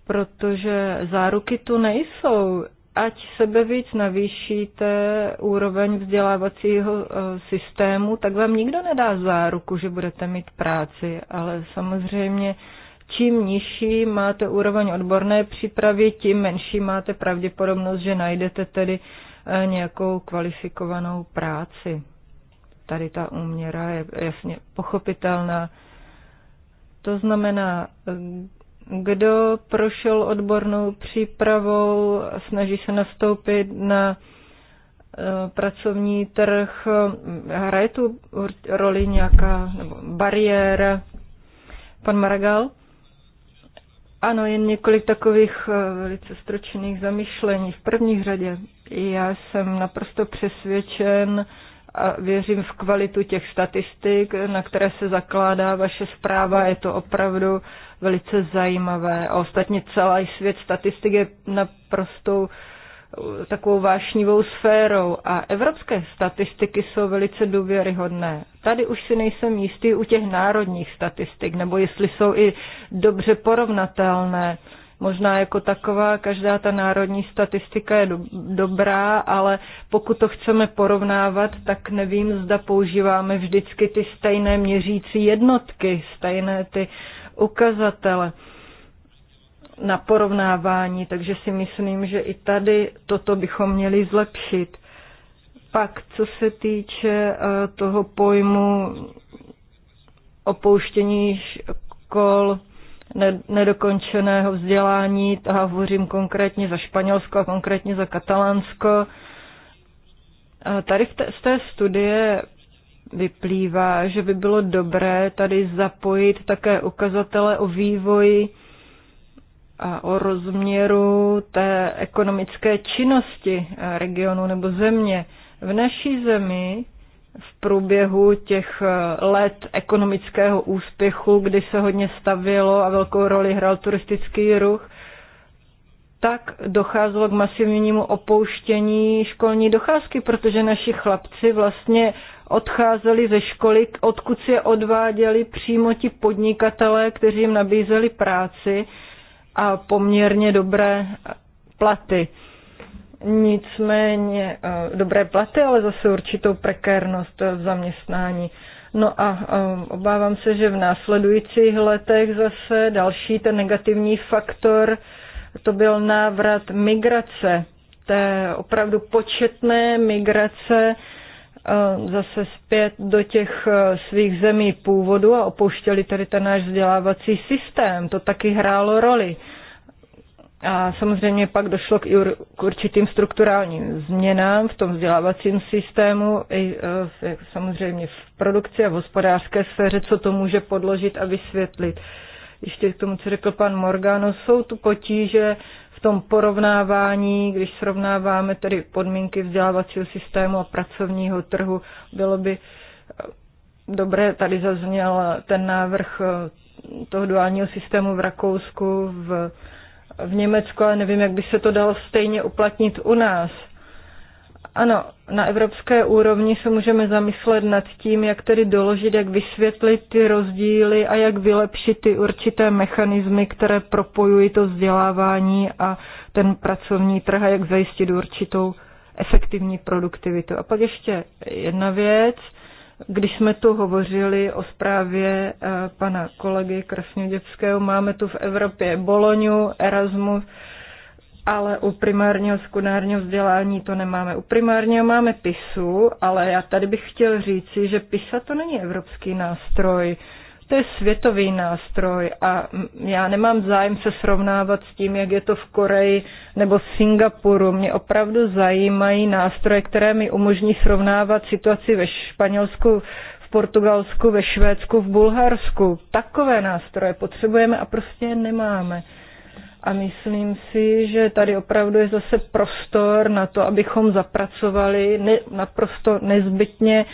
Speaker 1: Protože záruky tu nejsou ať sebe víc navýšíte úroveň vzdělávacího eh, systému, tak vám nikdo nedá záruku, že budete mít práci, ale samozřejmě čím nižší máte úroveň odborné přípravy, tím menší máte pravděpodobnost, že najdete tedy eh, nějakou kvalifikovanou práci. Tady ta úměra je jasně pochopitelná. To znamená, eh, kdo prošel odbornou přípravou, snaží se nastoupit na eh, pracovní trh, hraje tu roli nějaká nebo bariéra? Pan Maragal? Ano, jen několik takových eh, velice stročených zamyšlení. V první řadě já jsem naprosto přesvědčen, a věřím v kvalitu těch statistik, na které se zakládá vaše zpráva. Je to opravdu velice zajímavé. A ostatně celý svět statistik je naprosto uh, takovou vášnivou sférou a evropské statistiky jsou velice důvěryhodné. Tady už si nejsem jistý u těch národních statistik, nebo jestli jsou i dobře porovnatelné. Uh, Možná jako taková každá ta národní statistika je do, dobrá, ale pokud to chceme porovnávat, tak nevím, zda používáme vždycky ty stejné měřící jednotky, stejné ty ukazatele na porovnávání, takže si myslím, že i tady toto bychom měli zlepšit. Pak, co se týče eh, toho pojmu opouštění škol nedokončeného vzdělání, a hovořím konkrétně za Španělsko a konkrétně za Katalánsko. Tady z té studie vyplývá, že by bylo dobré tady zapojit také ukazatele o vývoji a o rozměru té ekonomické činnosti regionu nebo země. V naší zemi v průběhu těch eh, let ekonomického úspěchu, kdy se hodně stavilo a velkou roli hrál turistický ruch, tak docházelo k masivnímu opouštění školní docházky, protože naši chlapci vlastně odcházeli ze školy, odkud si je odváděli přímo ti podnikatelé, kteří jim nabízeli práci a poměrně dobré platy nicméně eh, dobré platy, ale zase určitou prekérnost eh, v zaměstnání. No a eh, obávám se, že v následujících letech zase další ten negativní faktor, to byl návrat migrace, té opravdu početné migrace zase zpět do těch svých zemí původu a opouštěli tedy ten náš vzdělávací systém. To taky hrálo roli. A samozřejmě pak došlo k, k určitým strukturálním změnám v tom vzdělávacím systému, i e, samozřejmě v produkci a v hospodářské sféře, co to může podložit a vysvětlit. Ještě k tomu, co řekl pan Morgano, jsou tu potíže v tom porovnávání, když srovnáváme tedy podmínky vzdělávacího systému a pracovního trhu, bylo by e, dobré, tady zazněl ten návrh e, toho duálního systému v Rakousku, v v Německu, ale nevím, jak by se to dalo stejně uplatnit u nás. Ano, na evropské úrovni se můžeme zamyslet nad tím, jak tedy doložit, jak vysvětlit ty rozdíly a jak vylepšit ty určité mechanismy, které propojují to vzdělávání a ten pracovní trh a jak zajistit určitou efektivní produktivitu. A pak ještě jedna věc – když jsme tu hovořili o zprávě eh, pana kolegy Krasnoděvského, máme tu v Evropě Boloňu, Erasmus, ale u primárního sekundárního vzdělání to nemáme. U primárního máme PISu, ale já tady bych chtěl říci, že PISA to není evropský nástroj. To je světový nástroj a já nemám zájem se srovnávat s tím, jak je to v Koreji nebo v Singapuru. Mě opravdu zajímají nástroje, které mi umožní srovnávat situaci ve Španělsku, v Portugalsku, ve Švédsku, v Bulharsku. Takové nástroje potřebujeme a prostě je nemáme. A myslím si, že tady opravdu je zase prostor na to, abychom zapracovali ne, naprosto nezbytně.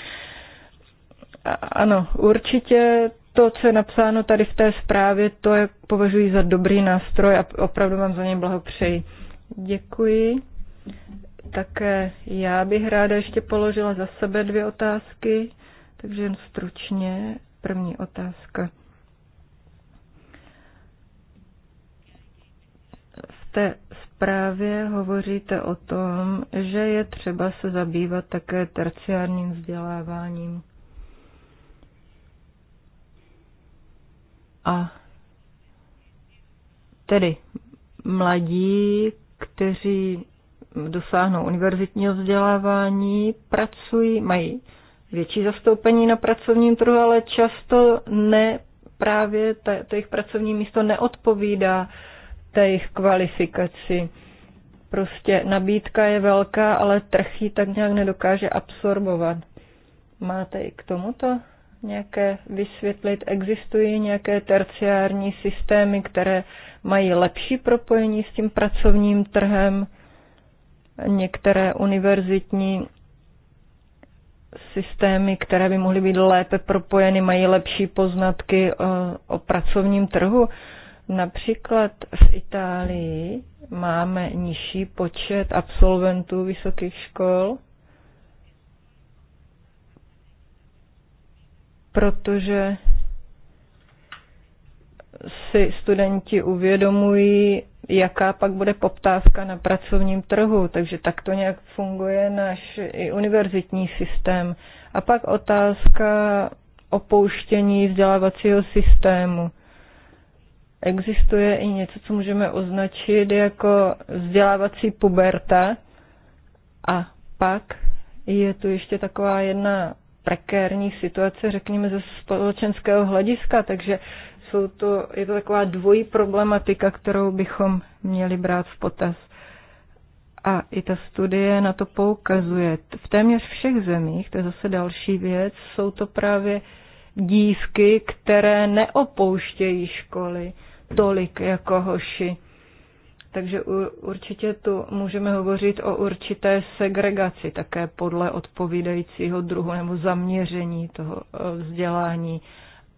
Speaker 1: A, ano, určitě to, co je napsáno tady v té zprávě, to je, považuji za dobrý nástroj a opravdu vám za něj blahopřeji. Děkuji. Také já bych ráda ještě položila za sebe dvě otázky, takže jen stručně. První otázka. V té zprávě hovoříte o tom, že je třeba se zabývat také terciárním vzděláváním. A tedy mladí, kteří dosáhnou univerzitního vzdělávání, pracují, mají větší zastoupení na pracovním trhu, ale často ne právě ta, to jejich pracovní místo neodpovídá té jejich kvalifikaci. Prostě nabídka je velká, ale trh ji tak nějak nedokáže absorbovat. Máte i k tomuto nějaké vysvětlit, existují nějaké terciární systémy, které mají lepší propojení s tím pracovním trhem. Některé univerzitní systémy, které by mohly být lépe propojeny, mají lepší poznatky o, eh, o pracovním trhu. Například v Itálii máme nižší počet absolventů vysokých škol protože si studenti uvědomují, jaká pak bude poptávka na pracovním trhu. Takže tak to nějak funguje náš i univerzitní systém. A pak otázka opouštění vzdělávacího systému. Existuje i něco, co můžeme označit jako vzdělávací puberta. A pak je tu ještě taková jedna prekérní situace, řekněme, ze společenského hlediska, takže jsou to, je to taková dvojí problematika, kterou bychom měli brát v potaz. A i ta studie na to poukazuje. V téměř všech zemích, to je zase další věc, jsou to právě dívky, které neopouštějí školy tolik jako hoši. Takže určitě tu můžeme hovořit o určité segregaci také podle odpovídajícího druhu nebo zaměření toho eh, vzdělání.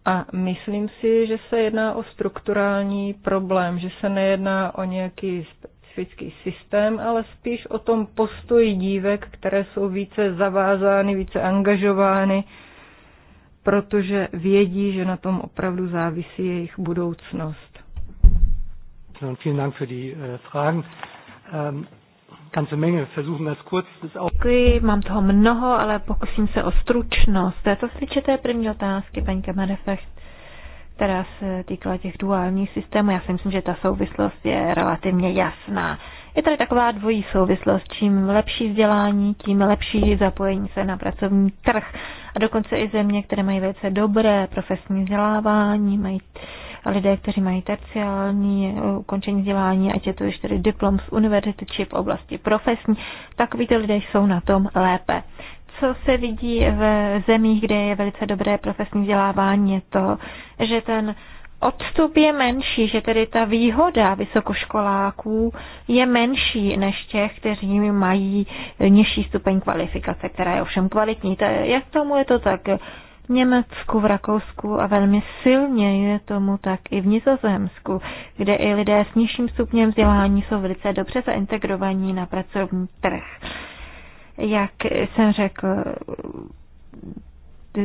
Speaker 1: A myslím si, že se jedná o strukturální problém, že se nejedná o nějaký specifický systém, ale spíš o tom postoji dívek, které jsou více zavázány, více angažovány, protože vědí, že na tom opravdu závisí jejich budoucnost. Vorsitzende, und vielen Dank für die äh, Fragen. Ähm, ganze Menge, versuchen wir es kurz. Das auch Děkuji, mám
Speaker 2: toho mnoho, ale pokusím se o stručnost. To se týče té první otázky, paní Kamerefecht, která se týkala těch duálních systémů. Já si myslím, že ta souvislost je relativně jasná. Je tady taková dvojí souvislost. Čím lepší vzdělání, tím lepší zapojení se na pracovní trh. A dokonce i země, které mají velice dobré profesní vzdělávání, mají lidé, kteří mají terciální eh, ukončení vzdělání, ať je to ještě tedy diplom z univerzity či v oblasti profesní, takovýto lidé jsou na tom lépe co se vidí v zemích, kde je velice dobré profesní vzdělávání, je to, že ten odstup je menší, že tedy ta výhoda vysokoškoláků je menší než těch, kteří mají nižší stupeň kvalifikace, která je ovšem kvalitní. To, jak tomu je to tak? Německu, v Rakousku a velmi silně je tomu tak i v Nizozemsku, kde i lidé s nižším stupněm vzdělání jsou velice dobře zaintegrovaní na pracovní trh. Jak jsem řekl,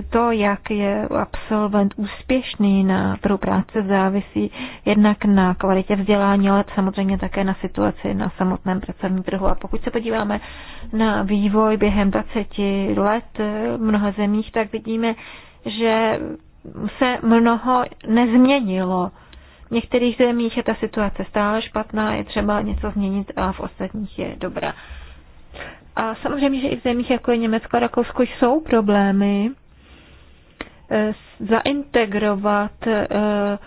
Speaker 2: to, jak je absolvent úspěšný na trhu práce, závisí jednak na kvalitě vzdělání, ale samozřejmě také na situaci na samotném pracovním trhu. A pokud se podíváme na vývoj během 20 let v mnoha zemích, tak vidíme, že se mnoho nezměnilo. V některých zemích je ta situace stále špatná, je třeba něco změnit a v ostatních je dobrá. A samozřejmě, že i v zemích jako je Německo a Rakousko jsou problémy, Eh, zaintegrovat eh,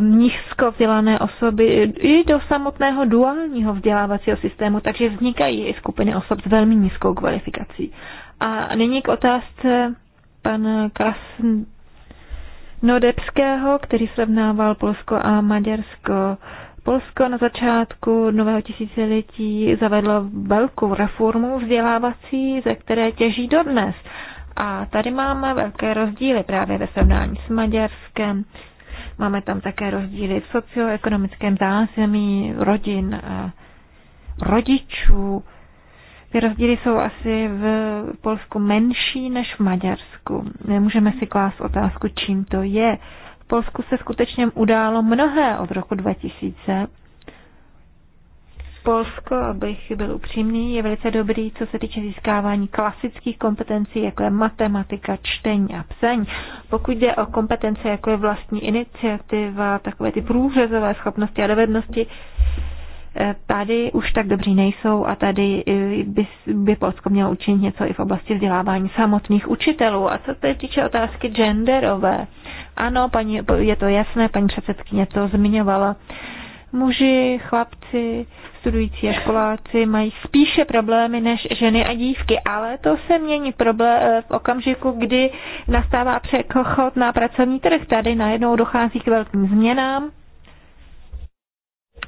Speaker 2: nízko vzdělané osoby i do samotného duálního vzdělávacího systému, takže vznikají i skupiny osob s velmi nízkou kvalifikací. A nyní k otázce pan Kasn který srovnával Polsko a Maďarsko. Polsko na začátku nového tisíciletí zavedlo velkou reformu vzdělávací, ze které těží dodnes. A tady máme velké rozdíly právě ve srovnání s Maďarskem. Máme tam také rozdíly v socioekonomickém zázemí rodin a rodičů. Ty rozdíly jsou asi v Polsku menší než v Maďarsku. Nemůžeme si klást otázku, čím to je. V Polsku se skutečně událo mnohé od roku 2000 Polsko, abych byl upřímný, je velice dobrý, co se týče získávání klasických kompetencí, jako je matematika, čtení a psaní. Pokud jde o kompetence, jako je vlastní iniciativa, takové ty průřezové schopnosti a dovednosti, eh, tady už tak dobří nejsou a tady eh, by, by Polsko mělo učinit něco i v oblasti vzdělávání samotných učitelů. A co se týče otázky genderové, ano, paní, je to jasné, paní předsedkyně to zmiňovala muži, chlapci, studující a školáci mají spíše problémy než ženy a dívky, ale to se mění v eh, okamžiku, kdy nastává přechod na pracovní trh. Tady najednou dochází k velkým změnám,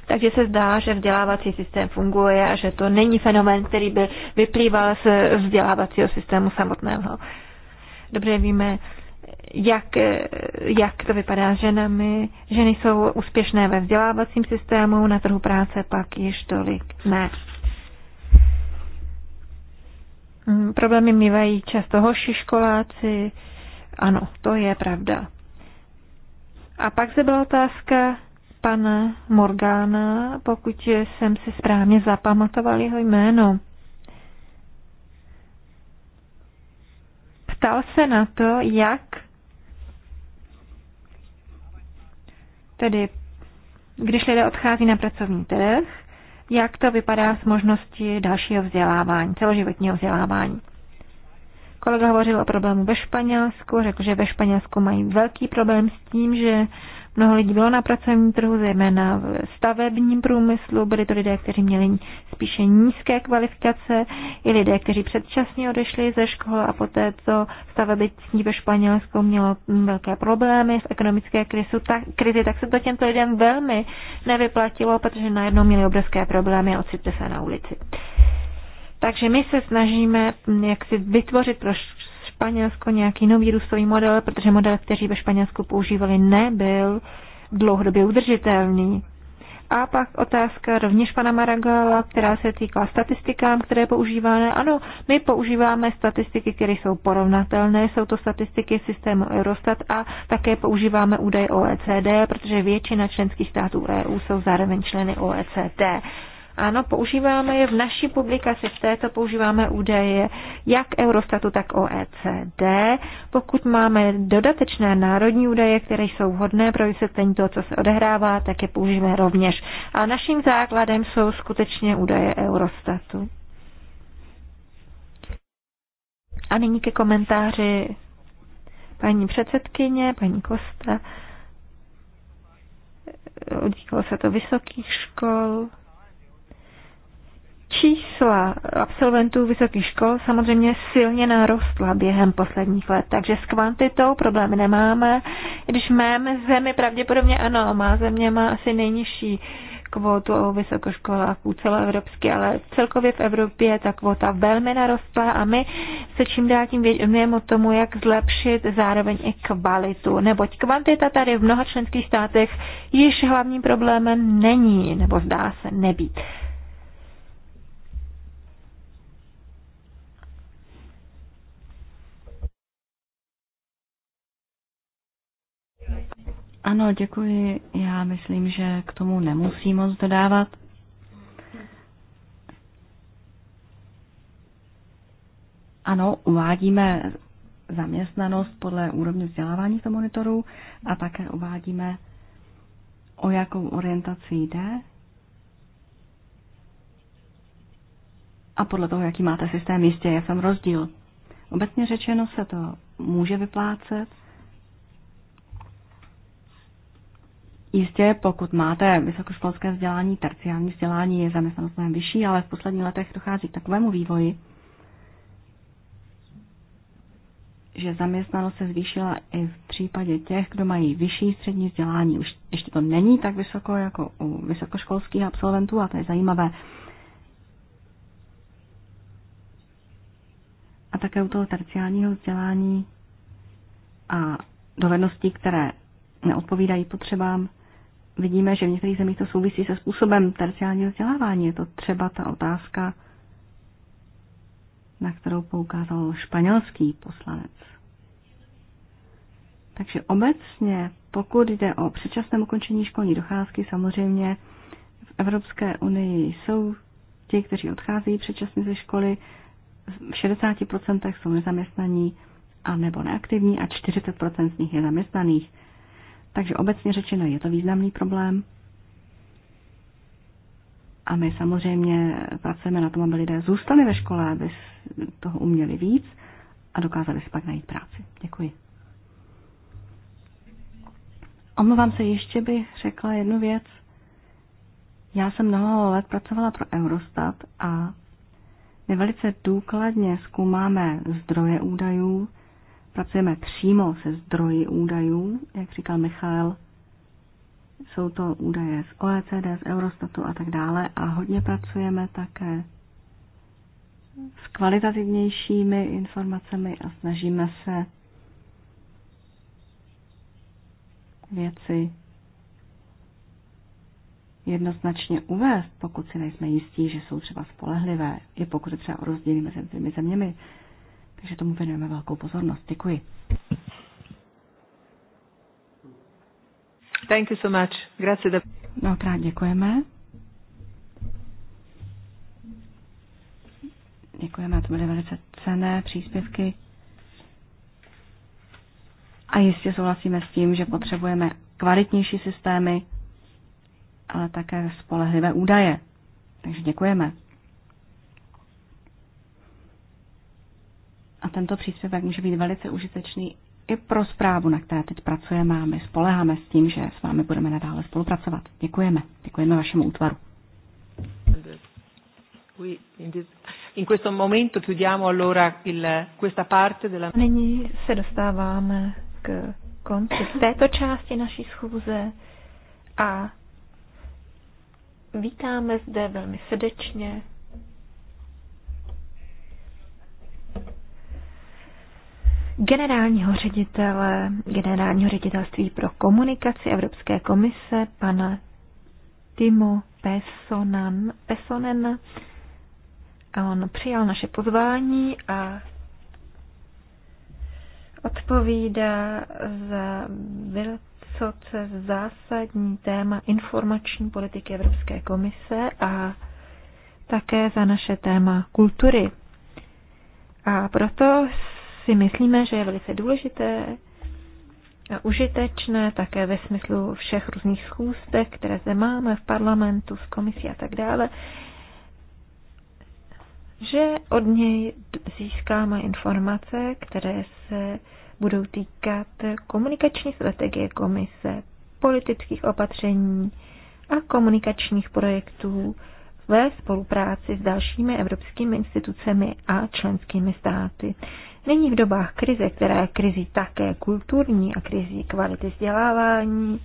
Speaker 2: takže se zdá, že vzdělávací systém funguje a že to není fenomén, který by vyplýval z vzdělávacího systému samotného. Dobře víme, jak, eh, jak to vypadá s ženami. Ženy jsou úspěšné ve vzdělávacím systému, na trhu práce pak již tolik ne. Mm, problémy mývají často hoši školáci. Ano, to je pravda. A pak se byla otázka pana Morgana, pokud jsem si správně zapamatoval jeho jméno. Ptal se na to, jak Tedy, když lidé odchází na pracovní trh, jak to vypadá s možností dalšího vzdělávání, celoživotního vzdělávání. Kolega hovořil o problému ve Španělsku, řekl, že ve Španělsku mají velký problém s tím, že Mnoho lidí bylo na pracovním trhu, zejména v stavebním průmyslu. Byli to lidé, kteří měli spíše nízké kvalifikace, i lidé, kteří předčasně odešli ze školy a poté, co stavebnictví ve Španělsku mělo velké problémy v ekonomické krizi, tak, krizi, tak se to těmto lidem velmi nevyplatilo, protože najednou měli obrovské problémy a ocitli se na ulici. Takže my se snažíme jak si vytvořit Španělsko nějaký nový růstový model, protože model, který ve Španělsku používali, nebyl dlouhodobě udržitelný. A pak otázka rovněž pana Maragala, která se týká statistikám, které používáme. Ano, my používáme statistiky, které jsou porovnatelné, jsou to statistiky systému Eurostat a také používáme údaje OECD, protože většina členských států EU jsou zároveň členy OECD. Ano, používáme je v naší publikaci, v této používáme údaje jak Eurostatu, tak OECD. Pokud máme dodatečné národní údaje, které jsou vhodné pro vysvětlení toho, co se odehrává, tak je použijeme rovněž. A naším základem jsou skutečně údaje Eurostatu. A nyní ke komentáři paní předsedkyně, paní Kosta. Odvíkalo se to vysokých škol čísla absolventů vysokých škol samozřejmě silně narostla během posledních let, takže s kvantitou problémy nemáme, i když máme zemi pravděpodobně ano, má země má asi nejnižší kvotu o vysokoškolách u celoevropsky, ale celkově v Evropě ta kvota velmi narostla a my se čím dál tím věnujeme o tomu, jak zlepšit zároveň i kvalitu, neboť kvantita tady v mnoha členských státech již hlavním problémem není, nebo zdá se nebýt.
Speaker 3: Ano, děkuji. Já myslím, že k tomu nemusí moc dodávat. Ano, uvádíme zaměstnanost podle úrovně vzdělávání v monitoru a také uvádíme, o jakou orientaci jde a podle toho, jaký máte systém, jistě je tam rozdíl. Obecně řečeno se to může vyplácet, Jistě, pokud máte vysokoškolské vzdělání, terciální vzdělání je zaměstnanost mnohem vyšší, ale v posledních letech dochází k takovému vývoji, že zaměstnanost se zvýšila i v případě těch, kdo mají vyšší střední vzdělání. Už ještě to není tak vysoko jako u vysokoškolských absolventů a to je zajímavé. A také u toho terciálního vzdělání a dovedností, které neodpovídají potřebám, vidíme, že v některých zemích to souvisí se způsobem terciálního vzdělávání. Je to třeba ta otázka, na kterou poukázal španělský poslanec. Takže obecně, pokud jde o předčasné ukončení školní docházky, samozřejmě v Evropské unii jsou ti, kteří odcházejí předčasně ze školy, v 60% jsou nezaměstnaní a nebo neaktivní a 40% z nich je zaměstnaných. Takže obecně řečeno je to významný problém. A my samozřejmě pracujeme na tom, aby lidé zůstali ve škole, aby toho uměli víc a dokázali si pak najít práci. Děkuji. Omlouvám se, ještě bych řekla jednu věc. Já jsem mnoho let pracovala pro Eurostat a my velice důkladně zkoumáme zdroje údajů, Pracujeme přímo se zdroji údajů, jak říkal Michal. Jsou to údaje z OECD, z Eurostatu a tak dále. A hodně pracujeme také s kvalitativnějšími informacemi a snažíme se věci jednoznačně uvést, pokud si nejsme jistí, že jsou třeba spolehlivé, i pokud je třeba rozdělíme rozdíly mezi těmi zeměmi. Takže tomu věnujeme velkou pozornost. Děkuji. Thank you so much. Grazie. De... No, krát děkujeme. Děkujeme, to byly velice cené příspěvky. A jistě souhlasíme s tím, že potřebujeme kvalitnější systémy, ale také spolehlivé údaje. Takže děkujeme. A tento příspěvek může být velice užitečný i pro zprávu, na které teď pracujeme a my spoleháme s tím, že s vámi budeme nadále spolupracovat. Děkujeme. Děkujeme vašemu útvaru.
Speaker 2: Nyní se dostáváme k konci této části naší schůze a vítáme zde velmi srdečně generálního ředitele, generálního ředitelství pro komunikaci Evropské komise, pana Timo Pesonan, Pesonen. A on přijal naše pozvání a odpovídá za vysoce zásadní téma informační politiky Evropské komise a také za naše téma kultury. A proto si myslíme, že je velice důležité a užitečné také ve smyslu všech různých schůzek, které zde máme v parlamentu, v komisi a tak dále, že od něj získáme informace, které se budou týkat komunikační strategie komise, politických opatření a komunikačních projektů ve spolupráci s dalšími evropskými institucemi a členskými státy. Není v dobách krize, která je krizi také kulturní a krizi kvality vzdělávání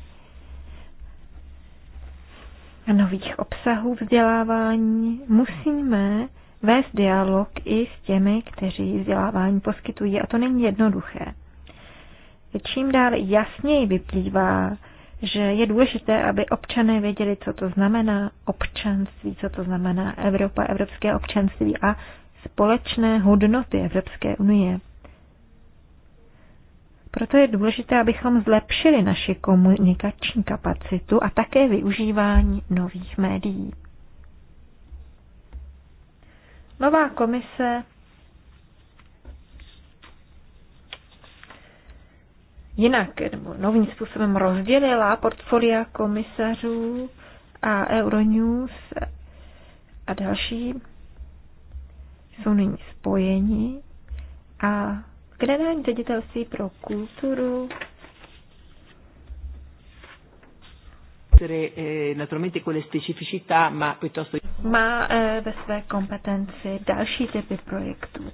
Speaker 2: a nových obsahů vzdělávání, musíme vést dialog i s těmi, kteří vzdělávání poskytují. A to není jednoduché. Čím dál jasněji vyplývá, že je důležité, aby občané věděli, co to znamená občanství, co to znamená Evropa, evropské občanství a společné hodnoty Evropské unie. Proto je důležité, abychom zlepšili naši komunikační kapacitu a také využívání nových médií. Nová komise jinak nebo novým způsobem rozdělila portfolia komisařů a Euronews a další jsou nyní spojeni a generální ředitelství pro kulturu
Speaker 4: eh, naturalmente quelle specificità, ma piuttosto
Speaker 2: má eh, ve své kompetenci další typy projektů.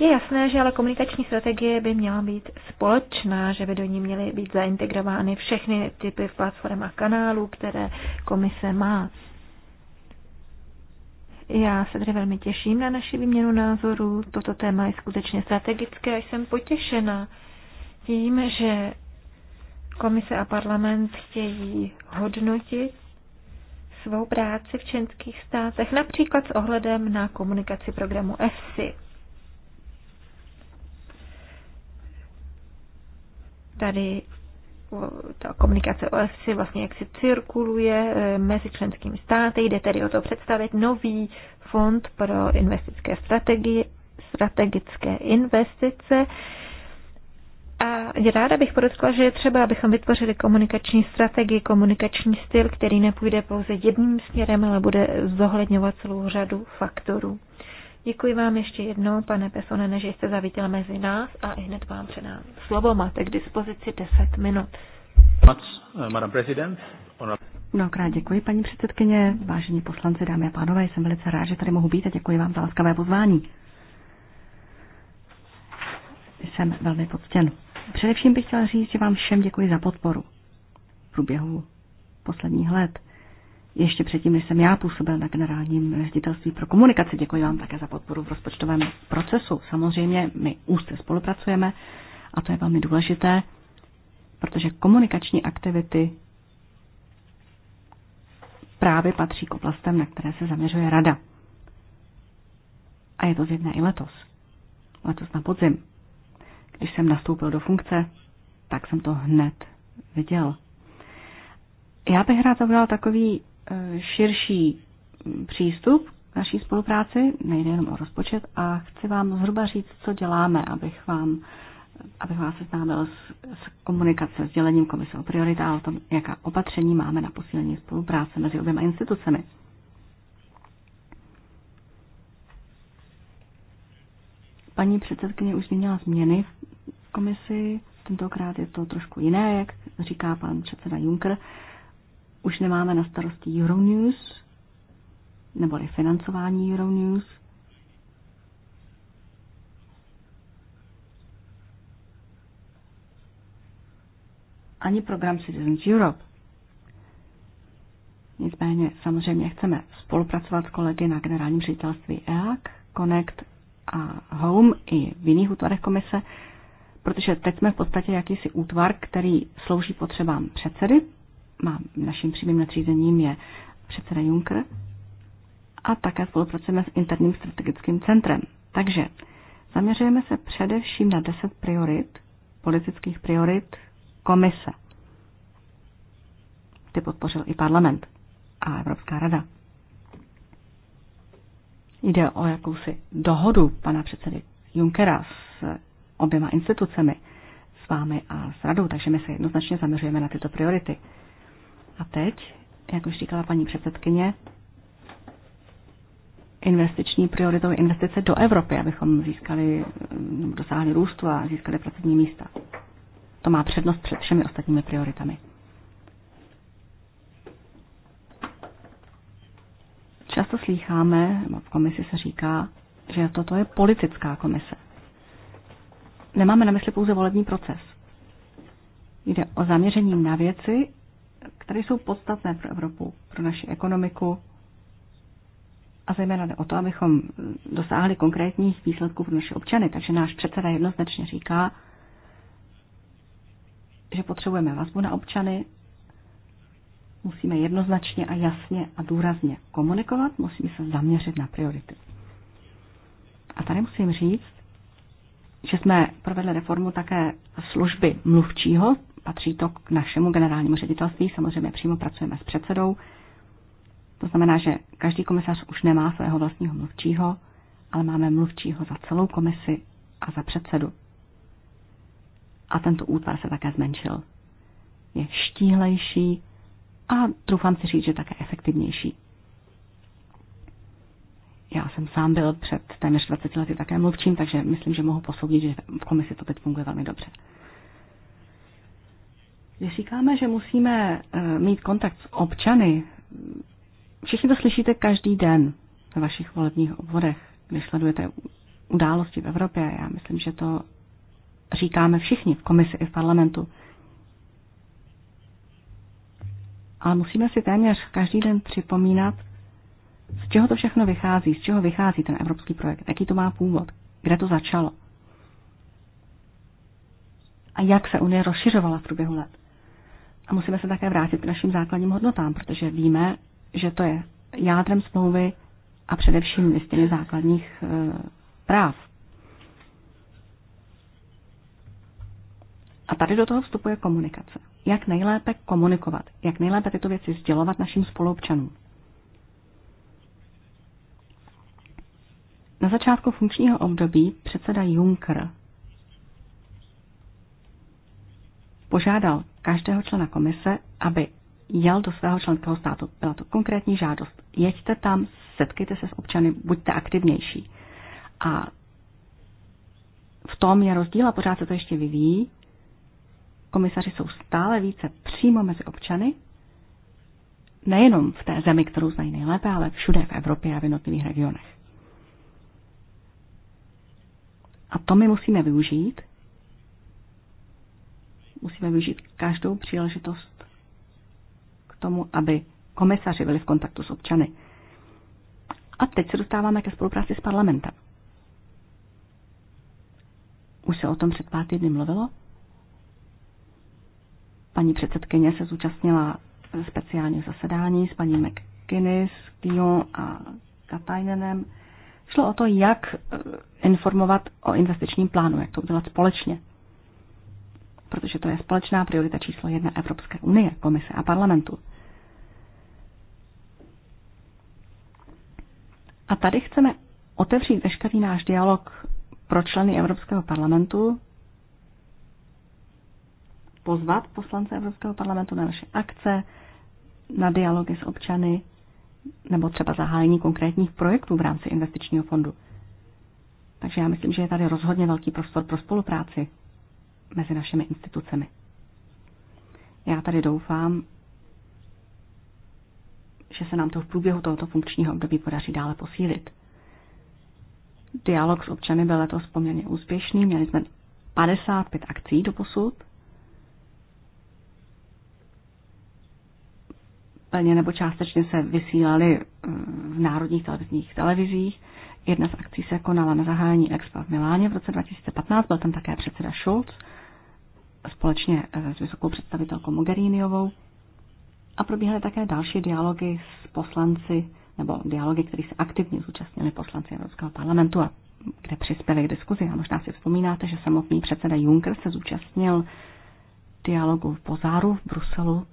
Speaker 2: Je jasné, že ale komunikační strategie by měla být společná, že by do ní měly být zaintegrovány všechny typy platform a kanálů, které komise má. Já se tedy velmi těším na naši výměnu názorů. Toto téma je skutečně strategické a jsem potěšena tím, že komise a parlament chtějí hodnotit svou práci v členských státech, například s ohledem na komunikaci programu EFSI. Tady ta komunikace OSC vlastně jak si cirkuluje e, mezi členskými státy. Jde tedy o to představit nový fond pro investické strategie, strategické investice. A ráda bych podotkla, že je třeba, abychom vytvořili komunikační strategii, komunikační styl, který nepůjde pouze jedním směrem, ale bude zohledňovat celou řadu faktorů. Děkuji vám ještě jednou, pane Pesonene, že jste zavítil mezi nás a i hned vám předám slovo. Máte k dispozici 10 minut.
Speaker 3: Mnohokrát děkuji, paní předsedkyně, vážení poslanci, dámy a pánové, jsem velice rád, že tady mohu být a děkuji vám za laskavé pozvání. Jsem velmi poctěn. Především bych chtěla říct, že vám všem děkuji za podporu v průběhu posledních let ještě předtím, než jsem já působil na generálním ředitelství pro komunikaci. Děkuji vám také za podporu v rozpočtovém procesu. Samozřejmě my úzce spolupracujeme a to je velmi důležité, protože komunikační aktivity právě patří k oblastem, na které se zaměřuje rada. A je to zjevné i letos. Letos na podzim. Když jsem nastoupil do funkce, tak jsem to hned viděl. Já bych rád udělal takový širší přístup k naší spolupráci, nejde jenom o rozpočet, a chci vám zhruba říct, co děláme, abych vám abych vás seznámil s, s komunikace, s dělením komise o prioritách a o tom, jaká opatření máme na posílení spolupráce mezi oběma institucemi. Paní předsedkyně už měla změny v komisi, tentokrát je to trošku jiné, jak říká pan předseda Juncker. Uh, už nemáme na starosti Euronews, neboli financování Euronews. Ani program Citizens Europe. Nicméně samozřejmě chceme spolupracovat s kolegy na generálním ředitelství EAC, Connect a Home i v jiných útvarech komise, protože teď jsme v podstatě jakýsi útvar, který slouží potřebám předsedy, má, naším přímým nadřízením je předseda Juncker a také spolupracujeme s interním strategickým centrem. Takže zaměřujeme se především na 10 priorit, politických priorit komise. Ty podpořil i parlament a Evropská rada. Jde o jakousi dohodu pana předsedy Junckera s oběma institucemi, s vámi a s radou, takže my se jednoznačně zaměřujeme na tyto priority. A teď, jak už říkala paní předsedkyně, investiční prioritou investice do Evropy, abychom získali, dosáhli růstu a získali pracovní místa. To má přednost před všemi ostatními prioritami. Často slýcháme, v komisi se říká, že toto je politická komise. Nemáme na mysli pouze volební proces. Jde o zaměření na věci které jsou podstatné pro Evropu, pro naši ekonomiku a zejména jde o to, abychom dosáhli konkrétních výsledků pro naše občany. Takže náš předseda jednoznačně říká, že potřebujeme vazbu na občany, musíme jednoznačně a jasně a důrazně komunikovat, musíme se zaměřit na priority. A tady musím říct, že jsme provedli reformu také služby mluvčího patří to k našemu generálnímu ředitelství, samozřejmě přímo pracujeme s předsedou. To znamená, že každý komisař už nemá svého vlastního mluvčího, ale máme mluvčího za celou komisi a za předsedu. A tento útvar se také zmenšil. Je štíhlejší a doufám si říct, že také efektivnější. Já jsem sám byl před téměř 20 lety také mluvčím, takže myslím, že mohu posoudit, že v komisi to teď funguje velmi dobře. Když říkáme, že musíme eh, mít kontakt s občany, všichni to slyšíte každý den ve vašich volebních obvodech, když sledujete události v Evropě. Já myslím, že to říkáme všichni v komisi i v parlamentu. Ale musíme si téměř každý den připomínat, z čeho to všechno vychází, z čeho vychází ten evropský projekt, jaký to má původ, kde to začalo a jak se Unie rozšiřovala v průběhu let. A musíme se také vrátit k našim základním hodnotám, protože víme, že to je jádrem smlouvy a především listiny základních eh, práv. A tady do toho vstupuje komunikace. Jak nejlépe komunikovat, jak nejlépe tyto věci sdělovat našim spoluobčanům. Na začátku funkčního období předseda Juncker požádal každého člena komise, aby jel do svého členského státu. Byla to konkrétní žádost. Jeďte tam, setkejte se s občany, buďte aktivnější. A v tom je rozdíl a pořád se to ještě vyvíjí. Komisaři jsou stále více přímo mezi občany, nejenom v té zemi, kterou znají nejlépe, ale všude v Evropě a v jednotlivých regionech. A to my musíme využít, Musíme využít každou příležitost k tomu, aby komisaři byli v kontaktu s občany. A teď se dostáváme ke spolupráci s parlamentem. Už se o tom před pár týdny mluvilo. Paní předsedkyně se zúčastnila speciálního zasedání s paní McKinnis, Dion a Katajnenem. Šlo o to, jak eh, informovat o investičním plánu, jak to udělat společně protože to je společná priorita číslo jedna Evropské unie, komise a parlamentu. A tady chceme otevřít veškerý náš dialog pro členy Evropského parlamentu, pozvat poslance Evropského parlamentu na naše akce, na dialogy s občany nebo třeba zahájení konkrétních projektů v rámci investičního fondu. Takže já myslím, že je tady rozhodně velký prostor pro spolupráci mezi našimi institucemi. Já tady doufám, že se nám to v průběhu tohoto funkčního období podaří dále posílit. Dialog s občany byl letos poměrně úspěšný. Měli jsme 55 akcí do posud. Plně nebo částečně se vysílali eh, v národních televizních televizích. Jedna z akcí se konala na zahájení Expo v Miláně v roce 2015. Byl tam také předseda Schulz společně eh, s vysokou představitelkou Mogheriniovou. A probíhaly také další dialogy s poslanci, nebo dialogy, které se aktivně zúčastnili poslanci Evropského parlamentu a kde přispěli k diskuzi. A možná si vzpomínáte, že samotný předseda Juncker se zúčastnil dialogu v Pozáru v Bruselu.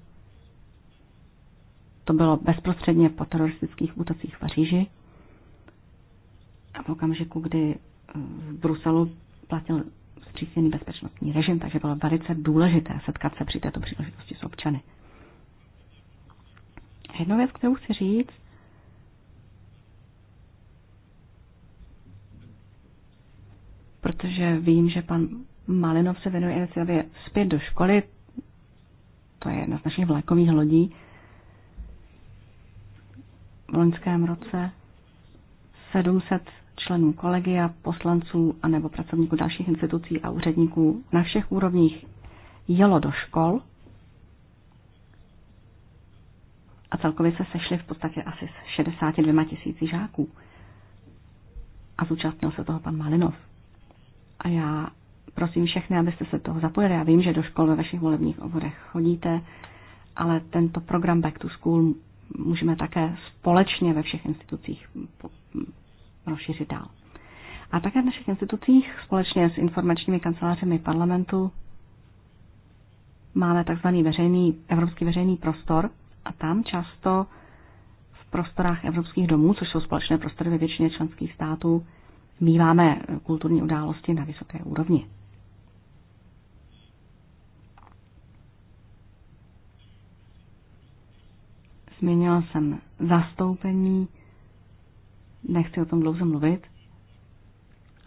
Speaker 3: To bylo bezprostředně po teroristických útocích v Paříži. A v okamžiku, kdy eh, v Bruselu platil zpřísněný bezpečnostní režim, takže bylo velice důležité setkat se při této příležitosti s občany. A jednu věc, kterou chci říct, protože vím, že pan Malinov se věnuje iniciativě zpět do školy, to je jedna z našich vlakových lodí, v loňském roce 700 členů kolegia, poslanců a nebo pracovníků dalších institucí a úředníků na všech úrovních jelo do škol a celkově se sešli v podstatě asi s 62 tisíci žáků. A zúčastnil se toho pan Malinov. A já prosím všechny, abyste se toho zapojili. Já vím, že do škol ve vašich volebních oborech chodíte, ale tento program Back to School můžeme také společně ve všech institucích rozšířit dál. A také v našich institucích společně s informačními kancelářemi parlamentu máme tzv. Veřejný, evropský veřejný prostor a tam často v prostorách evropských domů, což jsou společné prostory ve většině členských států, míváme kulturní události na vysoké úrovni. Zmínila jsem zastoupení Nechci o tom dlouze mluvit,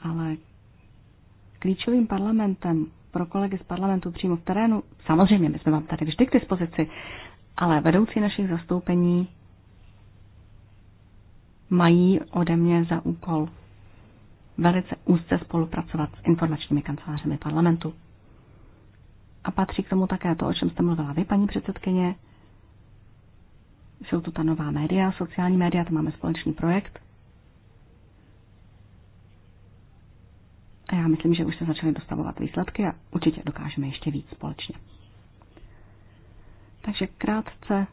Speaker 3: ale klíčovým parlamentem pro kolegy z parlamentu přímo v terénu, samozřejmě my jsme vám tady vždy k dispozici, ale vedoucí našich zastoupení mají ode mě za úkol velice úzce spolupracovat s informačními kancelářemi parlamentu. A patří k tomu také to, o čem jste mluvila vy, paní předsedkyně. Jsou tu ta nová média, sociální média, tam máme společný projekt. A já myslím, že už se začaly dostavovat výsledky a určitě dokážeme ještě víc společně. Takže krátce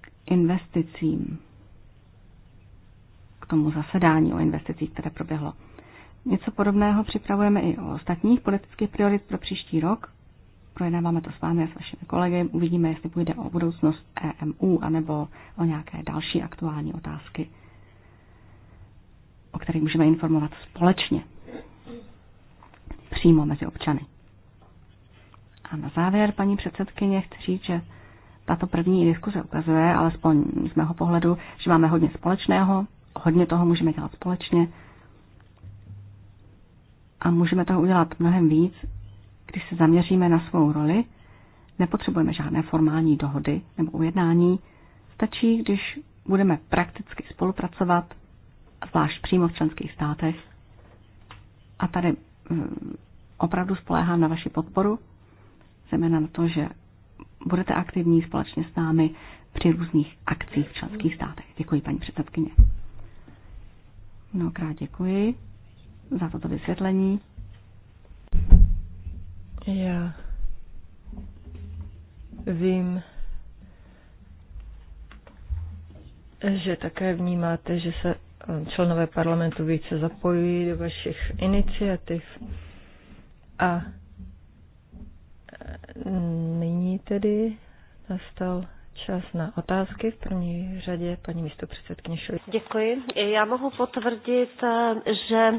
Speaker 3: k investicím, k tomu zasedání o investicích, které proběhlo. Něco podobného připravujeme i o ostatních politických priorit pro příští rok. Projednáváme to s vámi a s vašimi kolegy. Uvidíme, jestli půjde o budoucnost EMU anebo o nějaké další aktuální otázky, o kterých můžeme informovat společně přímo mezi občany. A na závěr, paní předsedkyně, chci říct, že tato první diskuze ukazuje, alespoň z mého pohledu, že máme hodně společného, hodně toho můžeme dělat společně a můžeme toho udělat mnohem víc, když se zaměříme na svou roli. Nepotřebujeme žádné formální dohody nebo ujednání. Stačí, když budeme prakticky spolupracovat, zvlášť přímo v členských státech. A tady mm, opravdu spoléhám na vaši podporu, zejména na to, že budete aktivní společně s námi při různých akcích v členských státech. Děkuji, paní předsedkyně. Mnohokrát děkuji za toto vysvětlení.
Speaker 1: Já vím, že také vnímáte, že se členové parlamentu více zapojují do vašich iniciativ. A e, nyní tedy nastal čas na otázky. V první řadě paní místo předsedkyně Děkuji.
Speaker 4: Já mohu potvrdit, e, že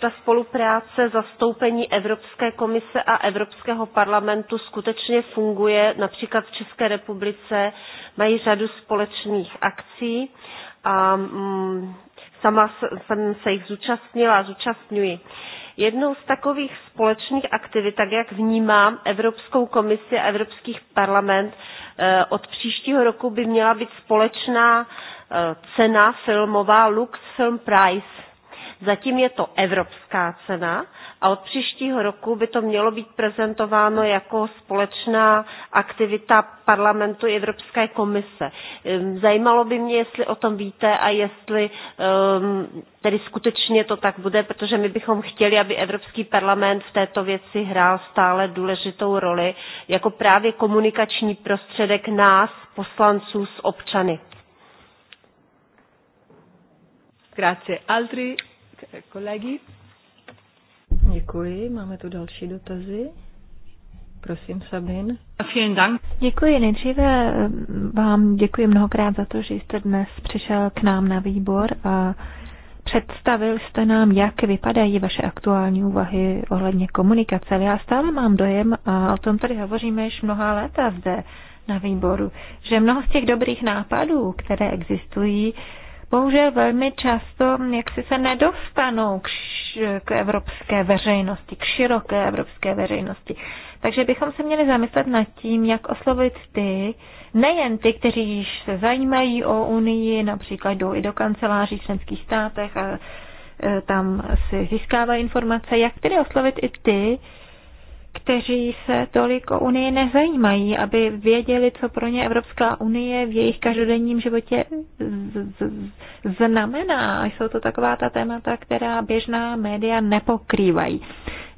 Speaker 4: ta spolupráce zastoupení Evropské komise a Evropského parlamentu skutečně funguje. Například v České republice mají řadu společných akcí a mm, sama jsem se jich zúčastnila a zúčastňuji. Jednou z takových společných aktivit, tak jak vnímám Evropskou komisi a Evropský parlament, eh, od příštího roku by měla být společná eh, cena filmová Lux Film Prize. Zatím je to evropská cena, a od příštího roku by to mělo být prezentováno jako společná aktivita parlamentu i Evropské komise. Ehm, zajímalo by mě, jestli o tom víte a jestli ehm, tedy skutečně to tak bude, protože my bychom chtěli, aby Evropský parlament v této věci hrál stále důležitou roli jako právě komunikační prostředek nás, poslanců s občany. Grazie. Altri
Speaker 1: eh, colleghi? Děkuji. Máme tu další dotazy. Prosím, Sabin.
Speaker 2: Děkuji. Nejdříve eh, vám děkuji mnohokrát za to, že jste dnes přišel k nám na výbor a představil jste nám, jak vypadají vaše aktuální úvahy ohledně komunikace. Já stále mám dojem, a o tom tady hovoříme již mnoha léta zde na výboru, že mnoho z těch dobrých nápadů, které existují, bohužel velmi často jak si se nedostanou k k evropské veřejnosti, k široké evropské veřejnosti. Takže bychom se měli zamyslet nad tím, jak oslovit ty, nejen ty, kteří již se zajímají o Unii, například jdou i do kanceláří v členských státech a e, tam si získávají informace, jak tedy oslovit i ty, kteří se tolik o Unii nezajímají, aby věděli, co pro ně Evropská unie v jejich každodenním životě znamená. Jsou to taková ta témata, která běžná média nepokrývají.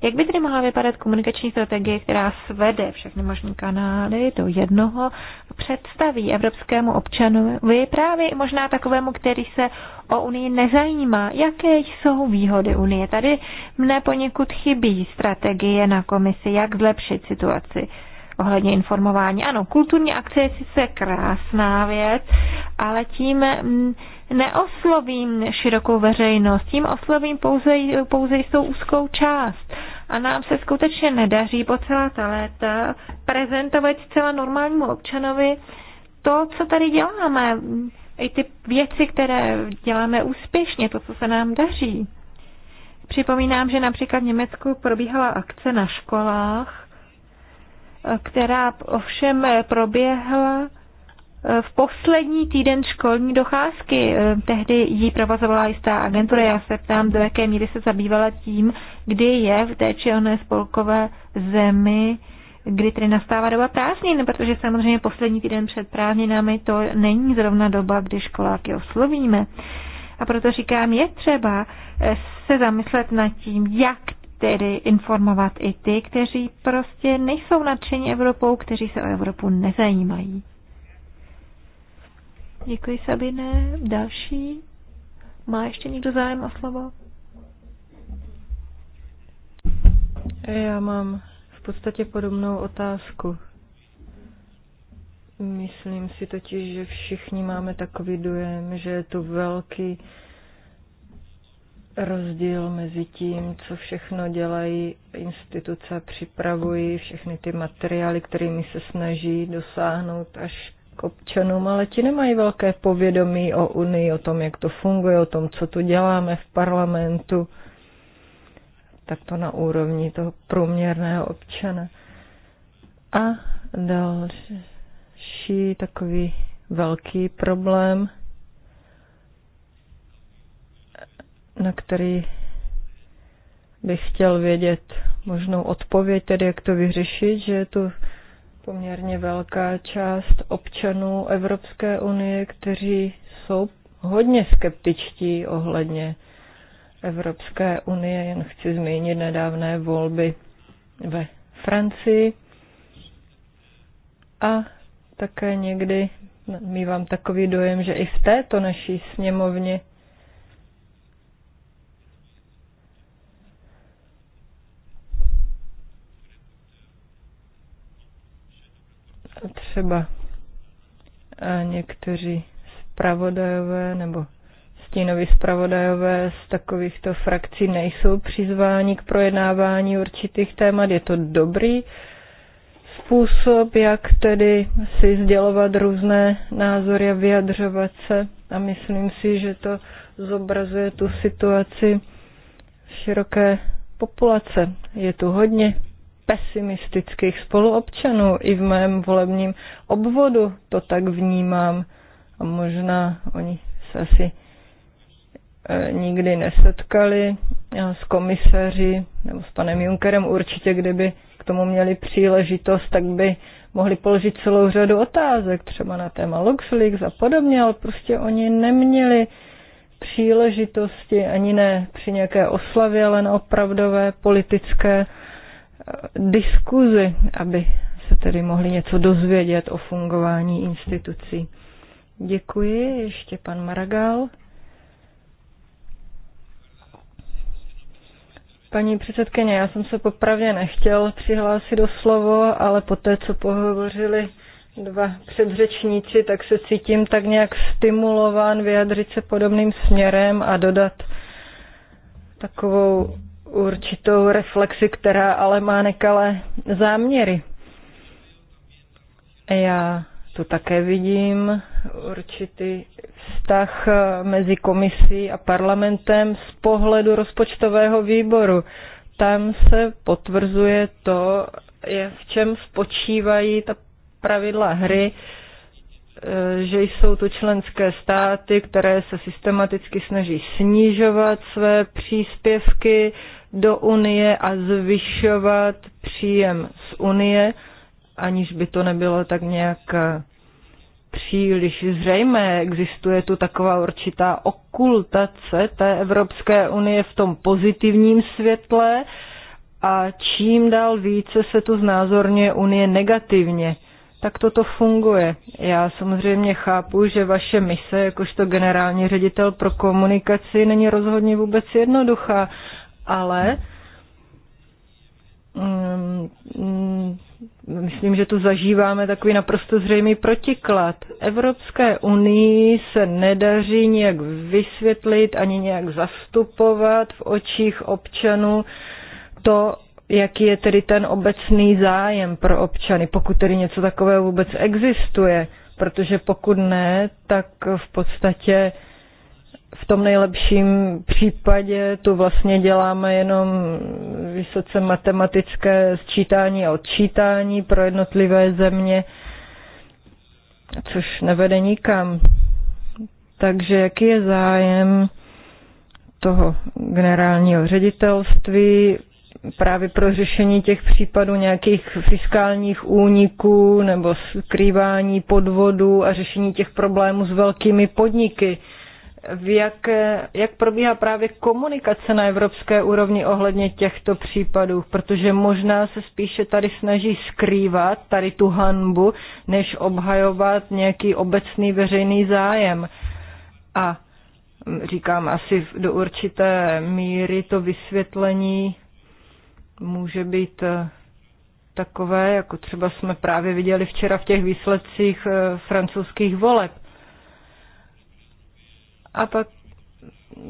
Speaker 2: Jak by tedy mohla vypadat komunikační strategie, která svede všechny možné kanály do jednoho, představí evropskému občanovi právě možná takovému, který se o Unii nezajímá, jaké jsou výhody Unie. Tady mne poněkud chybí strategie na komisi, jak zlepšit situaci ohledně informování. Ano, kulturní akce je sice krásná věc, ale tím mm, neoslovím širokou veřejnost, tím oslovím pouze, pouze jistou úzkou část. A nám se skutečně nedaří po celá ta léta prezentovat zcela normálnímu občanovi to, co tady děláme, i ty věci, které děláme úspěšně, to, co se nám daří. Připomínám, že například v Německu probíhala akce na školách, která ovšem proběhla eh, v poslední týden školní docházky. Eh, Tehdy ji provozovala jistá agentura. Já se ptám, do jaké míry se zabývala tím, kdy je v té či oné spolkové zemi, kdy tedy nastává doba prázdnin, protože samozřejmě poslední týden před prázdninami to není zrovna doba, kdy školáky oslovíme. A proto říkám, je třeba eh, se zamyslet nad tím, jak tedy informovat i ty, kteří prostě nejsou nadšení Evropou, kteří se o Evropu nezajímají. Děkuji, Sabine. Další? Má ještě někdo zájem o slovo?
Speaker 1: Já mám v podstatě podobnou otázku. Myslím si totiž, že všichni máme takový dojem, že je to velký rozdíl mezi tím, co všechno dělají instituce, připravují všechny ty materiály, kterými se snaží dosáhnout až k občanům, ale ti nemají velké povědomí o Unii, o tom, jak to funguje, o tom, co tu děláme v parlamentu, tak to na úrovni toho průměrného občana. A další takový velký problém – na který bych chtěl vědět možnou odpověď, tedy jak to vyřešit, že je tu poměrně velká část občanů Evropské unie, kteří jsou hodně skeptičtí ohledně Evropské unie. Jen chci zmínit nedávné volby ve Francii a také někdy mývám takový dojem, že i v této naší sněmovně třeba někteří zpravodajové nebo stínoví zpravodajové z takovýchto frakcí nejsou přizváni k projednávání určitých témat. Je to dobrý způsob, jak tedy si sdělovat různé názory a vyjadřovat se. A myslím si, že to zobrazuje tu situaci široké populace. Je tu hodně pesimistických spoluobčanů. I v mém volebním obvodu to tak vnímám. A možná oni se asi e, nikdy nesetkali e, s komisaři nebo s panem Junkerem. Určitě, kdyby k tomu měli příležitost, tak by mohli položit celou řadu otázek, třeba na téma LuxLeaks a podobně, ale prostě oni neměli příležitosti, ani ne při nějaké oslavě, ale na opravdové politické diskuzi, aby se tedy mohli něco dozvědět o fungování institucí. Děkuji. Ještě pan Maragal. Paní předsedkyně, já jsem se popravdě nechtěl přihlásit do slovo, ale po té, co pohovořili dva předřečníci, tak se cítím tak nějak stimulován vyjadřit se podobným směrem a dodat takovou určitou reflexi, která ale má nekalé záměry. Já tu také vidím určitý vztah mezi komisí a parlamentem z pohledu rozpočtového výboru. Tam se potvrzuje to, v čem spočívají ta pravidla hry, Eh, že jsou to členské státy, které se systematicky snaží snižovat své příspěvky do Unie a zvyšovat příjem z Unie, aniž by to nebylo tak nějak eh, příliš zřejmé. Existuje tu taková určitá okultace té Evropské unie v tom pozitivním světle a čím dál více se tu znázorně unie negativně tak toto funguje. Já samozřejmě chápu, že vaše mise, jakožto generální ředitel pro komunikaci, není rozhodně vůbec jednoduchá, ale mm, mm, myslím, že tu zažíváme takový naprosto zřejmý protiklad. Evropské unii se nedaří nějak vysvětlit ani nějak zastupovat v očích občanů to, jaký je tedy ten obecný zájem pro občany, pokud tedy něco takového vůbec existuje, protože pokud ne, tak v podstatě v tom nejlepším případě tu vlastně děláme jenom vysoce matematické sčítání a odčítání pro jednotlivé země, což nevede nikam. Takže jaký je zájem toho generálního ředitelství právě pro řešení těch případů nějakých fiskálních úniků nebo skrývání podvodů a řešení těch problémů s velkými podniky. V jak, jak probíhá právě komunikace na evropské úrovni ohledně těchto případů, protože možná se spíše tady snaží skrývat tady tu hanbu, než obhajovat nějaký obecný veřejný zájem. A mm, říkám asi do určité míry to vysvětlení může být eh, takové, jako třeba jsme právě viděli včera v těch výsledcích eh, francouzských voleb. A pak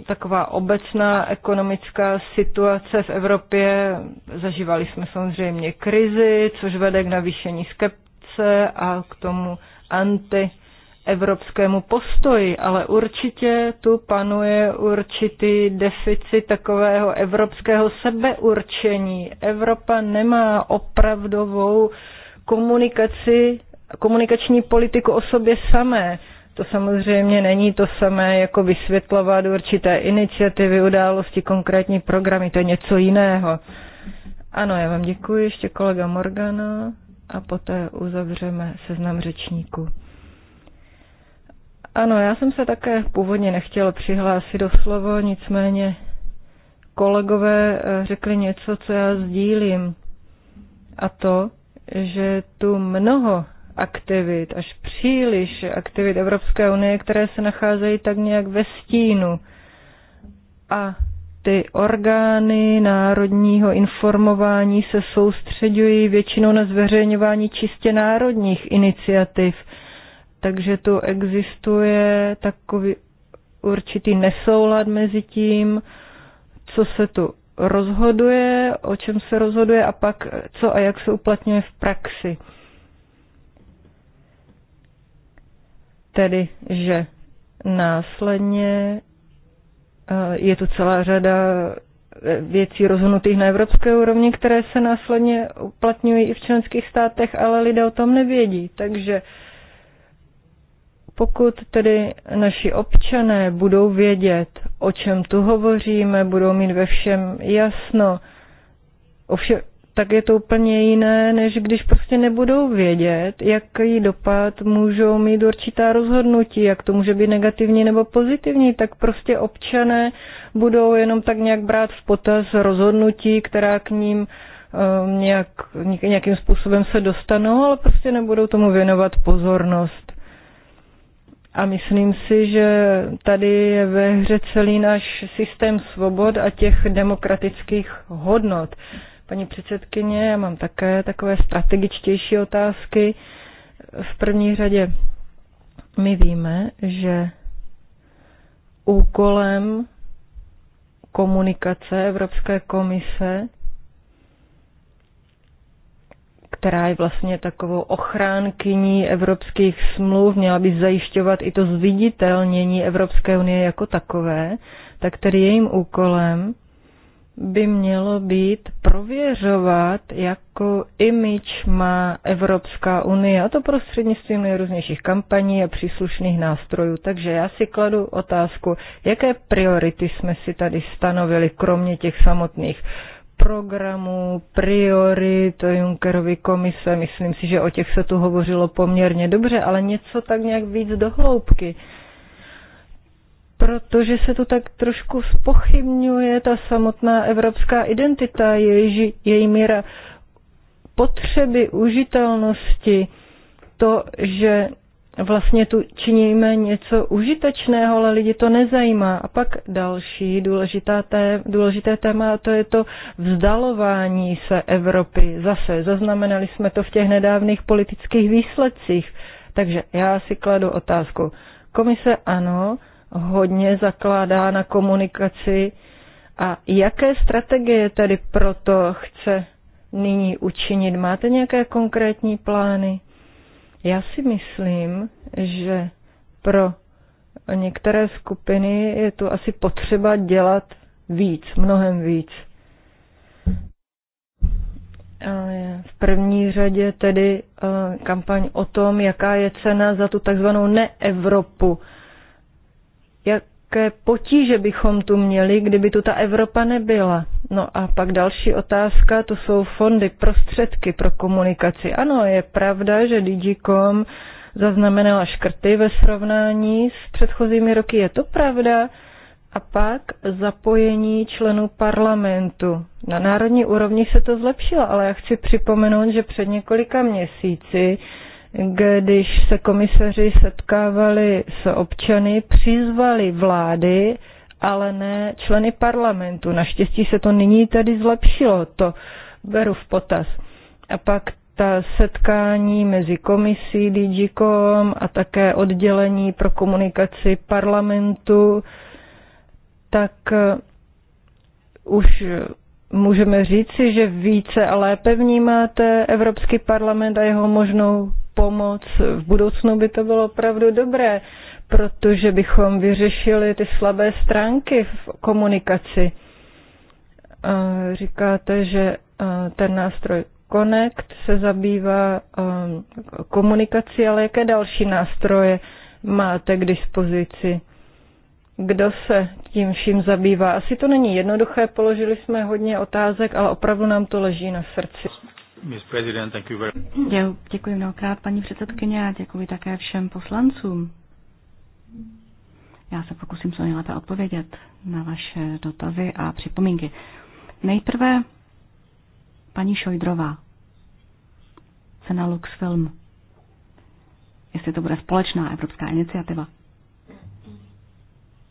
Speaker 1: taková obecná ekonomická situace v Evropě. Zažívali jsme samozřejmě krizi, což vede k navýšení skepce a k tomu anti evropskému postoji, ale určitě tu panuje určitý deficit takového evropského sebeurčení. Evropa nemá opravdovou komunikaci, komunikační politiku o sobě samé. To samozřejmě není to samé, jako vysvětlovat určité iniciativy, události, konkrétní programy, to je něco jiného. Ano, já vám děkuji, ještě kolega Morgana a poté uzavřeme seznam řečníků. Ano, já jsem se také původně nechtěl přihlásit do slovo, nicméně kolegové eh, řekli něco, co já sdílím. A to, že tu mnoho aktivit, až příliš aktivit Evropské unie, které se nacházejí tak nějak ve stínu. A ty orgány národního informování se soustředují většinou na zveřejňování čistě národních iniciativ – takže tu existuje takový určitý nesoulad mezi tím, co se tu rozhoduje, o čem se rozhoduje a pak co a jak se uplatňuje v praxi. Tedy, že následně eh, je tu celá řada eh, věcí rozhodnutých na evropské úrovni, které se následně uplatňují i v členských státech, ale lidé o tom nevědí. Takže uh, pokud tedy naši občané budou vědět, o čem tu hovoříme, budou mít ve všem jasno, ovšem, tak je to úplně jiné, než když prostě nebudou vědět, jaký dopad můžou mít určitá rozhodnutí, jak to může být negativní nebo pozitivní, tak prostě občané budou jenom tak nějak brát v potaz rozhodnutí, která k ním um, nějak, nějakým způsobem se dostanou, ale prostě nebudou tomu věnovat pozornost. A myslím si, že tady je ve hře celý náš systém svobod a těch demokratických hodnot. Paní předsedkyně, já mám také takové strategičtější otázky. V první řadě my víme, že úkolem komunikace Evropské komise která je vlastně takovou ochránkyní evropských smluv, měla by zajišťovat i to zviditelnění Evropské unie jako takové, tak tedy jejím úkolem by mělo být prověřovat, jakou imič má Evropská unie, a to prostřednictvím nejrůznějších kampaní a příslušných nástrojů. Takže já si kladu otázku, jaké priority jsme si tady stanovili, kromě těch samotných programů, priorit Junckerovy komise. Myslím si, že o těch se tu hovořilo poměrně dobře, ale něco tak nějak víc dohloubky. Protože se tu tak trošku spochybňuje ta samotná evropská identita, její, její míra potřeby, užitelnosti, to, že vlastně tu činíme něco užitečného, ale lidi to nezajímá. A pak další důležitá té, důležité téma, a to je to vzdalování se Evropy. Zase zaznamenali jsme to v těch nedávných politických výsledcích. Takže já si kladu otázku. Komise ano, hodně zakládá na komunikaci. A jaké strategie tedy proto chce nyní učinit? Máte nějaké konkrétní plány? Já si myslím, že pro některé skupiny je tu asi potřeba dělat víc, mnohem víc. V první řadě tedy eh, kampaň o tom, jaká je cena za tu takzvanou neevropu. Jak jaké potíže bychom tu měli, kdyby tu ta Evropa nebyla. No a pak další otázka, to jsou fondy, prostředky pro komunikaci. Ano, je pravda, že Digicom zaznamenala škrty ve srovnání s předchozími roky, je to pravda. A pak zapojení členů parlamentu. Na národní úrovni se to zlepšilo, ale já chci připomenout, že před několika měsíci když se komisaři setkávali s občany, přizvali vlády, ale ne členy parlamentu. Naštěstí se to nyní tady zlepšilo, to beru v potaz. A pak ta setkání mezi komisí DGCOM a také oddělení pro komunikaci parlamentu, tak eh, už můžeme říci, že více a lépe vnímáte Evropský parlament a jeho možnou pomoc. V budoucnu by to bylo opravdu dobré, protože bychom vyřešili ty slabé stránky v komunikaci. Říkáte, že ten nástroj Connect se zabývá komunikací, ale jaké další nástroje máte k dispozici? Kdo se tím vším zabývá? Asi to není jednoduché, položili jsme hodně otázek, ale opravdu nám to leží na srdci. Děkuji mnohokrát, paní předsedkyně, a děkuji také všem poslancům.
Speaker 3: Já se pokusím co nejlépe odpovědět na vaše dotazy a připomínky. Nejprve paní Šojdrová. Cena Luxfilm. Jestli to bude společná evropská iniciativa.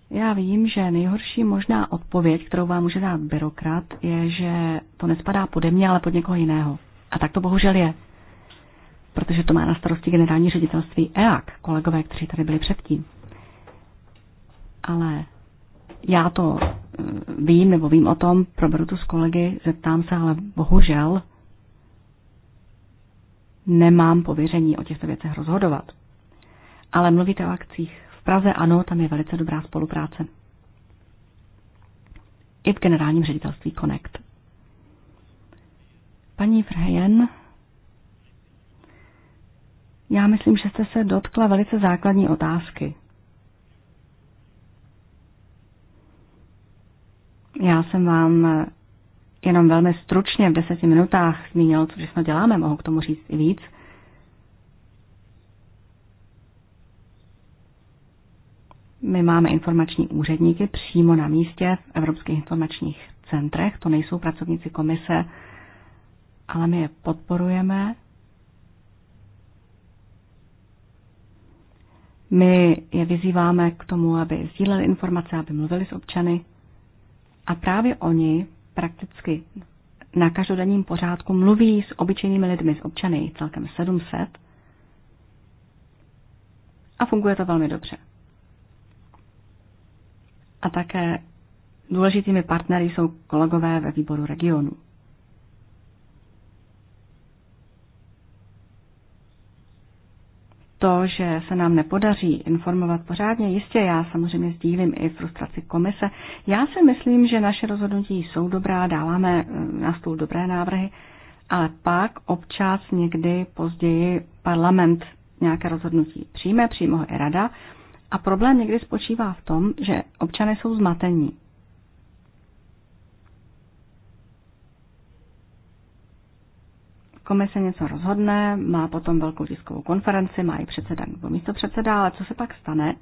Speaker 3: Já vím, že nejhorší možná odpověď, kterou vám může dát byrokrat, je, že to nespadá pode mě, ale pod někoho jiného. A tak to bohužel je, protože to má na starosti generální ředitelství EAK, kolegové, kteří tady byli předtím. Ale já to eh, vím nebo vím o tom, proberu to s kolegy, zeptám se, ale bohužel nemám pověření o těchto věcech rozhodovat. Ale mluvíte o akcích. V Praze ano, tam je velice dobrá spolupráce. I v generálním ředitelství Connect. Paní Vrajen, já myslím, že jste se dotkla velice základní otázky. Já jsem vám jenom velmi stručně v deseti minutách zmínil, co všechno děláme, mohu k tomu říct i víc. My máme informační úředníky přímo na místě v Evropských informačních centrech, to nejsou pracovníci komise, ale my je podporujeme. My je vyzýváme k tomu, aby sdíleli informace, aby mluvili s občany. A právě oni prakticky na každodenním pořádku mluví s obyčejnými lidmi, s občany, celkem 700. A funguje to velmi dobře. A také důležitými partnery jsou kolegové ve výboru regionu. to, že se nám nepodaří informovat pořádně. Jistě já samozřejmě sdílím i frustraci komise. Já si myslím, že naše rozhodnutí jsou dobrá, dáváme eh, na stůl dobré návrhy, ale pak občas někdy později parlament nějaké rozhodnutí přijme, přijme ho i rada. A problém někdy spočívá v tom, že občané jsou zmatení. Komise něco rozhodne, má potom velkou tiskovou konferenci, má i předseda nebo místo předseda, ale co se pak stane,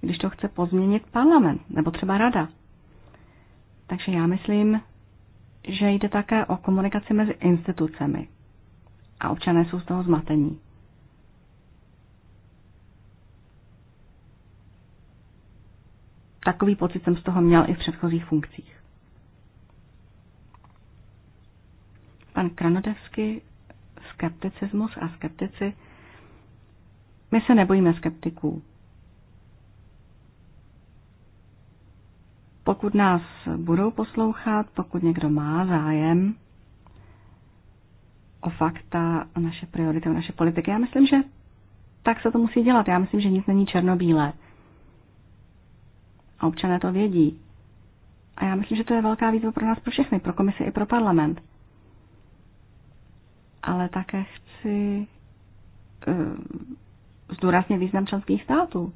Speaker 3: když to chce pozměnit parlament nebo třeba rada? Takže já myslím, že jde také o komunikaci mezi institucemi a občané jsou z toho zmatení. Takový pocit jsem z toho měl i v předchozích funkcích. Pan Kranodevsky, skepticismus a skeptici. My se nebojíme skeptiků. Pokud nás budou poslouchat, pokud někdo má zájem o fakta, o naše priority, o naše politiky, já myslím, že tak se to musí dělat. Já myslím, že nic není černobílé. A občané to vědí. A já myslím, že to je velká výzva pro nás, pro všechny, pro komisi i pro parlament ale také chci eh, zdůraznit význam členských států.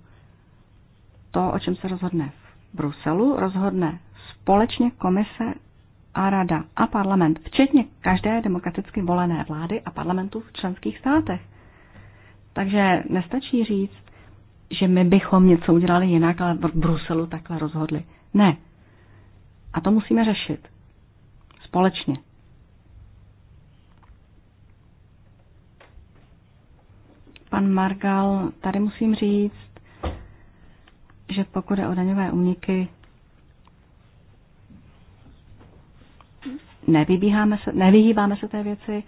Speaker 3: To, o čem se rozhodne v Bruselu, rozhodne společně komise a rada a parlament, včetně každé demokraticky volené vlády a parlamentu v členských státech. Takže nestačí říct, že my bychom něco udělali jinak, ale v Bruselu takhle rozhodli. Ne. A to musíme řešit. Společně. pan Margal, tady musím říct, že pokud je o daňové úniky, nevybíháme se, nevyhýbáme se té věci.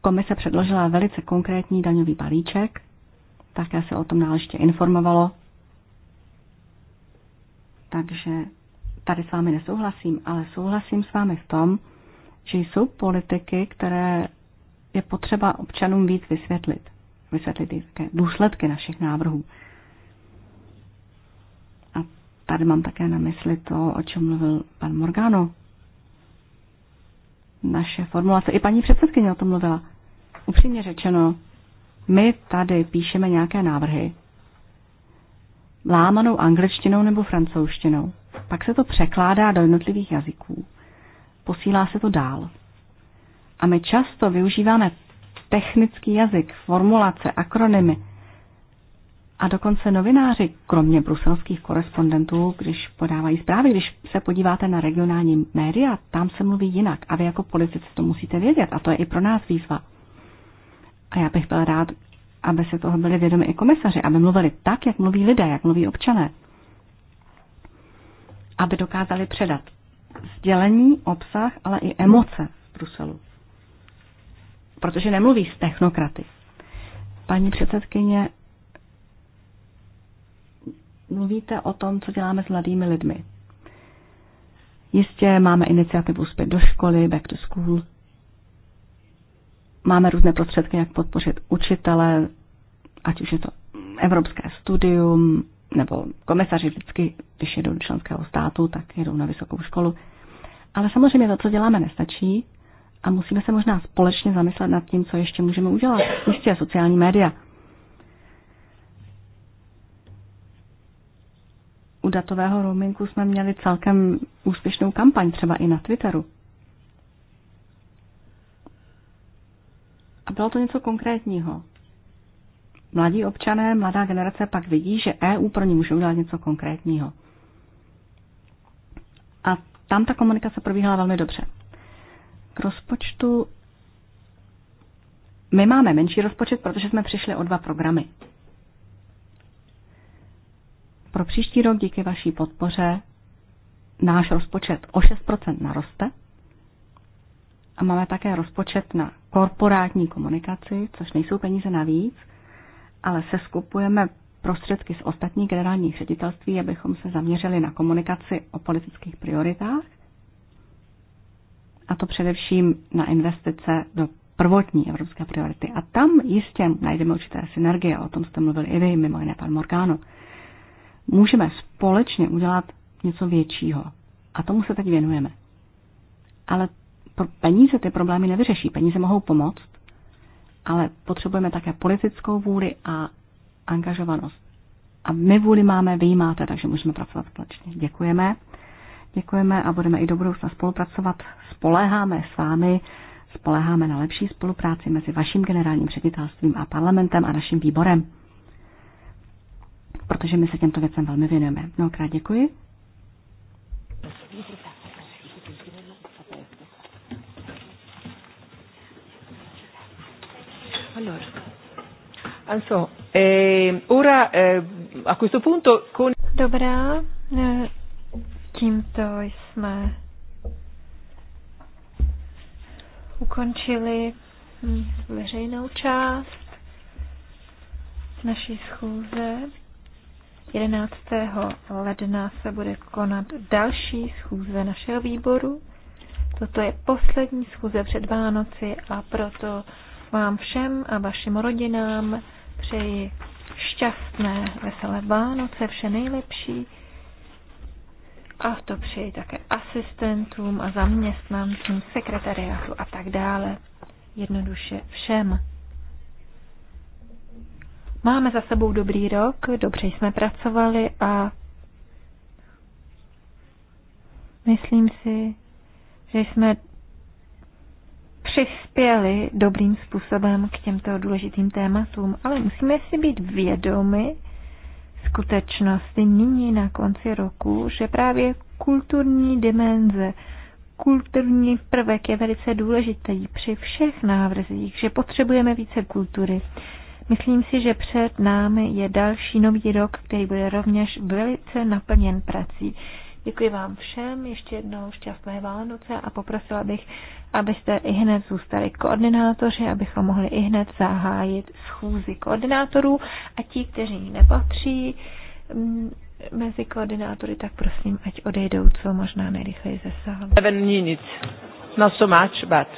Speaker 3: Komise předložila velice konkrétní daňový balíček, také se o tom náležitě informovalo. Takže tady s vámi nesouhlasím, ale souhlasím s vámi v tom, že jsou politiky, které je potřeba občanům víc vysvětlit vysvětlit také důsledky našich návrhů. A tady mám také na mysli to, o čem mluvil pan Morgano. Naše formulace, i paní předsedkyně o tom mluvila. Upřímně řečeno, my tady píšeme nějaké návrhy, lámanou angličtinou nebo francouzštinou. Pak se to překládá do jednotlivých jazyků. Posílá se to dál. A my často využíváme technický jazyk, formulace, akronymy. A dokonce novináři, kromě bruselských korespondentů, když podávají zprávy, když se podíváte na regionální média, tam se mluví jinak. A vy jako politici to musíte vědět. A to je i pro nás výzva. A já bych byl rád, aby se toho byli vědomi i komisaři, aby mluvili tak, jak mluví lidé, jak mluví občané. Aby dokázali předat sdělení, obsah, ale i emoce z Bruselu protože nemluví s technokraty. Paní předsedkyně, mluvíte o tom, co děláme s mladými lidmi. Jistě máme iniciativu zpět do školy, back to school. Máme různé prostředky, jak podpořit učitele, ať už je to evropské studium, nebo komisaři vždycky, když jedou do členského státu, tak jedou na vysokou školu. Ale samozřejmě to, co děláme, nestačí. A musíme se možná společně zamyslet nad tím, co ještě můžeme udělat. Jistě sociální média. U datového roamingu jsme měli celkem úspěšnou kampaň, třeba i na Twitteru. A bylo to něco konkrétního. Mladí občané, mladá generace pak vidí, že EU pro ně může udělat něco konkrétního. A tam ta komunikace probíhala velmi dobře. K rozpočtu. My máme menší rozpočet, protože jsme přišli o dva programy. Pro příští rok díky vaší podpoře náš rozpočet o 6% naroste a máme také rozpočet na korporátní komunikaci, což nejsou peníze navíc, ale se skupujeme prostředky z ostatních generálních ředitelství, abychom se zaměřili na komunikaci o politických prioritách a to především na investice do prvotní evropské priority. A tam jistě najdeme určité synergie, o tom jste mluvil i vy, mimo jiné pan Morgano. Můžeme společně udělat něco většího. A tomu se teď věnujeme. Ale pro peníze ty problémy nevyřeší. Peníze mohou pomoct, ale potřebujeme také politickou vůli a angažovanost. A my vůli máme, vy ji máte, takže můžeme pracovat společně. Děkujeme děkujeme a budeme i do budoucna spolupracovat. Spoléháme s vámi, spoléháme na lepší spolupráci mezi vaším generálním ředitelstvím a parlamentem a naším výborem, protože my se těmto věcem velmi věnujeme. Mnohokrát děkuji.
Speaker 1: Eh, eh,
Speaker 2: Dobrá, eh, Tímto jsme ukončili veřejnou část naší schůze. 11. ledna se bude konat další schůze našeho výboru. Toto je poslední schůze před Vánoci a proto vám všem a vašim rodinám přeji šťastné, veselé Vánoce, vše nejlepší a to přeji také asistentům a zaměstnancům, sekretariátu a tak dále. Jednoduše všem. Máme za sebou dobrý rok, dobře jsme pracovali a myslím si, že jsme přispěli dobrým způsobem k těmto důležitým tématům, ale musíme si být vědomi, skutečnosti nyní na konci roku, že právě kulturní dimenze, kulturní prvek je velice důležitý při všech návrzích, že potřebujeme více kultury. Myslím si, že před námi je další nový rok, který bude rovněž velice naplněn prací. Děkuji vám všem, ještě jednou šťastné Vánoce a poprosila bych, abyste i hned zůstali koordinátoři, abychom mohli i hned zahájit schůzi koordinátorů a ti, kteří nepatří mm, mezi koordinátory, tak prosím, ať odejdou co možná nejrychleji ze sálu. Seven Not so much, but...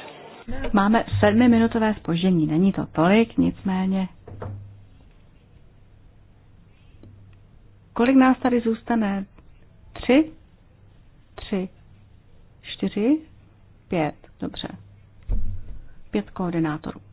Speaker 2: Máme sedmiminutové
Speaker 3: spoždění, není to tolik, nicméně Kolik nás tady zůstane? Tři, tři, čtyři, pět. Dobře. Pět koordinátorů.